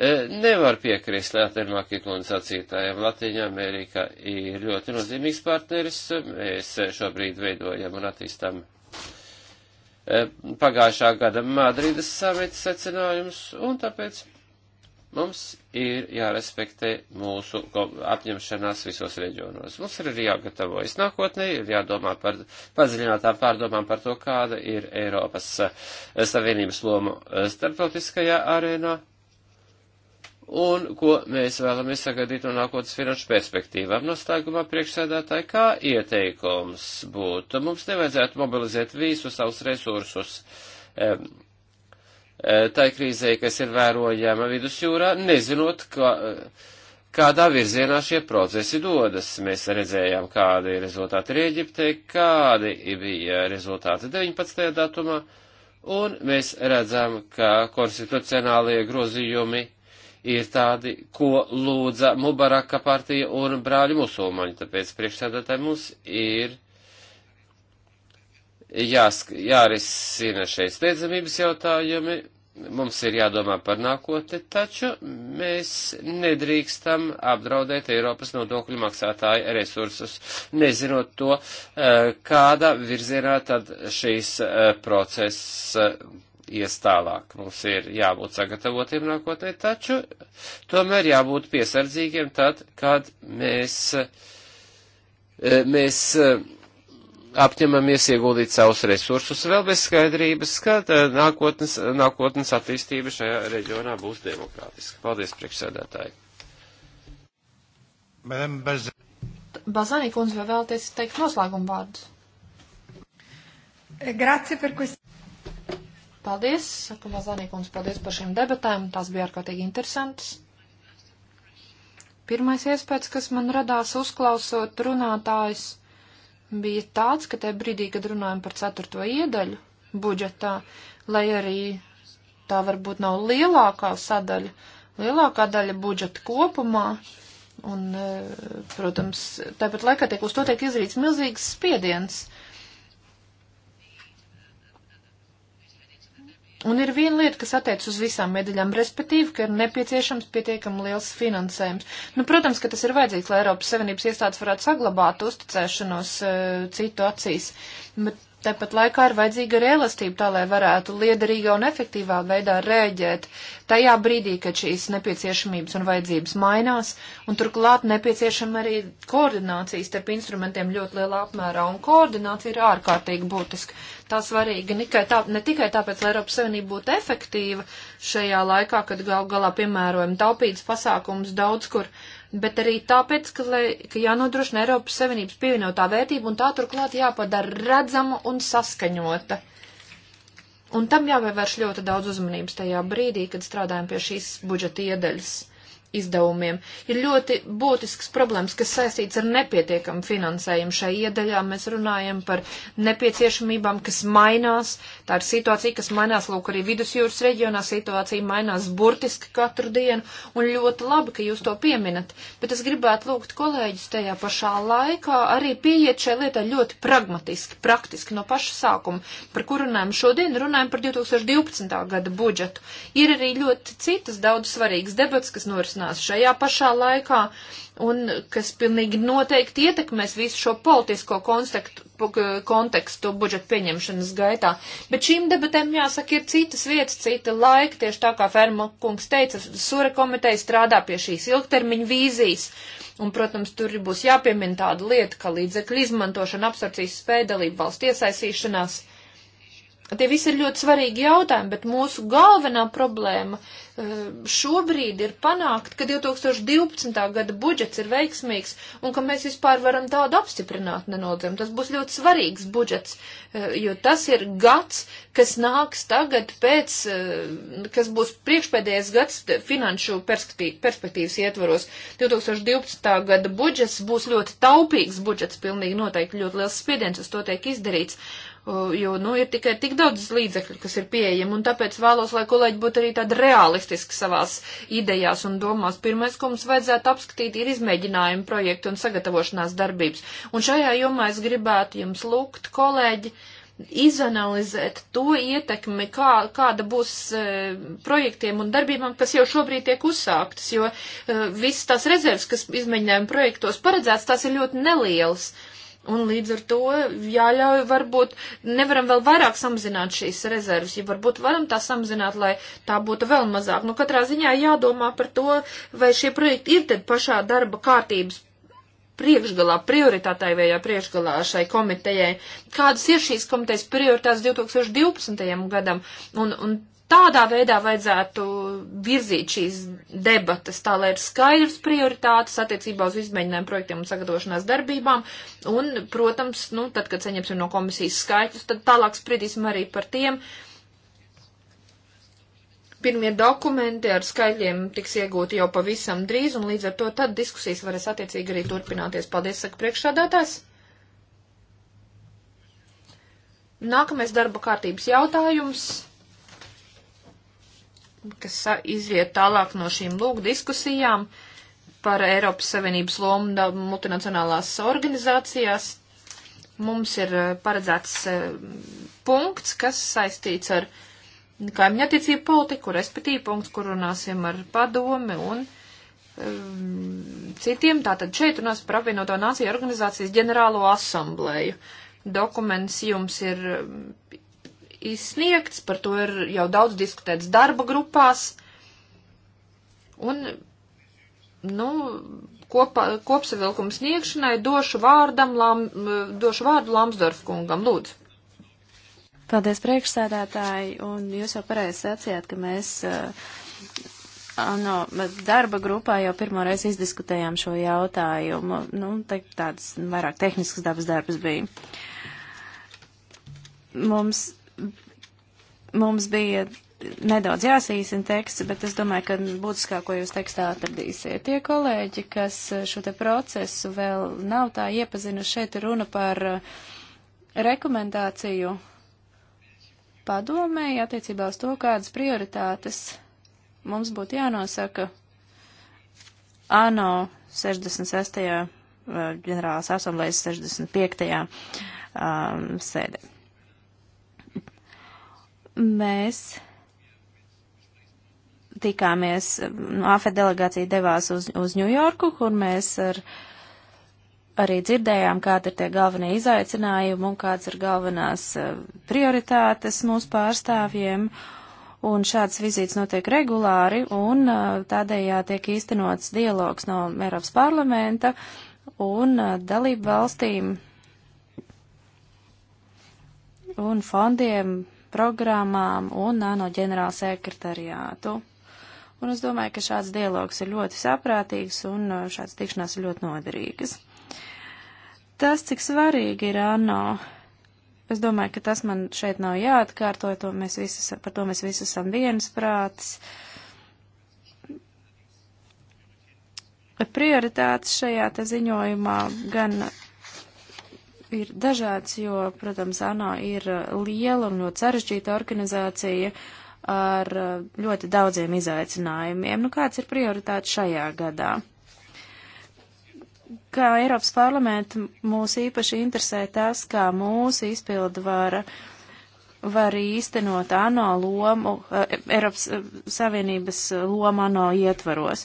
E, nevar piekrist Latvijas kolonizācijām. Latvijā Amerika ir ļoti nozīmīgs partneris. Mēs šobrīd veidojam un attīstam e, pagājušā gada Madrides samita secinājumus, un tāpēc mums ir jārespektē mūsu apņemšanās visos reģionos. Mums ir arī jāgatavojas nākotnē, ir jādomā par padziļinātām pārdomām par to, kāda ir Eiropas e, Savienības loma starptautiskajā arēnā un ko mēs vēlamies sagaidīt no nākotnes finanšu perspektīvām. Nostāgumā priekšsēdētāji, kā ieteikums būtu, mums nevajadzētu mobilizēt visus savus resursus e, e, tai krīzē, kas ir vērojama vidusjūrā, nezinot, ka, e, kādā virzienā šie procesi dodas. Mēs redzējām, kādi rezultāti ir Eģiptei, kādi bija rezultāti 19. datumā, un mēs redzam, ka konstitucionālie grozījumi ir tādi, ko lūdza Mubaraka partija un brāļu musulmaņi. Tāpēc priekšsēdētāji mums ir jās, jārisina šeit steidzamības jautājumi, mums ir jādomā par nākotni, taču mēs nedrīkstam apdraudēt Eiropas nodokļu maksātāju resursus, nezinot to, eh, kādā virzienā tad šīs eh, process eh, ies tālāk. Mums ir jābūt sagatavotiem nākotnē, taču tomēr jābūt piesardzīgiem tad, kad mēs, eh, mēs eh, apņemamies ieguldīt savus resursus vēl bez skaidrības, ka eh, nākotnes, nākotnes attīstība šajā reģionā būs demokrātiska. Paldies, priekšsēdētāji! Bazanī kundze, vai vēlaties teikt noslēgumu vārdus? Grazie par questo. Paldies, saka Lazanīkums, paldies par šīm debatēm, tās bija ārkārtīgi interesantas. Pirmais iespējas, kas man radās uzklausot runātājs, bija tāds, ka te brīdī, kad runājam par ceturto iedaļu budžetā, lai arī tā varbūt nav lielākā sadaļa, lielākā daļa budžeta kopumā, un, eh, protams, tāpat laikā tiek uz to tiek izrīts milzīgs spiediens Un ir viena lieta, kas attiec uz visām medaļām, respektīvi, ka ir nepieciešams pietiekami liels finansējums. Nu, protams, ka tas ir vajadzīgs, lai Eiropas Savienības iestādes varētu saglabāt uzticēšanos uh, citu acīs, bet Tāpat laikā ir vajadzīga arī elastība, tā lai varētu liederīgā un efektīvā veidā rēģēt tajā brīdī, kad šīs nepieciešamības un vajadzības mainās, un turklāt nepieciešama arī koordinācija starp instrumentiem ļoti lielā apmērā, un koordinācija ir ārkārtīgi būtiska. Tā svarīga tā, ne tikai tāpēc, lai Eiropas Savienība būtu efektīva šajā laikā, kad gal galā piemērojam taupības pasākums daudz kur bet arī tāpēc, ka, lai, ka jānodrošina Eiropas Savienības pievienotā vērtība un tā turklāt jāpadara redzama un saskaņota. Un tam jāpievērš ļoti daudz uzmanības tajā brīdī, kad strādājam pie šīs budžeta iedaļas. Uh, izdevumiem. Ir ļoti būtisks problēmas, kas saistīts ar nepietiekamu finansējumu. Šai iedaļā mēs runājam par nepieciešamībām, kas mainās. Tā ir situācija, kas mainās, lūk, arī vidusjūras reģionā situācija mainās burtiski katru dienu, un ļoti labi, ka jūs to pieminat. Bet es gribētu lūgt kolēģus tajā pašā laikā arī pieiet šai lietai ļoti pragmatiski, praktiski no paša sākuma, par kur runājam šodien, runājam par 2012. gada budžetu. Ir arī ļoti citas daudz svarīgas debats, kas norisinās norisinās šajā pašā laikā un kas pilnīgi noteikti ietekmēs visu šo politisko kontekstu, kontekstu budžeta pieņemšanas gaitā. Bet šīm debatēm, jāsaka, ir citas vietas, cita laika, tieši tā kā Ferma kungs teica, Sura komiteja strādā pie šīs ilgtermiņa vīzijas. Un, protams, tur būs jāpiemina tāda lieta, ka līdzekļu izmantošana, absorpcijas spēja, dalība valsts iesaistīšanās. Uh, Tie visi ir ļoti svarīgi jautājumi, bet mūsu galvenā problēma eh, šobrīd ir panākt, ka 2012. gada budžets ir veiksmīgs un ka mēs vispār varam tādu apstiprināt nenodzim. Tas būs ļoti svarīgs budžets, eh, jo tas ir gads, kas nāks tagad pēc, eh, kas būs priekšpēdējais gads finanšu perspektīvas ietvaros. 2012. gada budžets būs ļoti taupīgs budžets, pilnīgi noteikti ļoti liels spiediens uz to tiek izdarīts jo, nu, ir tikai tik daudz līdzekļu, kas ir pieejami, un tāpēc vēlos, lai kolēģi būtu arī tādi realistiski savās idejās un domās. Pirmais, ko mums vajadzētu apskatīt, ir izmēģinājumi projektu un sagatavošanās darbības. Un šajā jomā es gribētu jums lūgt, kolēģi, izanalizēt to ietekmi, kā, kāda būs e, projektiem un darbībām, kas jau šobrīd tiek uzsāktas, jo e, visas tās rezerves, kas izmēģinājuma projektos paredzēts, tās ir ļoti nelielas. E, Un līdz ar to jāļauj varbūt nevaram vēl vairāk samazināt šīs rezerves, ja varbūt varam tā samazināt, lai tā būtu vēl mazāk. Nu, katrā ziņā jādomā par to, vai šie projekti ir tad pašā darba kārtības priekšgalā, prioritātēvējā priekšgalā šai komitejai. Kādas ir šīs komitejas prioritātes 2012. gadam? Un, un Tādā veidā vajadzētu virzīt šīs debatas, tā lai ir skaidrs prioritātes attiecībā uz izmēģinājumu projektiem un sagatavošanās darbībām. Un, protams, nu, tad, kad saņemsim no komisijas skaitļus, tad tālāk spridīsim arī par tiem. Pirmie dokumenti ar skaitļiem tiks iegūti jau pavisam drīz, un līdz ar to tad diskusijas varēs attiecīgi arī turpināties. Paldies, saka priekšsādātājs. Nākamais darba kārtības jautājums kas izriet tālāk no šīm lūg diskusijām par Eiropas Savienības lomu multinacionālās organizācijās. Mums ir eh, paredzēts eh, punkts, kas saistīts ar kaimiņattiecību politiku, respektīvi punkts, kur runāsim ar padomi un um, citiem. Tātad šeit runās par apvienoto nāciju organizācijas ģenerālo asambleju. Dokuments jums ir izsniegts, par to ir jau daudz diskutēts darba grupās. Un, nu, kopā, kopsavilkuma sniegšanai došu, vārdam, lam, došu vārdu Lamsdorf kungam, lūdzu. Paldies priekšsēdētāji, un jūs jau pareizi sacījāt, ka mēs uh, ANO darba grupā jau pirmoreiz izdiskutējām šo jautājumu. Nu, te, tāds vairāk tehnisks dabas darbs bija. Mums mums bija nedaudz jāsīsina teksts, bet es domāju, ka būtiskāko jūs tekstā atradīsiet. Tie kolēģi, kas šo te procesu vēl nav tā iepazinuši, šeit runa par eh, rekomendāciju padomēji attiecībā uz to, kādas prioritātes mums būtu jānosaka ANO 66. Eh, ģenerālās asamblējas 65. Um, eh, sēdē mēs tikāmies, nu, AFE delegācija devās uz, uz Ņujorku, kur mēs ar, arī dzirdējām, kāda ir tie galvenie izaicinājumi un kādas ir galvenās eh, prioritātes mūsu pārstāvjiem. Un šāds vizītes notiek regulāri, un eh, tādējā tiek īstenots dialogs no Eiropas parlamenta un eh, dalību valstīm un fondiem programmām un nano ģenerāla sekretariātu. Un es domāju, ka šāds dialogs ir ļoti saprātīgs un uh, šāds tikšanās ir ļoti noderīgas. Tas, cik svarīgi ir ANO, es domāju, ka tas man šeit nav jāatkārto, to mēs visi, par to mēs visi esam viensprātis. Prioritātes šajā te ziņojumā gan ir dažāds, jo, protams, ANO ir uh, liela un ļoti sarežģīta organizācija ar uh, ļoti daudziem izaicinājumiem. Nu, kāds ir prioritāte šajā gadā? Kā Eiropas parlamenta mūs īpaši interesē tas, kā mūsu izpildu vara var īstenot ANO lomu, uh, Eiropas Savienības lomu ANO ietvaros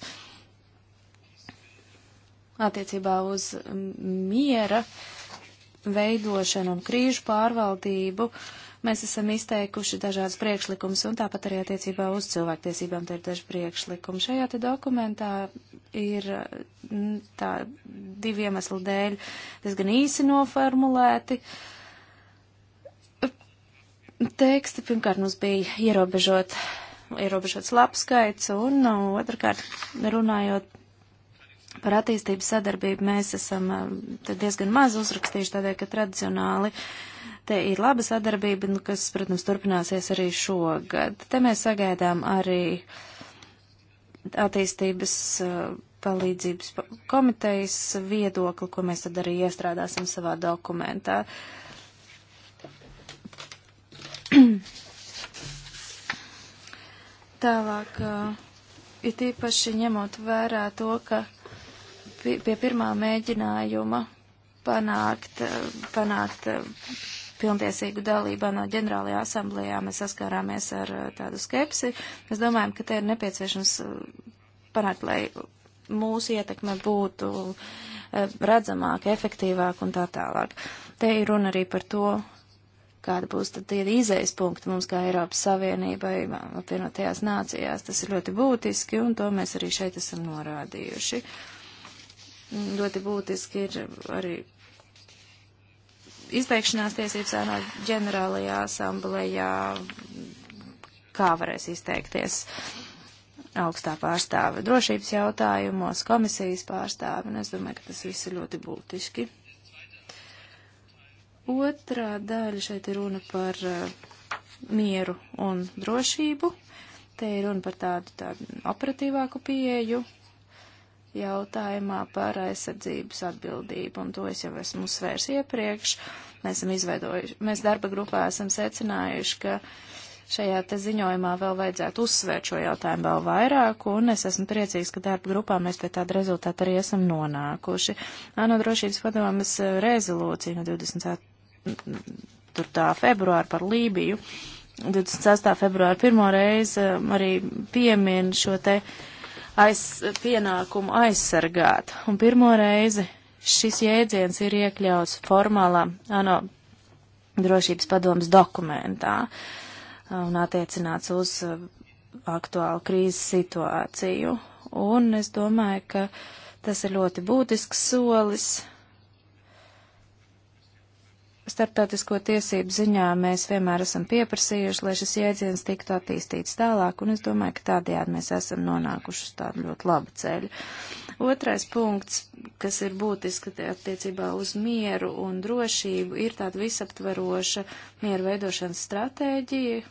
attiecībā uz miera uh, veidošanu un krīžu pārvaldību mēs esam izteikuši dažādas priekšlikumus, un tāpat arī attiecībā uz cilvēktiesībām te ir daži priekšlikumi. Šajā te dokumentā ir mm, tā divi iemesli dēļ diezgan īsi noformulēti. Teksti pirmkārt mums bija ierobežot, ierobežots lapskaits, un nu, otrkārt runājot Par attīstības sadarbību mēs esam eh, diezgan maz uzrakstījuši, tādēļ, ka tradicionāli te ir laba sadarbība, nu, kas, protams, turpināsies arī šogad. Te mēs sagaidām arī attīstības eh, palīdzības komitejas viedokli, ko mēs tad arī iestrādāsim savā dokumentā. [CLEARS THROAT] Tālāk, eh, it īpaši ņemot vērā to, ka pie pirmā mēģinājuma panākt, panākt eh, pilntiesīgu dalību no ģenerālajā asamblējā mēs saskārāmies ar eh, tādu skepsi. Mēs domājam, ka te ir nepieciešams eh, panākt, lai mūsu ietekme būtu redzamāka, efektīvāka un tā tālāk. Te ir runa arī par to, kāda būs tad tie izējas punkti mums kā Eiropas Savienībai, apvienotajās nācijās. Tas ir ļoti būtiski, un to mēs arī šeit esam norādījuši. Uh, Ļoti būtiski ir arī izteikšanās tiesības ārā ģenerālajā asamblējā, kā varēs izteikties augstā pārstāve drošības jautājumos, komisijas pārstāve, un es domāju, ka tas viss ir ļoti būtiski. Otrā daļa šeit ir runa par uh, mieru un drošību. Te ir runa par tādu, tādu operatīvāku pieeju, jautājumā par aizsardzības atbildību, un to es jau esmu uzsvērs iepriekš. Mēs esam izveidojuši, mēs darba grupā esam secinājuši, ka šajā te ziņojumā vēl vajadzētu uzsvērt šo jautājumu vēl vairāk, un es esmu priecīgs, ka darba grupā mēs pie tāda rezultāta arī esam nonākuši. ANO drošības padomas rezolūcija no 24. februāra par Lībiju. 26. februāra pirmo reizi um, arī piemin šo te uh, aiz, pienākumu aizsargāt. Un pirmo reizi šis jēdziens ir iekļauts formālā ANO drošības padomas dokumentā un attiecināts uz aktuālu krīzes situāciju. Un es domāju, ka tas ir ļoti būtisks solis starptautisko tiesību ziņā mēs vienmēr esam pieprasījuši, lai šis jēdziens tiktu attīstīts tālāk, un es domāju, ka tādējādi mēs esam nonākuši uz tādu ļoti labu ceļu. Otrais punkts, kas ir būtiski attiecībā uz mieru un drošību, ir tāda visaptveroša mieru veidošanas stratēģija.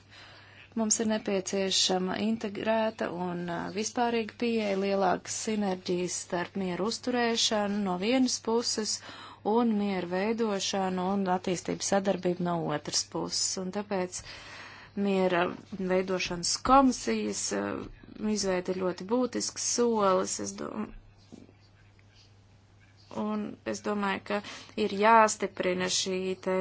Mums ir nepieciešama integrēta un vispārīga pieeja, lielākas sinerģijas starp mieru uzturēšanu no vienas puses un mieru veidošanu un attīstības sadarbību no otras puses. Un tāpēc miera veidošanas komisijas uh, izveida ļoti būtisks solis. Es domāju, un es domāju, ka ir jāstiprina šī te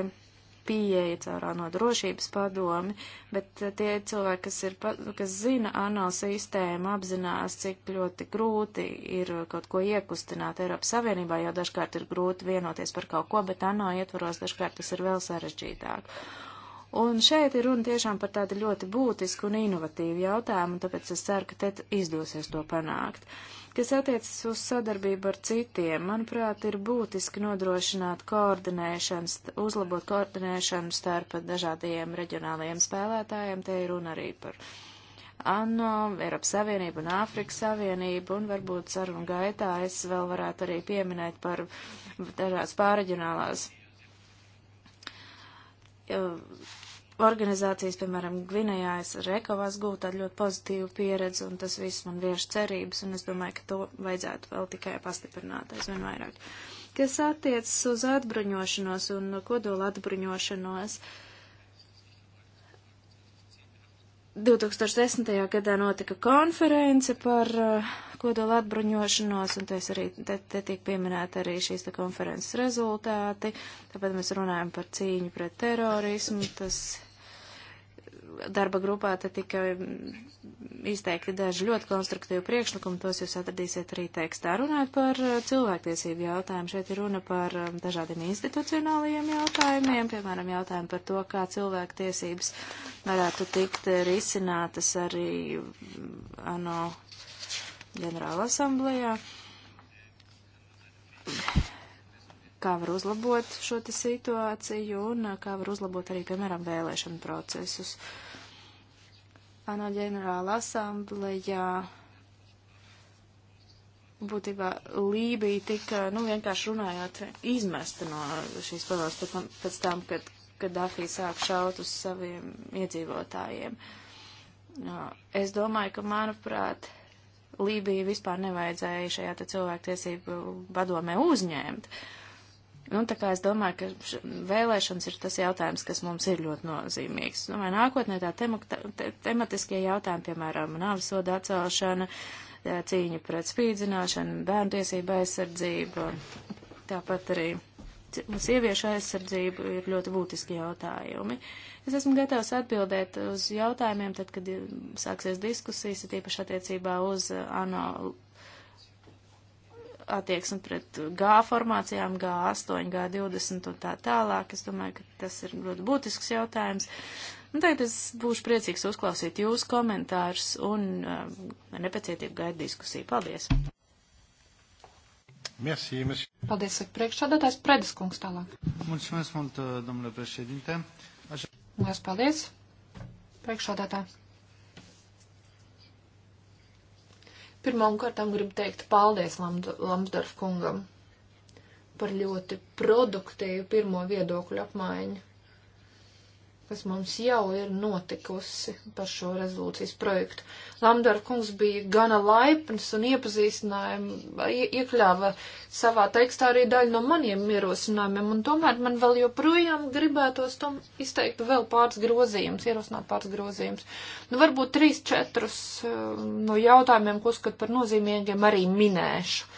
pieeja caur ANO drošības padomi, bet eh, tie cilvēki, kas, ir, kas zina ANO sistēmu, apzinās, cik ļoti grūti ir kaut ko iekustināt Eiropas Savienībā, jo dažkārt ir grūti vienoties par kaut ko, bet ANO ietvaros dažkārt tas ir vēl sarežģītāk. Un šeit ir runa tiešām par tādu ļoti būtisku un inovatīvu jautājumu, tāpēc es ceru, ka te izdosies to panākt. Uh, Kas attiecas uz sadarbību ar citiem, manuprāt, ir būtiski nodrošināt koordinēšanas, uzlabot koordinēšanu starp dažādiem reģionālajiem spēlētājiem, te ir runa arī par ANO, Eiropas Savienību un Āfrikas Savienību, un varbūt sarunu gaitā es vēl varētu arī pieminēt par dažādas pārreģionālās uh, organizācijas, piemēram, Gvinējā es ar Ekovās gūtu tādu ļoti pozitīvu pieredzi, un tas viss man vieš cerības, un es domāju, ka to vajadzētu vēl tikai pastiprināt aizvien vairāk. Kas attiecas uz atbruņošanos un kodola atbruņošanos, 2010. gadā notika konference par uh, kodola atbruņošanos, un tas arī, te, te tiek pieminēta arī šīs te konferences rezultāti, tāpēc mēs runājam par cīņu pret terorismu, tas darba grupā te tika mm, izteikti daži ļoti konstruktīvi priekšlikumi, tos jūs atradīsiet arī tekstā. Runājot par eh, cilvēktiesību jautājumu, šeit ir runa par eh, dažādiem institucionālajiem jautājumiem, piemēram, jautājumu par to, kā cilvēktiesības varētu tikt risinātas arī mm, ANO ģenerāla asamblējā kā var uzlabot šo te situāciju un uh, kā var uzlabot arī, piemēram, vēlēšanu procesus. ANO ģenerāla asamblējā būtībā Lībija tika, nu, vienkārši runājot, izmesta no šīs pavalsts pēc, pēc tam, kad, kad Dafī sāk šaut uz saviem iedzīvotājiem. Es domāju, ka, manuprāt, Lībiju vispār nevajadzēja šajā te cilvēktiesību padomē uzņemt. Uh, Un nu, tā kā es domāju, ka vēlēšanas ir tas jautājums, kas mums ir ļoti nozīmīgs. Domāju, nākotnē tā temata, te, tematiskie jautājumi, piemēram, nāvisoda atcelšana, cīņa pret spīdzināšanu, bērnu tiesība aizsardzība, tāpat arī nu, sieviešu aizsardzība ir ļoti būtiski jautājumi. Es esmu gatavs atbildēt uz jautājumiem, tad, kad sāksies diskusijas, tīpaši attiecībā uz uh, ANO attieksmi pret G formācijām, G8, G20 un tā tālāk. Es domāju, ka tas ir ļoti būtisks jautājums. Un tagad es būšu priecīgs uzklausīt jūsu komentārus un um, nepacietību gaidu diskusiju. Paldies! Merci, merci. Paldies, priekšsādātājs Predeskungs tālāk. Mulțumesc mult, domnule președinte. Aș... Lielas paldies, priekšsādātājs. Pirmām kārtām gribu teikt paldies Lamsdorf kungam par ļoti produktīvu pirmo viedokļu apmaiņu kas mums jau ir notikusi par šo rezolūcijas projektu. Lamdara kungs bija gana laipns un iepazīstināja, iekļāva savā tekstā arī daļu no maniem ierosinājumiem, un tomēr man vēl joprojām gribētos tom izteikt vēl pāris grozījumus, ierosināt pāris grozījumus. Nu, varbūt trīs, četrus um, no jautājumiem, ko skat par nozīmīgiem, arī minēšu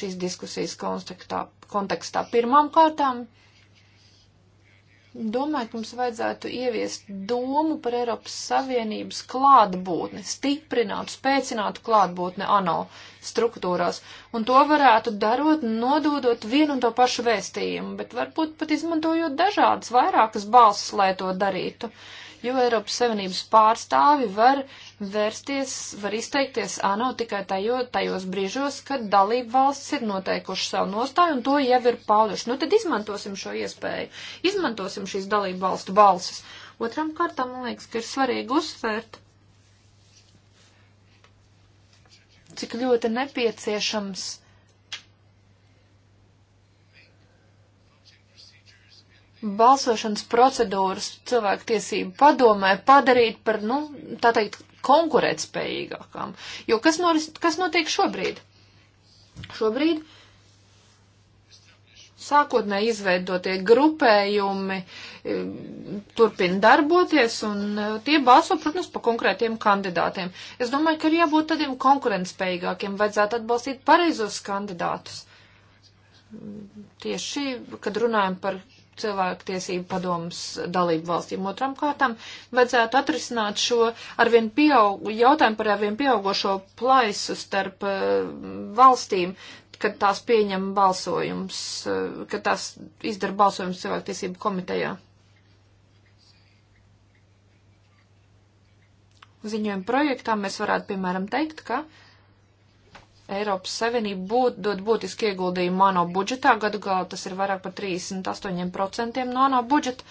šīs diskusijas kontekstā. kontekstā. Pirmām kārtām Domāju, ka mums vajadzētu ieviest domu par Eiropas Savienības klātbūtni, stiprināt, spēcināt klātbūtni ANO struktūrās, un to varētu darot, nododot vienu un to pašu vēstījumu, bet varbūt pat izmantojot dažādas, vairākas balsis, lai to darītu, jo Eiropas Savienības pārstāvi var vērsties, var izteikties ANO tikai tajo, tajos brīžos, kad dalību valsts ir noteikuši savu nostāju un to jau ir pauduši. Nu tad izmantosim šo iespēju, izmantosim šīs dalību valstu balsis. Otram kārtam, man liekas, ka ir svarīgi uzsvērt, cik ļoti nepieciešams balsošanas procedūras cilvēku tiesību padomē padarīt par, nu, tā teikt, konkurētspējīgākām. Jo kas, noris, kas notiek šobrīd? Šobrīd sākotnēji izveidotie grupējumi e, turpina darboties, un e, tie balso, protams, par konkrētiem kandidātiem. Es domāju, ka ir jābūt tādiem konkurentspējīgākiem, vajadzētu atbalstīt pareizos kandidātus. Tieši, kad runājam par cilvēktiesību padomus dalību valstīm. Otram kārtam vajadzētu atrisināt šo arvien pieaug, jautājumu par arvien pieaugošo plaisu starp eh, valstīm, kad tās pieņem balsojums, eh, kad tās izdara balsojums cilvēktiesību komitejā. Ziņojuma projektā mēs varētu, piemēram, teikt, ka uh, Eiropas Savienība būt, dod būtiski ieguldījumu ANO budžetā, gadu galā tas ir vairāk par 38% no ANO budžeta,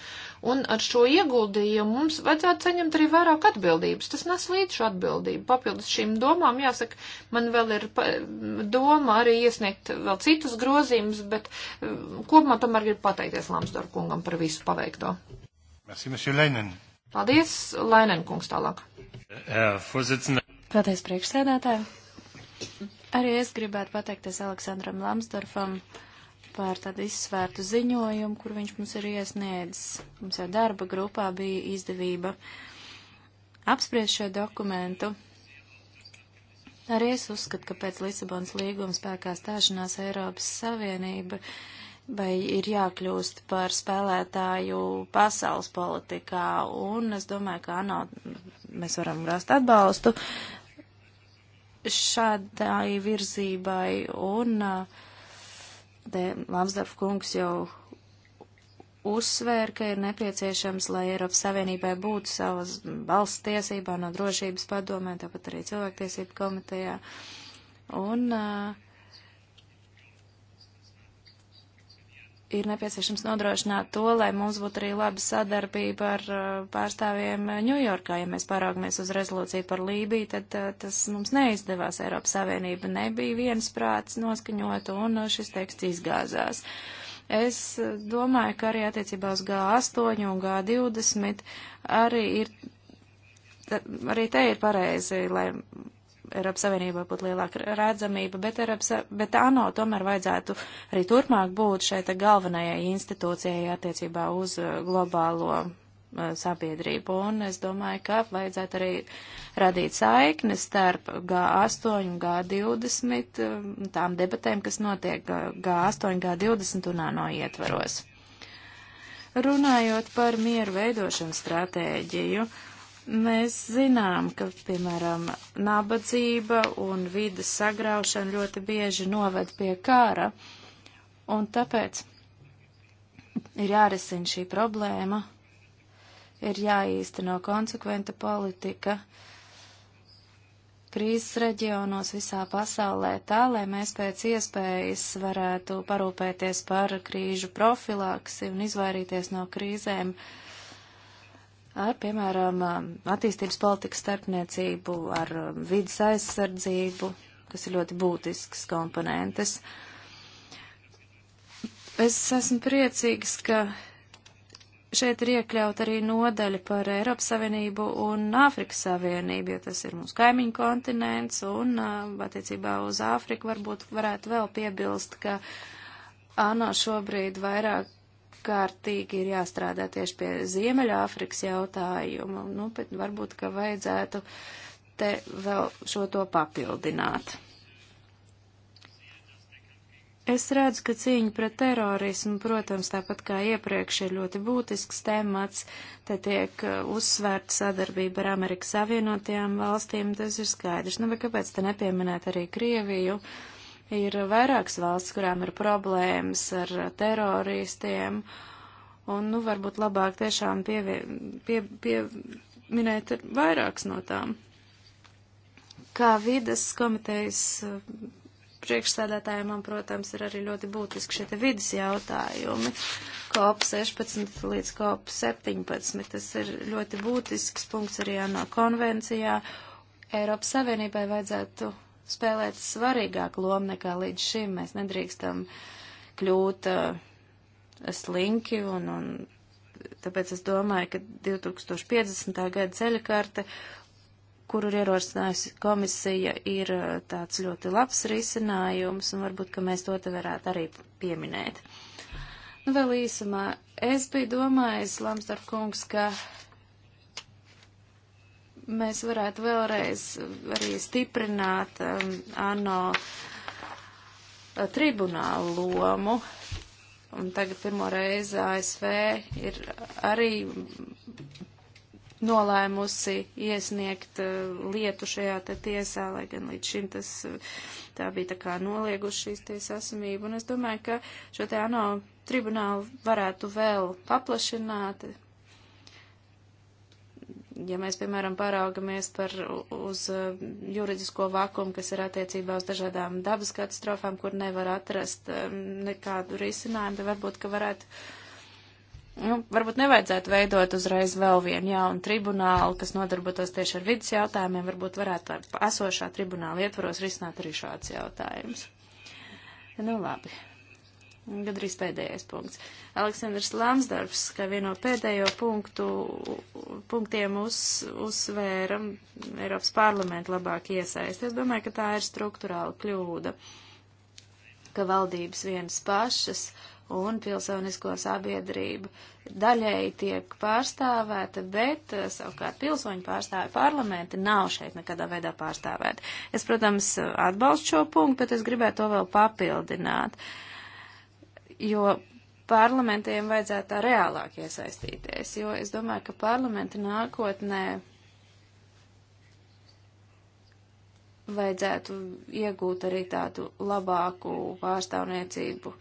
un ar šo ieguldījumu mums vajadzētu saņemt arī vairāk atbildības. Tas nes līdz šo atbildību. Papildus šīm domām, jāsaka, man vēl ir doma arī iesniegt vēl citus grozījumus, bet mm, kopumā tomēr gribu pateikties Lamsdor kungam par visu paveikto. Merci, Leinen. Paldies, Lainen kungs tālāk. Paldies, priekšsēdētāji. Arī es gribētu pateikties Aleksandram Lamsdorfam par tādu izsvērtu ziņojumu, kur viņš mums ir iesniedzis. Mums jau darba grupā bija izdevība apspriest šo dokumentu. Arī es uzskatu, ka pēc Lisabonas līguma spēkā stāšanās Eiropas Savienība vai ir jākļūst par spēlētāju pasaules politikā, un es domāju, ka ANO mēs varam rast atbalstu šādai virzībai, un uh, Lamsdorf kungs jau uzsvēra, ka ir nepieciešams, lai Eiropas Savienībai būtu savas valsts tiesībā no drošības padomē, tāpat arī cilvēktiesību komitejā. Un uh, ir nepieciešams nodrošināt to, lai mums būtu arī laba sadarbība ar uh, pārstāvjiem Ņujorkā. Uh, ja mēs paraugamies uz rezolūciju par Lībiju, tad uh, tas mums neizdevās. Eiropas Savienība nebija viens prāts noskaņota un šis teksts izgāzās. Es domāju, ka arī attiecībā uz G8 un G20 arī ir, arī te ir pareizi, lai Eiropas Savienībā būtu lielāka redzamība, bet, Eiropas, bet ANO tomēr vajadzētu arī turpmāk būt šeit galvenajai institūcijai attiecībā uz uh, globālo uh, sabiedrību. Un es domāju, ka vajadzētu arī radīt saiknes starp G8 un G20 tām debatēm, kas notiek G8, uh, G20 un ANO ietvaros. Runājot par mieru veidošanu stratēģiju, uh, Mēs zinām, ka, piemēram, nabadzība un vidas sagraušana ļoti bieži noved pie kara, un tāpēc ir jārisina šī problēma, ir jāīsteno konsekventa politika krīzes reģionos visā pasaulē tā, lai mēs pēc iespējas varētu parūpēties par krīžu profilaksi un izvairīties no krīzēm. Uh, ar, piemēram, attīstības politikas starpniecību, ar um, vidas aizsardzību, kas ir ļoti būtisks komponentes. Es esmu priecīgs, ka šeit ir iekļaut arī nodaļa par Eiropas Savienību un Āfrikas Savienību, jo tas ir mūsu kaimiņu kontinents, un um, attiecībā uz Āfriku varbūt varētu vēl piebilst, ka ANO šobrīd vairāk ārkārtīgi ir jāstrādā tieši pie Ziemeļāfrikas jautājuma, nu, bet varbūt, ka vajadzētu te vēl šo to papildināt. Es redzu, ka cīņa pret terorismu, protams, tāpat kā iepriekš, ir ļoti būtisks temats. Te tiek uh, uzsvērta sadarbība ar Amerikas Savienotajām valstīm, tas ir skaidrs. Nu, bet kāpēc te nepieminēt arī Krieviju? Uh, Ir vairākas valsts, kurām ir problēmas ar teroristiem, un, nu, varbūt labāk tiešām pievie, pie, pie, minēt vairākas no tām. Kā vides komitejas eh, priekšsēdētājiem, man, protams, ir arī ļoti būtiski šie te vidas jautājumi. COP 16 līdz COP 17. Tas ir ļoti būtisks punkts arī ANO konvencijā. Eiropas Savienībai vajadzētu spēlēt svarīgāku lomu nekā līdz šim. Mēs nedrīkstam kļūt uh, slinki un, un tāpēc es domāju, ka 2050. gada ceļa karta, kuru ir ierosinājusi komisija, ir uh, tāds ļoti labs risinājums un varbūt, ka mēs to te varētu arī pieminēt. Nu, vēl īsumā, es biju domājis, Lamsdorf kungs, ka mēs varētu vēlreiz arī stiprināt um, ANO uh, tribunālu lomu. Un tagad pirmo reizi ASV ir arī nolēmusi iesniegt uh, lietu šajā te tiesā, lai gan līdz šim tas uh, tā bija tā kā nolieguši šīs tiesas esamību. Un es domāju, ka šo te ANO tribunālu varētu vēl paplašināt, ja mēs, piemēram, paraugamies par, uz e, juridisko vakumu, kas ir attiecībā uz dažādām dabas katastrofām, kur nevar atrast e, nekādu risinājumu, tad varbūt, ka varētu, nu, varbūt nevajadzētu veidot uzreiz vēl vienu jaunu tribunālu, kas nodarbotos tieši ar vidas jautājumiem, varbūt varētu esošā tribunāla ietvaros risināt arī šāds jautājums. Nu, labi. Gadrīz pēdējais punkts. Aleksandrs Lansdarbs, kā vieno pēdējo punktu, punktiem uz, uzsvēra Eiropas parlamentu labāk iesaist. Es domāju, ka tā ir struktūrāla kļūda, ka valdības vienas pašas un pilsonisko sabiedrību daļēji tiek pārstāvēta, bet eh, savukārt pilsoņu pārstāvi parlamenti nav šeit nekādā veidā pārstāvēti. Es, protams, atbalstu šo punktu, bet es gribētu to vēl papildināt. Uh, jo parlamentiem vajadzētu tā reālāk iesaistīties, jo es domāju, ka parlamenti nākotnē vajadzētu iegūt arī tādu labāku pārstāvniecību.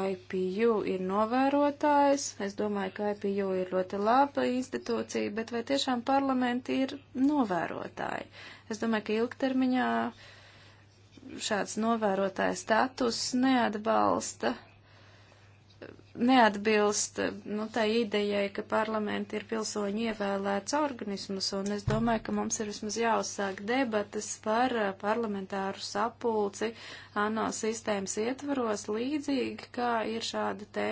IPU ir novērotājs, es domāju, ka IPU ir ļoti laba institūcija, bet vai tiešām parlamenti ir novērotāji? Es domāju, ka ilgtermiņā uh, šāds novērotāja status neatbalsta, neatbilst nu, tai idejai, ka parlamenti ir pilsoņu ievēlēts organismus, un es domāju, ka mums ir vismaz jāuzsāk debatas par eh, parlamentāru sapulci ANO sistēmas ietvaros, līdzīgi kā ir šāda te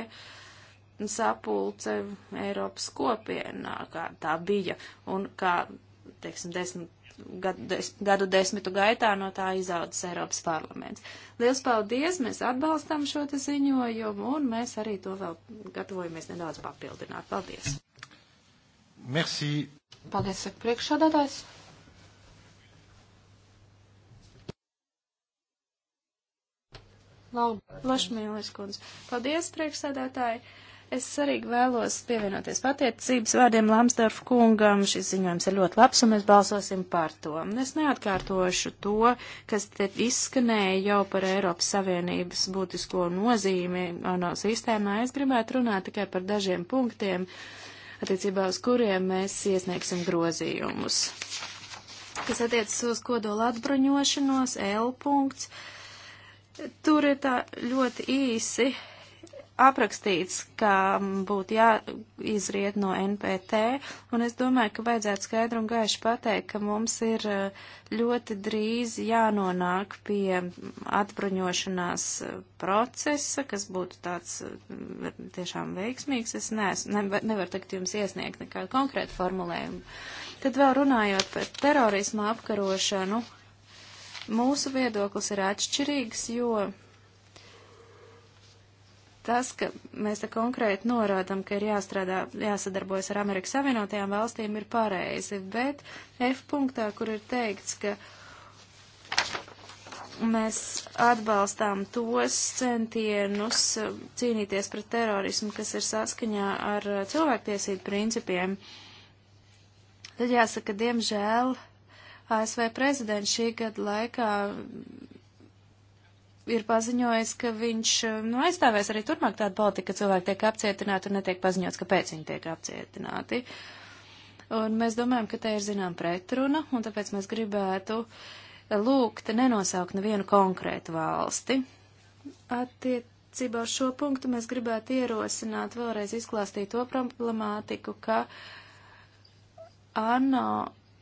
sapulce Eiropas kopienā, kā tā bija, un kā, teiksim, desmit gadu, gadu desmitu gaitā no tā izaudzis Eiropas parlaments. Liels paldies, mēs atbalstam šo te ziņojumu un mēs arī to vēl gatavojamies nedaudz papildināt. Paldies! Merci! Paldies, saka priekšādātājs! Labi, Lašmīlis kundze. Paldies, priekšsēdētāji! Uh, Es arī vēlos pievienoties pateicības vārdiem Lamsdorf kungam. Šis ziņojums ir ļoti labs, un mēs balsosim par to. Es neatkārtošu to, kas te izskanēja jau par Eiropas Savienības būtisko nozīmi ANO sistēmā. Es gribētu runāt tikai par dažiem punktiem, attiecībā uz kuriem mēs iesniegsim grozījumus. Kas attiecas uz kodola atbruņošanos, L punkts. Tur ir tā ļoti īsi aprakstīts, kā būtu jāizriet no NPT, un es domāju, ka vajadzētu skaidru un gaišu pateikt, ka mums ir eh, ļoti drīz jānonāk pie atbruņošanās eh, procesa, kas būtu tāds eh, tiešām veiksmīgs. Es nes, ne, nevaru tagad jums iesniegt nekādu konkrētu formulējumu. Tad vēl runājot par terorismu apkarošanu, mūsu viedoklis ir atšķirīgs, jo tas, ka mēs te konkrēti norādam, ka ir jāstrādā, jāsadarbojas ar Amerikas Savienotajām valstīm, ir pareizi, bet F punktā, kur ir teikts, ka mēs atbalstām tos centienus cīnīties pret terorismu, kas ir saskaņā ar cilvēktiesību principiem, tad jāsaka, diemžēl ASV prezidents šī gada laikā ir paziņojis, ka viņš eh, nu, aizstāvēs arī turpmāk tādu politiku, ka cilvēki tiek apcietināti un netiek paziņots, kāpēc viņi tiek apcietināti. Un mēs domājam, ka te ir zinām pretruna, un tāpēc mēs gribētu lūgt nenosaukt nevienu konkrētu valsti. Attiecībā uz šo punktu mēs gribētu ierosināt vēlreiz izklāstīt to problemātiku, ka ANO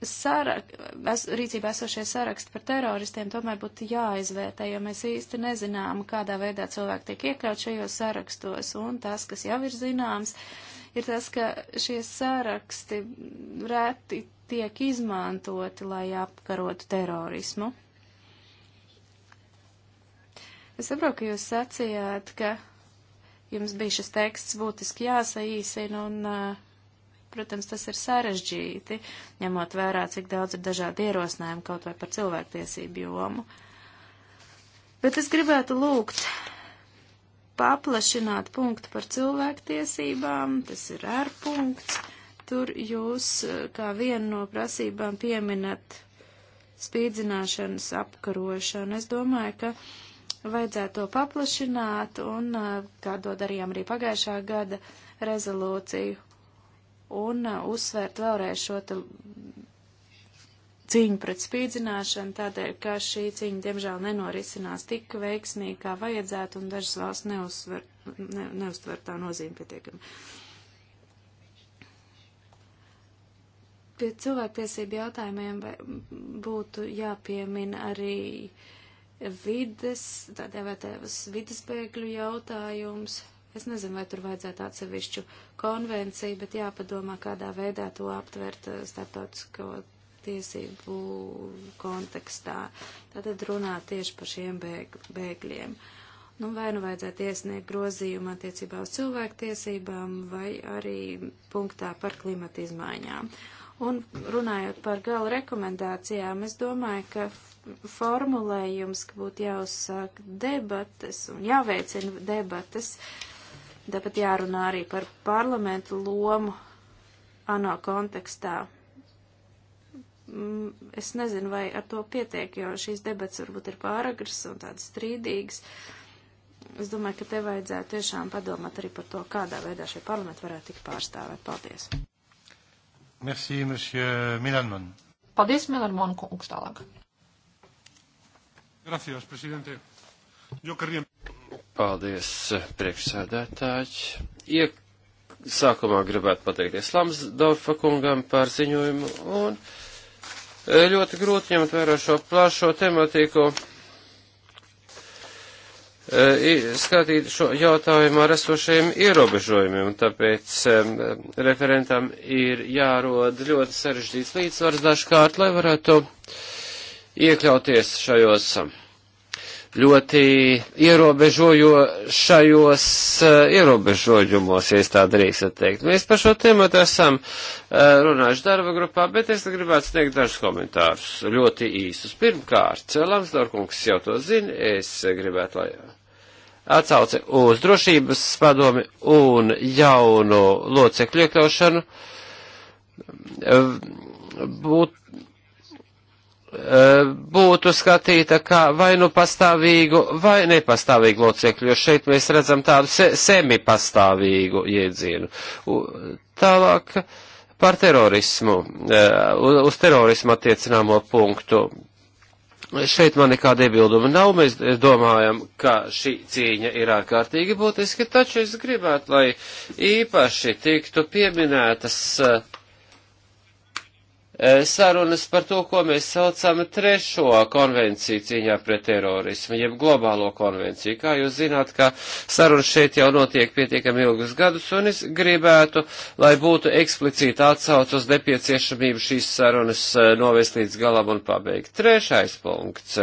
sarak, es, rīcībā esošie saraksti par teroristiem tomēr būtu jāizvērtē, jo mēs īsti nezinām, kādā veidā cilvēki tiek iekļaut šajos sarakstos, un tas, kas jau ir zināms, ir tas, ka šie saraksti reti tiek izmantoti, lai apkarotu terorismu. Es saprotu, ka jūs sacījāt, ka jums bija šis teksts būtiski jāsaīsina un uh, Protams, tas ir sarežģīti, ņemot vērā, cik daudz ir dažādi ierosinājumi kaut vai par cilvēktiesību jomu. Bet es gribētu lūgt paplašināt punktu par cilvēktiesībām, tas ir ārpunkts. Tur jūs eh, kā vienu no prasībām pieminat spīdzināšanas apkarošanu. Es domāju, ka vajadzētu to paplašināt, un eh, kā to darījām arī pagājušā gada rezolūciju un uh, uzsvērt vēlreiz šo cīņu pret spīdzināšanu, tādēļ, ka šī cīņa, diemžēl, nenorisinās tik veiksmīgi, kā vajadzētu, un dažas valsts neuzsver, ne, neuztver tā nozīme pietiekami. Pie cilvēktiesību jautājumiem būtu jāpiemina arī vides, tādēļ vai tēvas vides bēgļu jautājums, Es nezinu, vai tur vajadzētu atsevišķu konvenciju, bet jāpadomā, kādā veidā to aptvert eh, starptautisko tiesību kontekstā. Tātad runā tieši par šiem bēg, bēgļiem. Nu, vai nu vajadzētu iesniegt grozījumu attiecībā uz cilvēktiesībām, vai arī punktā par klimata izmaiņām. Un runājot par gala rekomendācijām, es domāju, ka formulējums, ka būtu jāuzsāk debates un jāveicina debates, uh, Tāpat jārunā arī par parlamentu lomu ANO kontekstā. Mm, es nezinu, vai ar to pietiek, jo šīs debats varbūt ir pāragras un tādas strīdīgas. Es domāju, ka te vajadzētu tiešām padomāt arī par to, kādā veidā šie parlamenti varētu tik pārstāvēt. Paldies! Merci, monsieur Milanmon. Paldies, Milanmon, kungs tālāk. Gracias, presidente. Paldies, priekšsēdētāji. Iek sākumā gribētu pateikties Lamsdorfa kungam par ziņojumu un e, ļoti grūti ņemt vērā šo plašo tematiku. E, skatīt šo jautājumu ar esošiem ierobežojumiem, un tāpēc e, referentam ir jārod ļoti sarežģīts līdzsvars dažkārt, lai varētu iekļauties šajos ļoti ierobežojošajos eh, ierobežojumos, ja es tā drīkst teikt. Mēs par šo tēmu esam eh, runājuši darba grupā, bet es gribētu sniegt dažus komentārus, ļoti īsus. Pirmkārt, Lamsdorkungs jau to zina, es gribētu, lai atsauce uz drošības padomi un jaunu locekļu iekļaušanu eh, būtu Eh, būtu skatīta kā vai nu pastāvīgu, vai nepastāvīgu locekļu, jo šeit mēs redzam tādu se semipastāvīgu iedzienu. Tālāk par terorismu, eh, uz terorismu attiecināmo punktu. Šeit man nekāda iebilduma nav, mēs domājam, ka šī cīņa ir ārkārtīgi būtiska, taču es gribētu, lai īpaši tiktu pieminētas uh, Eh, sarunas par to, ko mēs saucam trešo konvenciju cīņā pret terorismu, jeb globālo konvenciju. Kā jūs zināt, ka sarunas šeit jau notiek pietiekami ilgus gadus, un es gribētu, lai būtu eksplicīti atsauc uz nepieciešamību šīs sarunas eh, novest līdz galam un pabeigt. Trešais punkts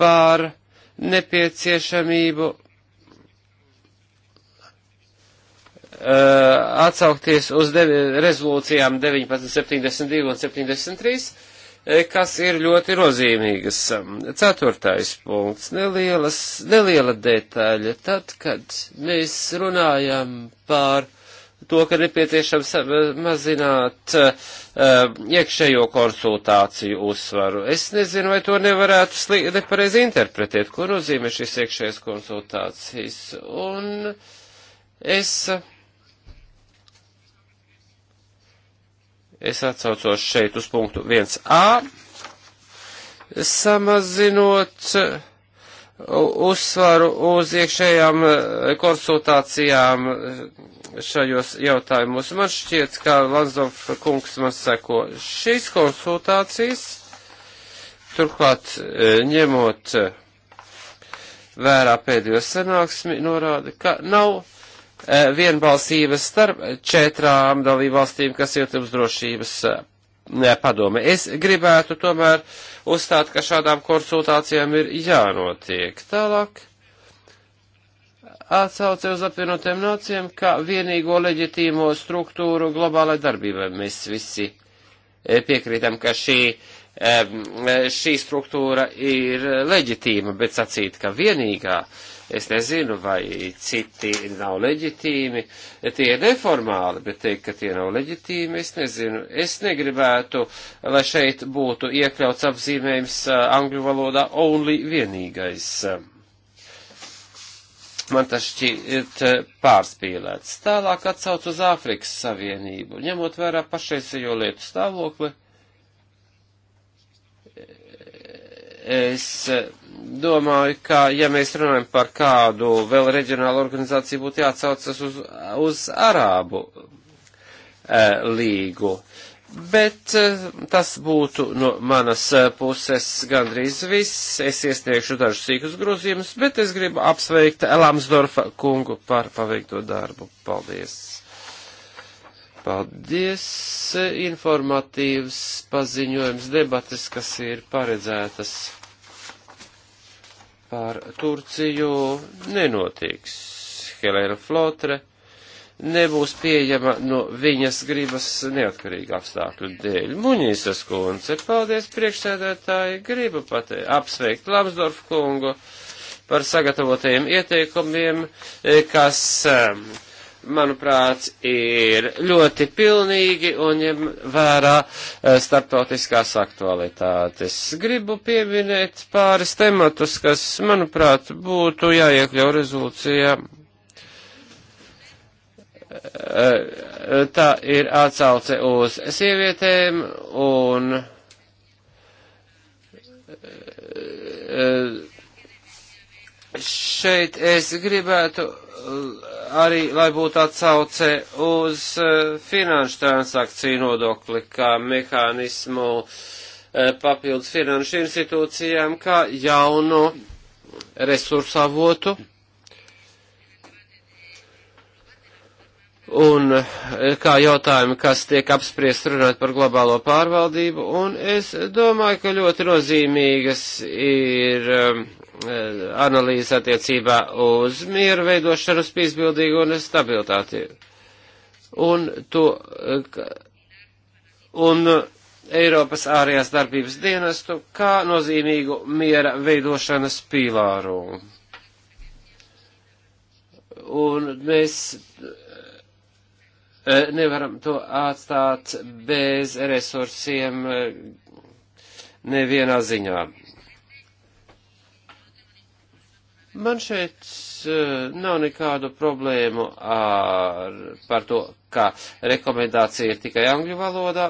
par nepieciešamību Uh, atsaukties uz devi, rezolūcijām 1972 un 73, uh, kas ir ļoti nozīmīgas. Ceturtais punkts - nelielas, neliela detaļa. Tad, kad mēs runājam par to, ka nepieciešams mazināt uh, iekšējo konsultāciju uzsvaru. Es nezinu, vai to nevarētu nepareizi interpretēt, ko nozīmē šis iekšējais konsultācijas. Un es. Uh, Es atsaucos šeit uz punktu 1a, samazinot uzsvaru uz iekšējām e, konsultācijām e, šajos jautājumos. Man šķiet, ka Lansdorf kungs man seko šīs konsultācijas, turklāt e, ņemot vērā pēdējo sanāksmi, norāda, ka nav Eh, vienbalsības starp četrām dalībvalstīm, kas ietilps drošības eh, padome. Es gribētu tomēr uzstāt, ka šādām konsultācijām ir jānotiek. Tālāk atsauce uz apvienotiem nācijiem, kā vienīgo leģitīmo struktūru globālai darbībai. Mēs visi eh, piekrītam, ka šī, šī struktūra ir leģitīma, bet sacīt, ka vienīgā uh, Es nezinu, vai citi nav leģitīmi, tie ir neformāli, bet teikt, ka tie nav leģitīmi, es nezinu. Es negribētu, lai šeit būtu iekļauts apzīmējums angļu valodā only vienīgais. Man tas šķiet pārspīlēts. Tālāk atsauc uz Āfrikas Savienību, ņemot vērā pašreizējo lietu stāvokli. Es eh, domāju, ka, ja mēs runājam par kādu vēl reģionālu organizāciju, būtu jāatsaucas uz, uz Arābu e, līgu. Bet e, tas būtu no manas puses gandrīz viss. Es iesniegšu dažus sīkus grozījumus, bet es gribu apsveikt Lamsdorfa kungu par paveikto darbu. Paldies! Paldies! Informatīvs paziņojums debates, kas ir paredzētas par Turciju nenotiks. Helēna Flotre nebūs pieejama no viņas gribas neatkarīga apstākļu dēļ. Muņīsas kundze, paldies priekšsēdētāji, gribu pat apsveikt Lamsdorf kungu par sagatavotajiem ieteikumiem, eh, kas eh, manuprāt, ir ļoti pilnīgi un ņem vērā eh, starptautiskās aktualitātes. Gribu pieminēt pāris tematus, kas, manuprāt, būtu jāiekļau rezolūcijā. Eh, tā ir atsauce uz sievietēm un eh, šeit es gribētu uh, arī, lai būtu atsauce uz uh, finanšu transakciju nodokli kā mehānismu uh, papildus finanšu institūcijām, kā jaunu resursu avotu. Un kā jautājumi, kas tiek apspriest runāt par globālo pārvaldību, un es domāju, ka ļoti nozīmīgas ir um, E, analīze attiecībā uz mieru veidošanu, uz pīzbildīgu un stabilitāti. Un to, e, un Eiropas ārējās darbības dienestu kā nozīmīgu miera veidošanas pīlāru. Un mēs e, nevaram to atstāt bez resursiem nevienā ziņā. Man šeit eh, nav nekādu problēmu ar, par to, ka rekomendācija ir tikai angļu valodā.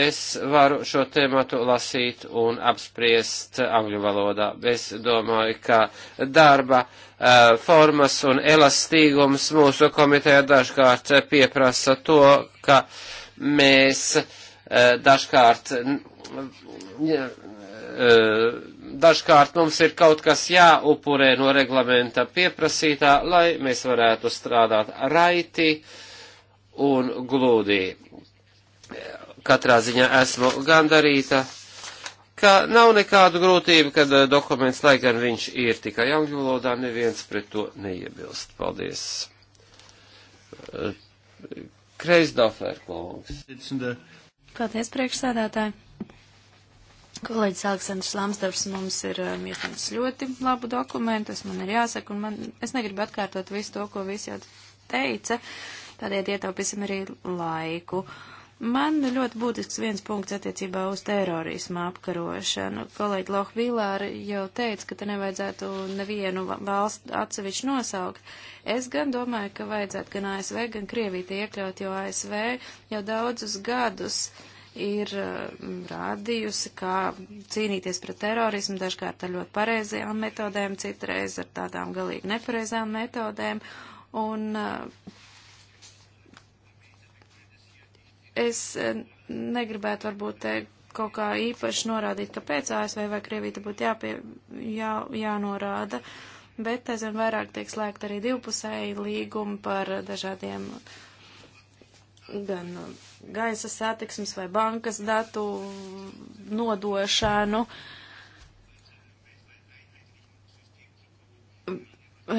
Es varu šo tēmatu lasīt un apspriest angļu valodā. Es domāju, ka darba eh, formas un elastīgums mūsu komitejā dažkārt pieprasa to, ka mēs eh, dažkārt dažkārt mums ir kaut kas jāupurē no reglamenta pieprasītā, lai mēs varētu strādāt raiti un glūdī. Katrā ziņā esmu gandarīta, ka nav nekādu grūtību, kad eh, dokuments, lai gan viņš ir tikai angļu valodā, neviens pret to neiebilst. Paldies. Eh, Kreisdorfer kungs. Paldies, priekšsēdētāji. Kolēģis Aleksandrs Lamsdorfs mums ir um, iesniedzis ļoti labu dokumentu, tas man ir jāsaka, un man, es negribu atkārtot visu to, ko visi jau teica, tādēļ ietaupīsim arī laiku. Man ļoti būtisks viens punkts attiecībā uz terorismu apkarošanu. Kolēģi Lohvīlāra jau teica, ka te nevajadzētu nevienu valstu atsevišķi nosaukt. Es gan domāju, ka vajadzētu gan ASV, gan Krieviju iekļaut, jo ASV jau daudzus gadus uh, ir mm, rādījusi, kā cīnīties pret terorismu, dažkārt ar ļoti pareizajām metodēm, citreiz ar tādām galīgi nepareizām metodēm. Un eh, es eh, negribētu varbūt te kaut kā īpaši norādīt, kāpēc ASV vai Krievija būtu jāpie, jā, jānorāda, bet aizvien vairāk tiek slēgt arī divpusēji līgumi par dažādiem uh, gan gaisa satiksmes vai bankas datu nodošanu.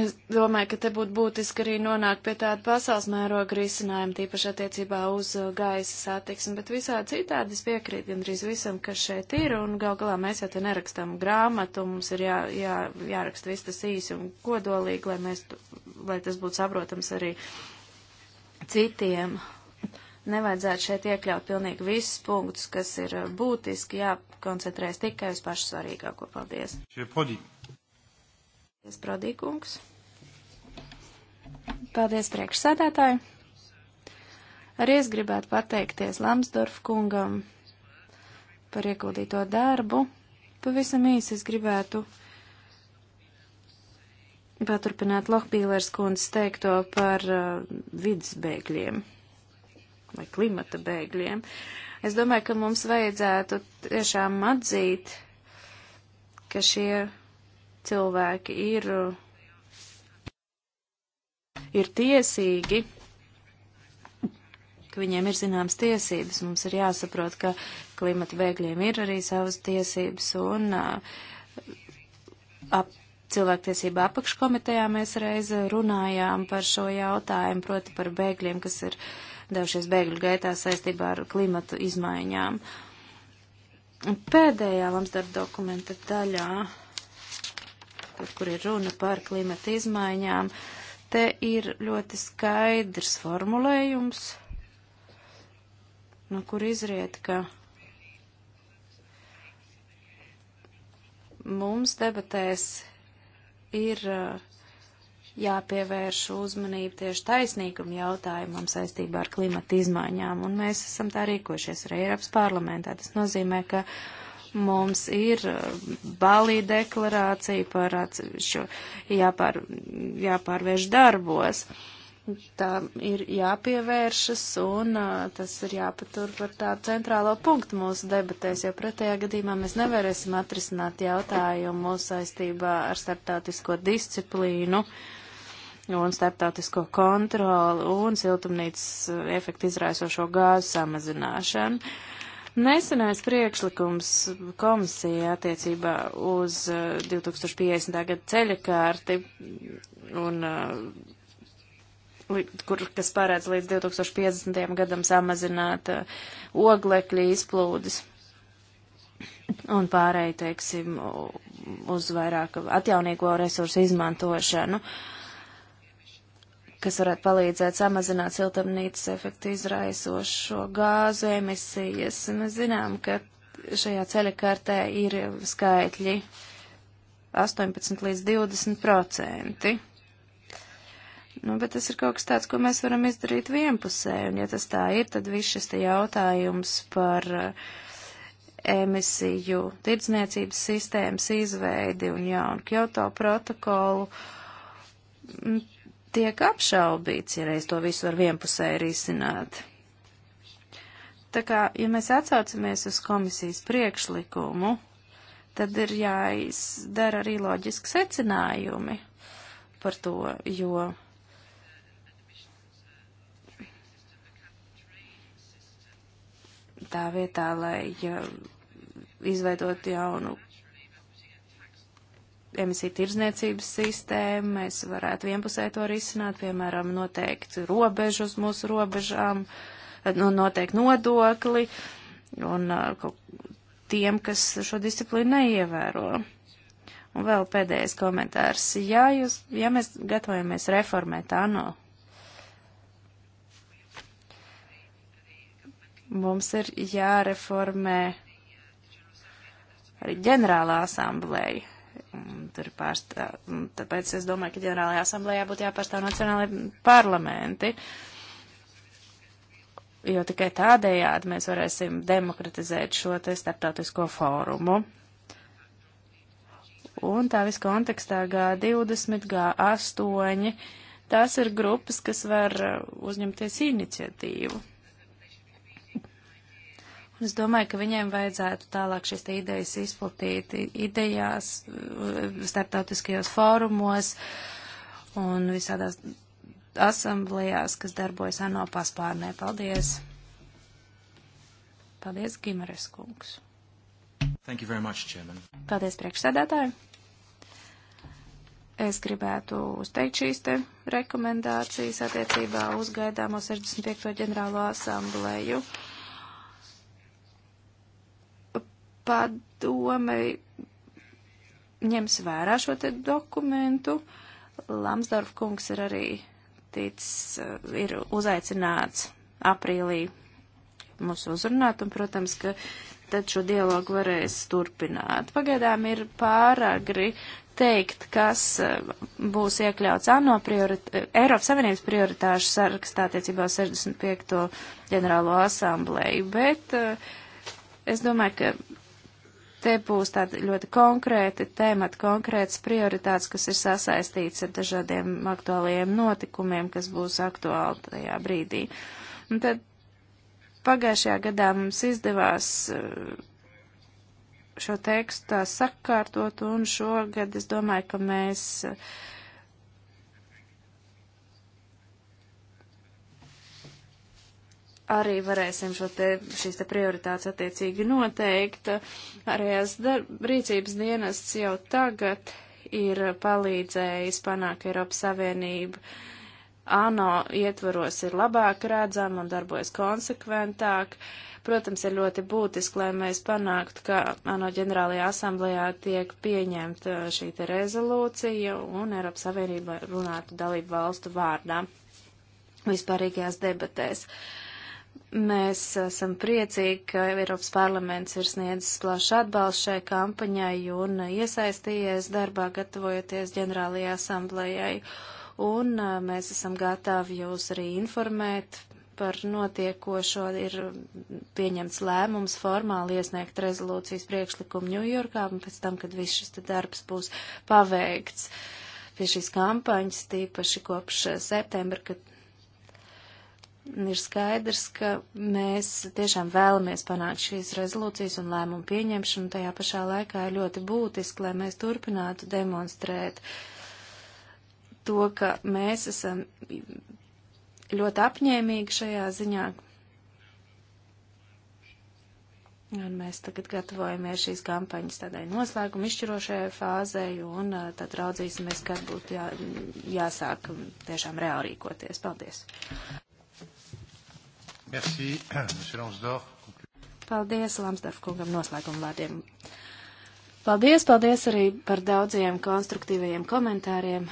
Es domāju, ka te būtu būtiski arī nonākt pie tāda pasaules mēroga risinājuma, tīpaši attiecībā uz uh, gaisa satiksmi, bet visā citādi es piekrītu gandrīz visam, kas šeit ir, un gal galā mēs jau te nerakstām grāmatu, mums ir jā, jā, jāraksta viss tas īsi un kodolīgi, lai, mēs, lai tas būtu saprotams arī citiem nevajadzētu šeit iekļaut pilnīgi visus punktus, kas ir uh, būtiski, jākoncentrēs tikai uz pašu svarīgāko. Paldies. Paldies, Prodīkungs. Paldies, priekšsēdētāji. Arī es gribētu pateikties Lamsdorf kungam par ieguldīto darbu. Pavisam īsi es gribētu paturpināt Lohbīlers kundzes teikto par uh, vidas bēgļiem vai klimata bēgļiem. Es domāju, ka mums vajadzētu tiešām atzīt, ka šie cilvēki ir, ir tiesīgi, ka viņiem ir zināmas tiesības. Mums ir jāsaprot, ka klimata bēgļiem ir arī savas tiesības un ap cilvēktiesība apakškomitejā mēs reiz runājām par šo jautājumu, proti par bēgļiem, kas ir uh, devušies bēgļu gaitā saistībā ar klimatu izmaiņām. Pēdējā Lamsdarba dokumenta daļā, kur, kur ir runa par klimatu izmaiņām, te ir ļoti skaidrs formulējums, no kur izriet, ka mums debatēs ir uh, jāpievērš uzmanība tieši taisnīguma jautājumam saistībā ar klimata izmaiņām, un mēs esam tā rīkojušies arī Eiropas parlamentā. Tas nozīmē, ka mums ir uh, Balī deklarācija par atsevišķu jāpār, jāpārvērš darbos. Tā ir jāpievēršas un uh, tas ir jāpatur par tādu centrālo punktu mūsu debatēs, jo pretējā gadījumā mēs nevarēsim atrisināt jautājumu saistībā ar starptautisko disciplīnu. Uh, un starptautisko kontroli un siltumnīcas efektu izraisošo gāzu samazināšanu. Nesenais priekšlikums komisija attiecībā uz 2050. Uh, gada ceļakārti un uh, kur, kas pārēdz līdz 2050. gadam samazināt uh, oglekļa izplūdes un pārēj, teiksim, uz vairāk atjaunīgo resursu izmantošanu. Uh, kas varētu palīdzēt samazināt siltumnīcas efektu izraisošo gāzu emisijas. Mēs zinām, ka šajā ceļa kartē ir skaitļi 18 līdz 20 procenti. Nu, bet tas ir kaut kas tāds, ko mēs varam izdarīt vienpusē, un ja tas tā ir, tad viss šis te jautājums par uh, emisiju tirdzniecības sistēmas izveidi un jaunu Kyoto protokolu tiek apšaubīts, ja reiz to visu var vienpusēji risināt. Tā kā, ja mēs atsaucamies uz komisijas priekšlikumu, tad ir jāizdara arī loģiski secinājumi par to, jo tā vietā, lai ja izveidot jaunu emisiju tirzniecības sistēmu, mēs varētu vienpusē to risināt, piemēram, noteikt robežu uz mūsu robežām, nu, noteikt nodokli un uh, tiem, kas šo disciplīnu neievēro. Un vēl pēdējais komentārs. Ja, jūs, ja mēs gatavojamies reformēt ANO, mums ir jāreformē arī ģenerālā asamblēja Tur ir pārstāv, tāpēc es domāju, ka ģenerālajā asamblējā būtu jāpārstāv nacionālai parlamenti, jo tikai tādējādi mēs varēsim demokratizēt šo te starptautisko fórumu. Un tā viss kontekstā G20, G8, tās ir grupas, kas var uzņemties iniciatīvu. Es domāju, ka viņiem vajadzētu tālāk šīs idejas izplatīt idejās, eh, starptautiskajos fórumos un visādās asamblējās, kas darbojas ANO paspārnē. Paldies! Paldies, Gimares kungs! Thank you very much, Chairman. Paldies, priekšsēdētāji! Es gribētu uzteikt šīs te rekomendācijas attiecībā uz gaidāmo 65. ģenerālo asambleju. padomei ņems vērā šo te dokumentu. Lamsdorf kungs ir arī ticis, uh, ir uzaicināts aprīlī mūs uzrunāt, un, protams, ka tad šo dialogu varēs turpināt. Pagaidām ir pāragri teikt, kas uh, būs iekļauts ANO priorit Eiropas Savienības prioritāšu sarakstā attiecībā 65. ģenerālo asamblēju, bet uh, es domāju, ka Te būs tādi ļoti konkrēti temati, konkrētas prioritātes, kas ir sasaistīts ar dažādiem aktuālajiem notikumiem, kas būs aktuāli tajā brīdī. Un tad pagājušajā gadā mums izdevās uh, šo tekstu tā sakārtot, un šogad es domāju, ka mēs uh, arī varēsim šo te, šīs te prioritātes attiecīgi noteikt. Arējās rīcības dienests jau tagad ir palīdzējis panākt Eiropas Savienību. ANO ietvaros ir labāk redzama un darbojas konsekventāk. Protams, ir ļoti būtiski, lai mēs panāktu, ka ANO ģenerālajā asamblējā tiek pieņemta uh, šī te rezolūcija un Eiropas Savienība runātu dalību valstu vārdā vispārīgajās debatēs. Uh, Mēs esam priecīgi, ka Eiropas parlaments ir sniedzis plašu atbalstu šai kampaņai un iesaistījies darbā, gatavojoties ģenerālajai asamblējai. Un mēs esam gatavi jūs arī informēt par notiekošo. Ir pieņemts lēmums formāli iesniegt rezolūcijas priekšlikumu Ņujorkā, un pēc tam, kad viss šis darbs būs paveikts. Pie šīs kampaņas, tīpaši kopš septembra, kad ir skaidrs, ka mēs tiešām vēlamies panākt šīs rezolūcijas un lēmumu pieņemšanu. Tajā pašā laikā ir ļoti būtiski, lai mēs turpinātu demonstrēt to, ka mēs esam ļoti apņēmīgi šajā ziņā. Un mēs tagad gatavojamies šīs kampaņas tādai noslēguma izšķirošajai fāzei, un tad raudzīsimies, kad būtu jā, jāsāk tiešām reāli rīkoties. Paldies! Merci, [CLEARS THROAT] Lansdorf. Paldies Lamsdorf kungam noslēguma vārdiem. Paldies, paldies arī par daudziem konstruktīvajiem komentāriem.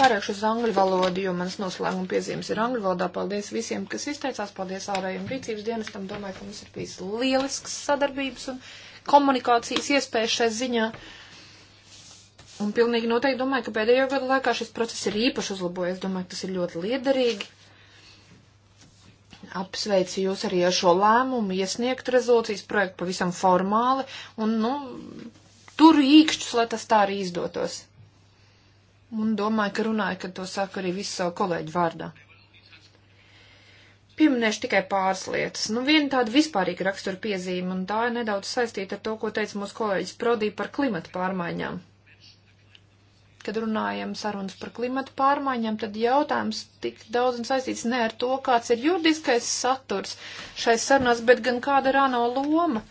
Pārēkšu uz angļu valodu, jo manas noslēguma piezīmes ir angļu valodā. Paldies visiem, kas izteicās. Paldies ārējiem rīcības dienestam. Domāju, ka mums ir bijis lielisks sadarbības un komunikācijas iespējas šai ziņā. Uh, Un pilnīgi noteikti domāju, ka pēdējo gadu laikā šis process ir īpaši uzlabojies. Domāju, ka tas ir ļoti liederīgi. Apsveicu jūs arī ar šo lēmumu iesniegt rezolūcijas projektu pavisam formāli un, nu, turu īkšķus, lai tas tā arī izdotos. Un domāju, ka runāju, ka to saka arī visu savu kolēģu vārdā pieminēšu tikai pāris lietas. Nu, viena tāda vispārīga rakstura piezīme, un tā ir nedaudz saistīta ar to, ko teica mūsu kolēģis Prodī par klimatu pārmaiņām kad runājam sarunas par klimatu pārmaiņām, tad jautājums tik daudz un saistīts ne ar to, kāds ir juridiskais saturs šai sarunās, bet gan kāda ir ANO loma.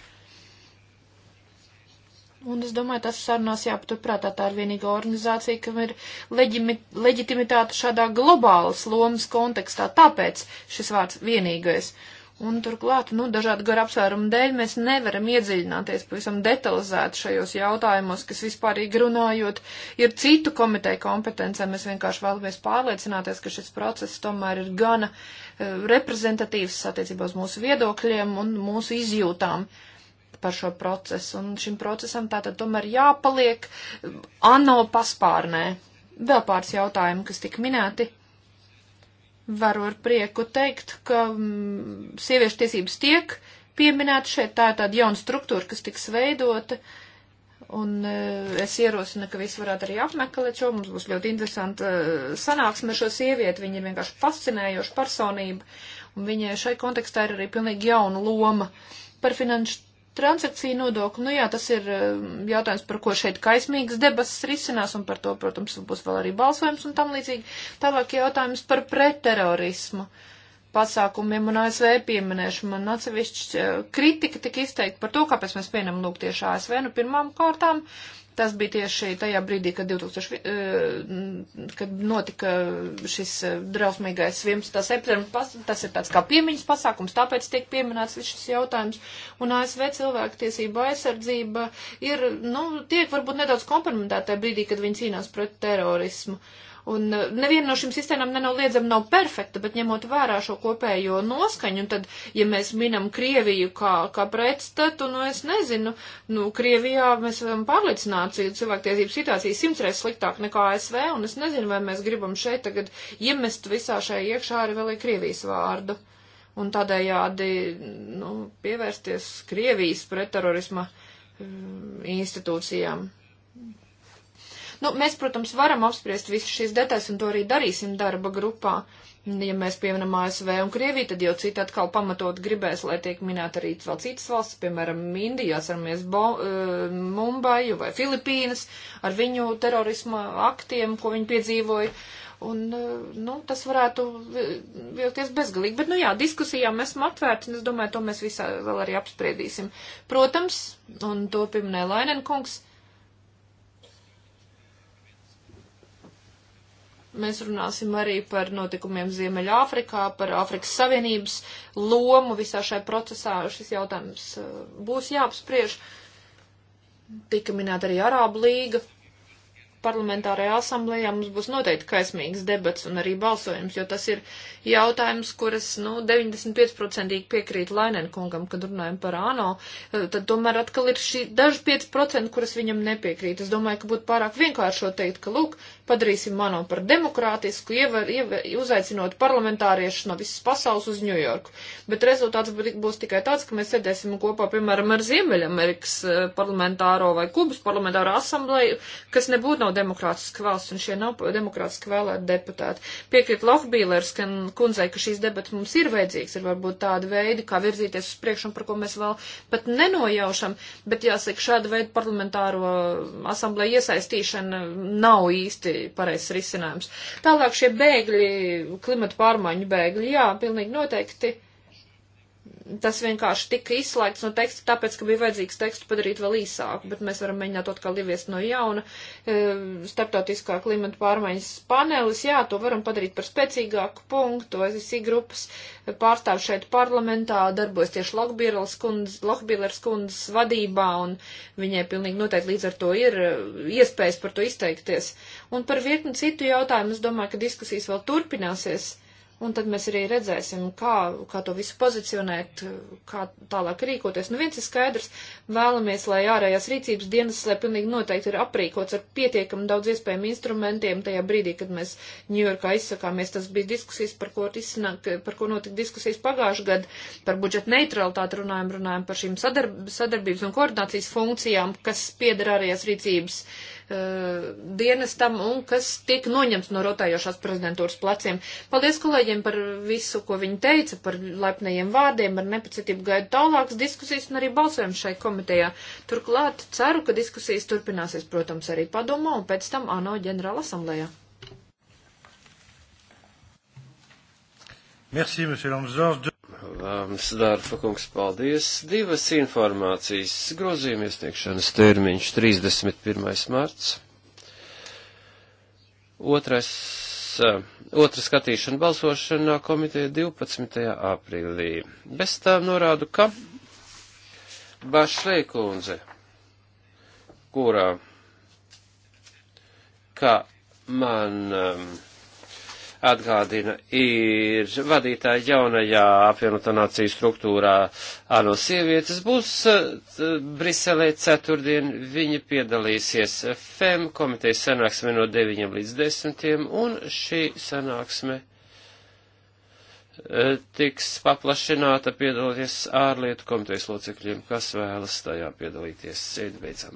Un es domāju, tas sarunās jāpaturprātā. Tā ir vienīgā organizācija, kam ir leģimi, leģitimitāte šādā globālas lomas kontekstā. Tāpēc šis vārds vienīgais. Uh, Un turklāt, nu, dažādu garu apsvērumu dēļ mēs nevaram iedziļināties pavisam detalizēti šajos jautājumos, kas vispārīgi runājot ir citu komiteju kompetencē. Mēs vienkārši vēlamies pārliecināties, ka šis process tomēr ir gana uh, reprezentatīvs attiecībā uz mūsu viedokļiem un mūsu izjūtām par šo procesu. Un šim procesam tātad tomēr jāpaliek e, ano paspārnē. Vēl pāris jautājumu, kas tika minēti Varu ar prieku teikt, ka mm, sieviešu tiesības tiek pieminētas šeit. Tā ir tāda jauna struktūra, kas tiks veidota. Un e, es ierosinu, ka visi varētu arī apmeklēt šo. Mums būs ļoti interesanta e, sanāksme ar šo sievieti. Viņa ir vienkārši fascinējoša personība. Un viņai šai kontekstā ir arī pilnīgi jauna loma par finanšu transakciju nodokli, nu jā, tas ir eh, jautājums, par ko šeit kaismīgas debases risinās, un par to, protams, būs vēl arī balsojums un tam līdzīgi. Tālāk jautājums par pretterorismu pasākumiem un ASV pieminēšanu. Man atsevišķi eh, kritika tika izteikta par to, kāpēc mēs pieņemam lūk tieši ASV. Nu, pirmām kārtām Tas bija tieši tajā brīdī, kad, 2000, eh, kad notika šis eh, drausmīgais 11. septembris. Tas ir tāds kā piemiņas pasākums, tāpēc tiek pieminēts viss šis jautājums. Un ASV cilvēktiesība aizsardzība ir, nu, tiek varbūt nedaudz komplementēta tajā brīdī, kad viņi cīnās pret terorismu. Uh, Un eh, neviena no šīm sistēmām nenoliedzami nav perfekta, bet ņemot vērā šo kopējo noskaņu, tad, ja mēs minam Krieviju kā, kā pretstatu, nu es nezinu, nu Krievijā mēs varam pārliecināti, ka cilvēktiesību situācija simtreiz sliktāk nekā ASV, un es nezinu, vai mēs gribam šeit tagad iemest visā šajā iekšā arī vēl ir Krievijas vārdu. Un tādējādi, nu, pievērsties Krievijas pretterorisma um, institūcijām. Nu, mēs, protams, varam apspriest visu šīs detaļas, un to arī darīsim darba grupā. Ja mēs pieminam ASV un Krieviju, tad jau citi atkal pamatot gribēs, lai tiek minēta arī vēl citas valsts, piemēram, Indijā, saramies uh, eh, Mumbaju vai Filipīnas ar viņu terorisma aktiem, ko viņi piedzīvoja. Un, eh, nu, tas varētu vilties bezgalīgi. Bet, nu jā, diskusijām esmu atvērta, un es domāju, to mēs visā vēl arī apspriedīsim. Protams, un to pieminēja Lainenkungs, Mēs runāsim arī par notikumiem Ziemeļāfrikā, par Āfrikas Savienības lomu visā šajā procesā. Šis jautājums eh, būs jāapspriež. Tika minēta arī Arābu līga. Parlamentārajā asamblējā mums būs noteikti kaismīgs debats un arī balsojums, jo tas ir jautājums, kuras, nu, 95% piekrīt Lainenkungam, kad runājam par ANO, eh, tad tomēr atkal ir šī daži 5%, kuras viņam nepiekrīt. Es domāju, ka būtu pārāk vienkāršo teikt, ka, lūk, padarīsim manu par demokrātisku, ievar, ievar, uzaicinot parlamentāriešus no visas pasaules uz Ņujorku. Bet rezultāts būs tikai tāds, ka mēs sēdēsim kopā, piemēram, ar Ziemeļamerikas eh, parlamentāro vai Kubas parlamentāro asambleju, kas nebūtu nav demokrātiski valsts, un šie nav demokrātiski vēlēti deputāti. Piekrīt Lohbīlers, ka kundzei, ka šīs debatas mums ir vajadzīgs, ir varbūt tādi veidi, kā virzīties uz priekšu, un par ko mēs vēl pat nenojaušam, bet jāsaka, šāda veida parlamentāro asambleju iesaistīšana nav īsti pareizs risinājums. Tālāk šie bēgļi, klimata pārmaiņu bēgļi, jā, pilnīgi noteikti tas vienkārši tika izslēgts no teksta, tāpēc, ka bija vajadzīgs tekstu padarīt vēl īsāku, bet mēs varam mēģināt atkal ieviest no jauna. E, Startautiskā klimata pārmaiņas panelis, jā, to varam padarīt par spēcīgāku punktu. SSI grupas pārstāv šeit parlamentā, darbojas tieši Lohbīlers kundzes vadībā, un viņai pilnīgi noteikti līdz ar to ir e, iespējas par to izteikties. Un par virkni citu jautājumu es domāju, ka diskusijas vēl turpināsies. Un tad mēs arī redzēsim, kā, kā to visu pozicionēt, kā tālāk rīkoties. Nu, viens ir skaidrs, vēlamies, lai ārējās rīcības dienas, lai pilnīgi noteikti ir aprīkots ar pietiekami daudz iespējumu instrumentiem. Tajā brīdī, kad mēs Ņujorkā izsakāmies, tas bija diskusijas, par ko, izsanāk, par ko notika diskusijas pagājušajā gadā, par budžeta neutralitāti runājam, runājam par šīm sadarb sadarbības un koordinācijas funkcijām, kas piedara ārējās rīcības. Uh, Eh, dienestam un kas tiek noņemts no rotējošās prezidentūras pleciem. Paldies kolēģiem par visu, ko viņi teica, par laipnajiem vārdiem, ar nepacietību gaidu tālākas diskusijas un arī balsojumu šai komitejā. Turklāt ceru, ka diskusijas turpināsies, protams, arī padomā un pēc tam ANO ģenerāla asamblējā. Merci, monsieur Lambsdorff. Vāms Dārfa kungs, paldies. Divas informācijas grozījuma iesniegšanas termiņš 31. marts. Otrais, eh, otra skatīšana balsošanā komiteja 12. aprīlī. Bez tā norādu, ka Bašreikundze, kurā, kā man. Um, atgādina, ir vadītāji jaunajā apvienotā nāciju struktūrā ANO sievietes. Būs eh, Briselē ceturtdien, viņa piedalīsies FEM komitejas sanāksme no 9 līdz 10, un šī sanāksme eh, tiks paplašināta piedalīties ārlietu komitejas locekļiem, kas vēlas tajā piedalīties. Sēdi beidzam.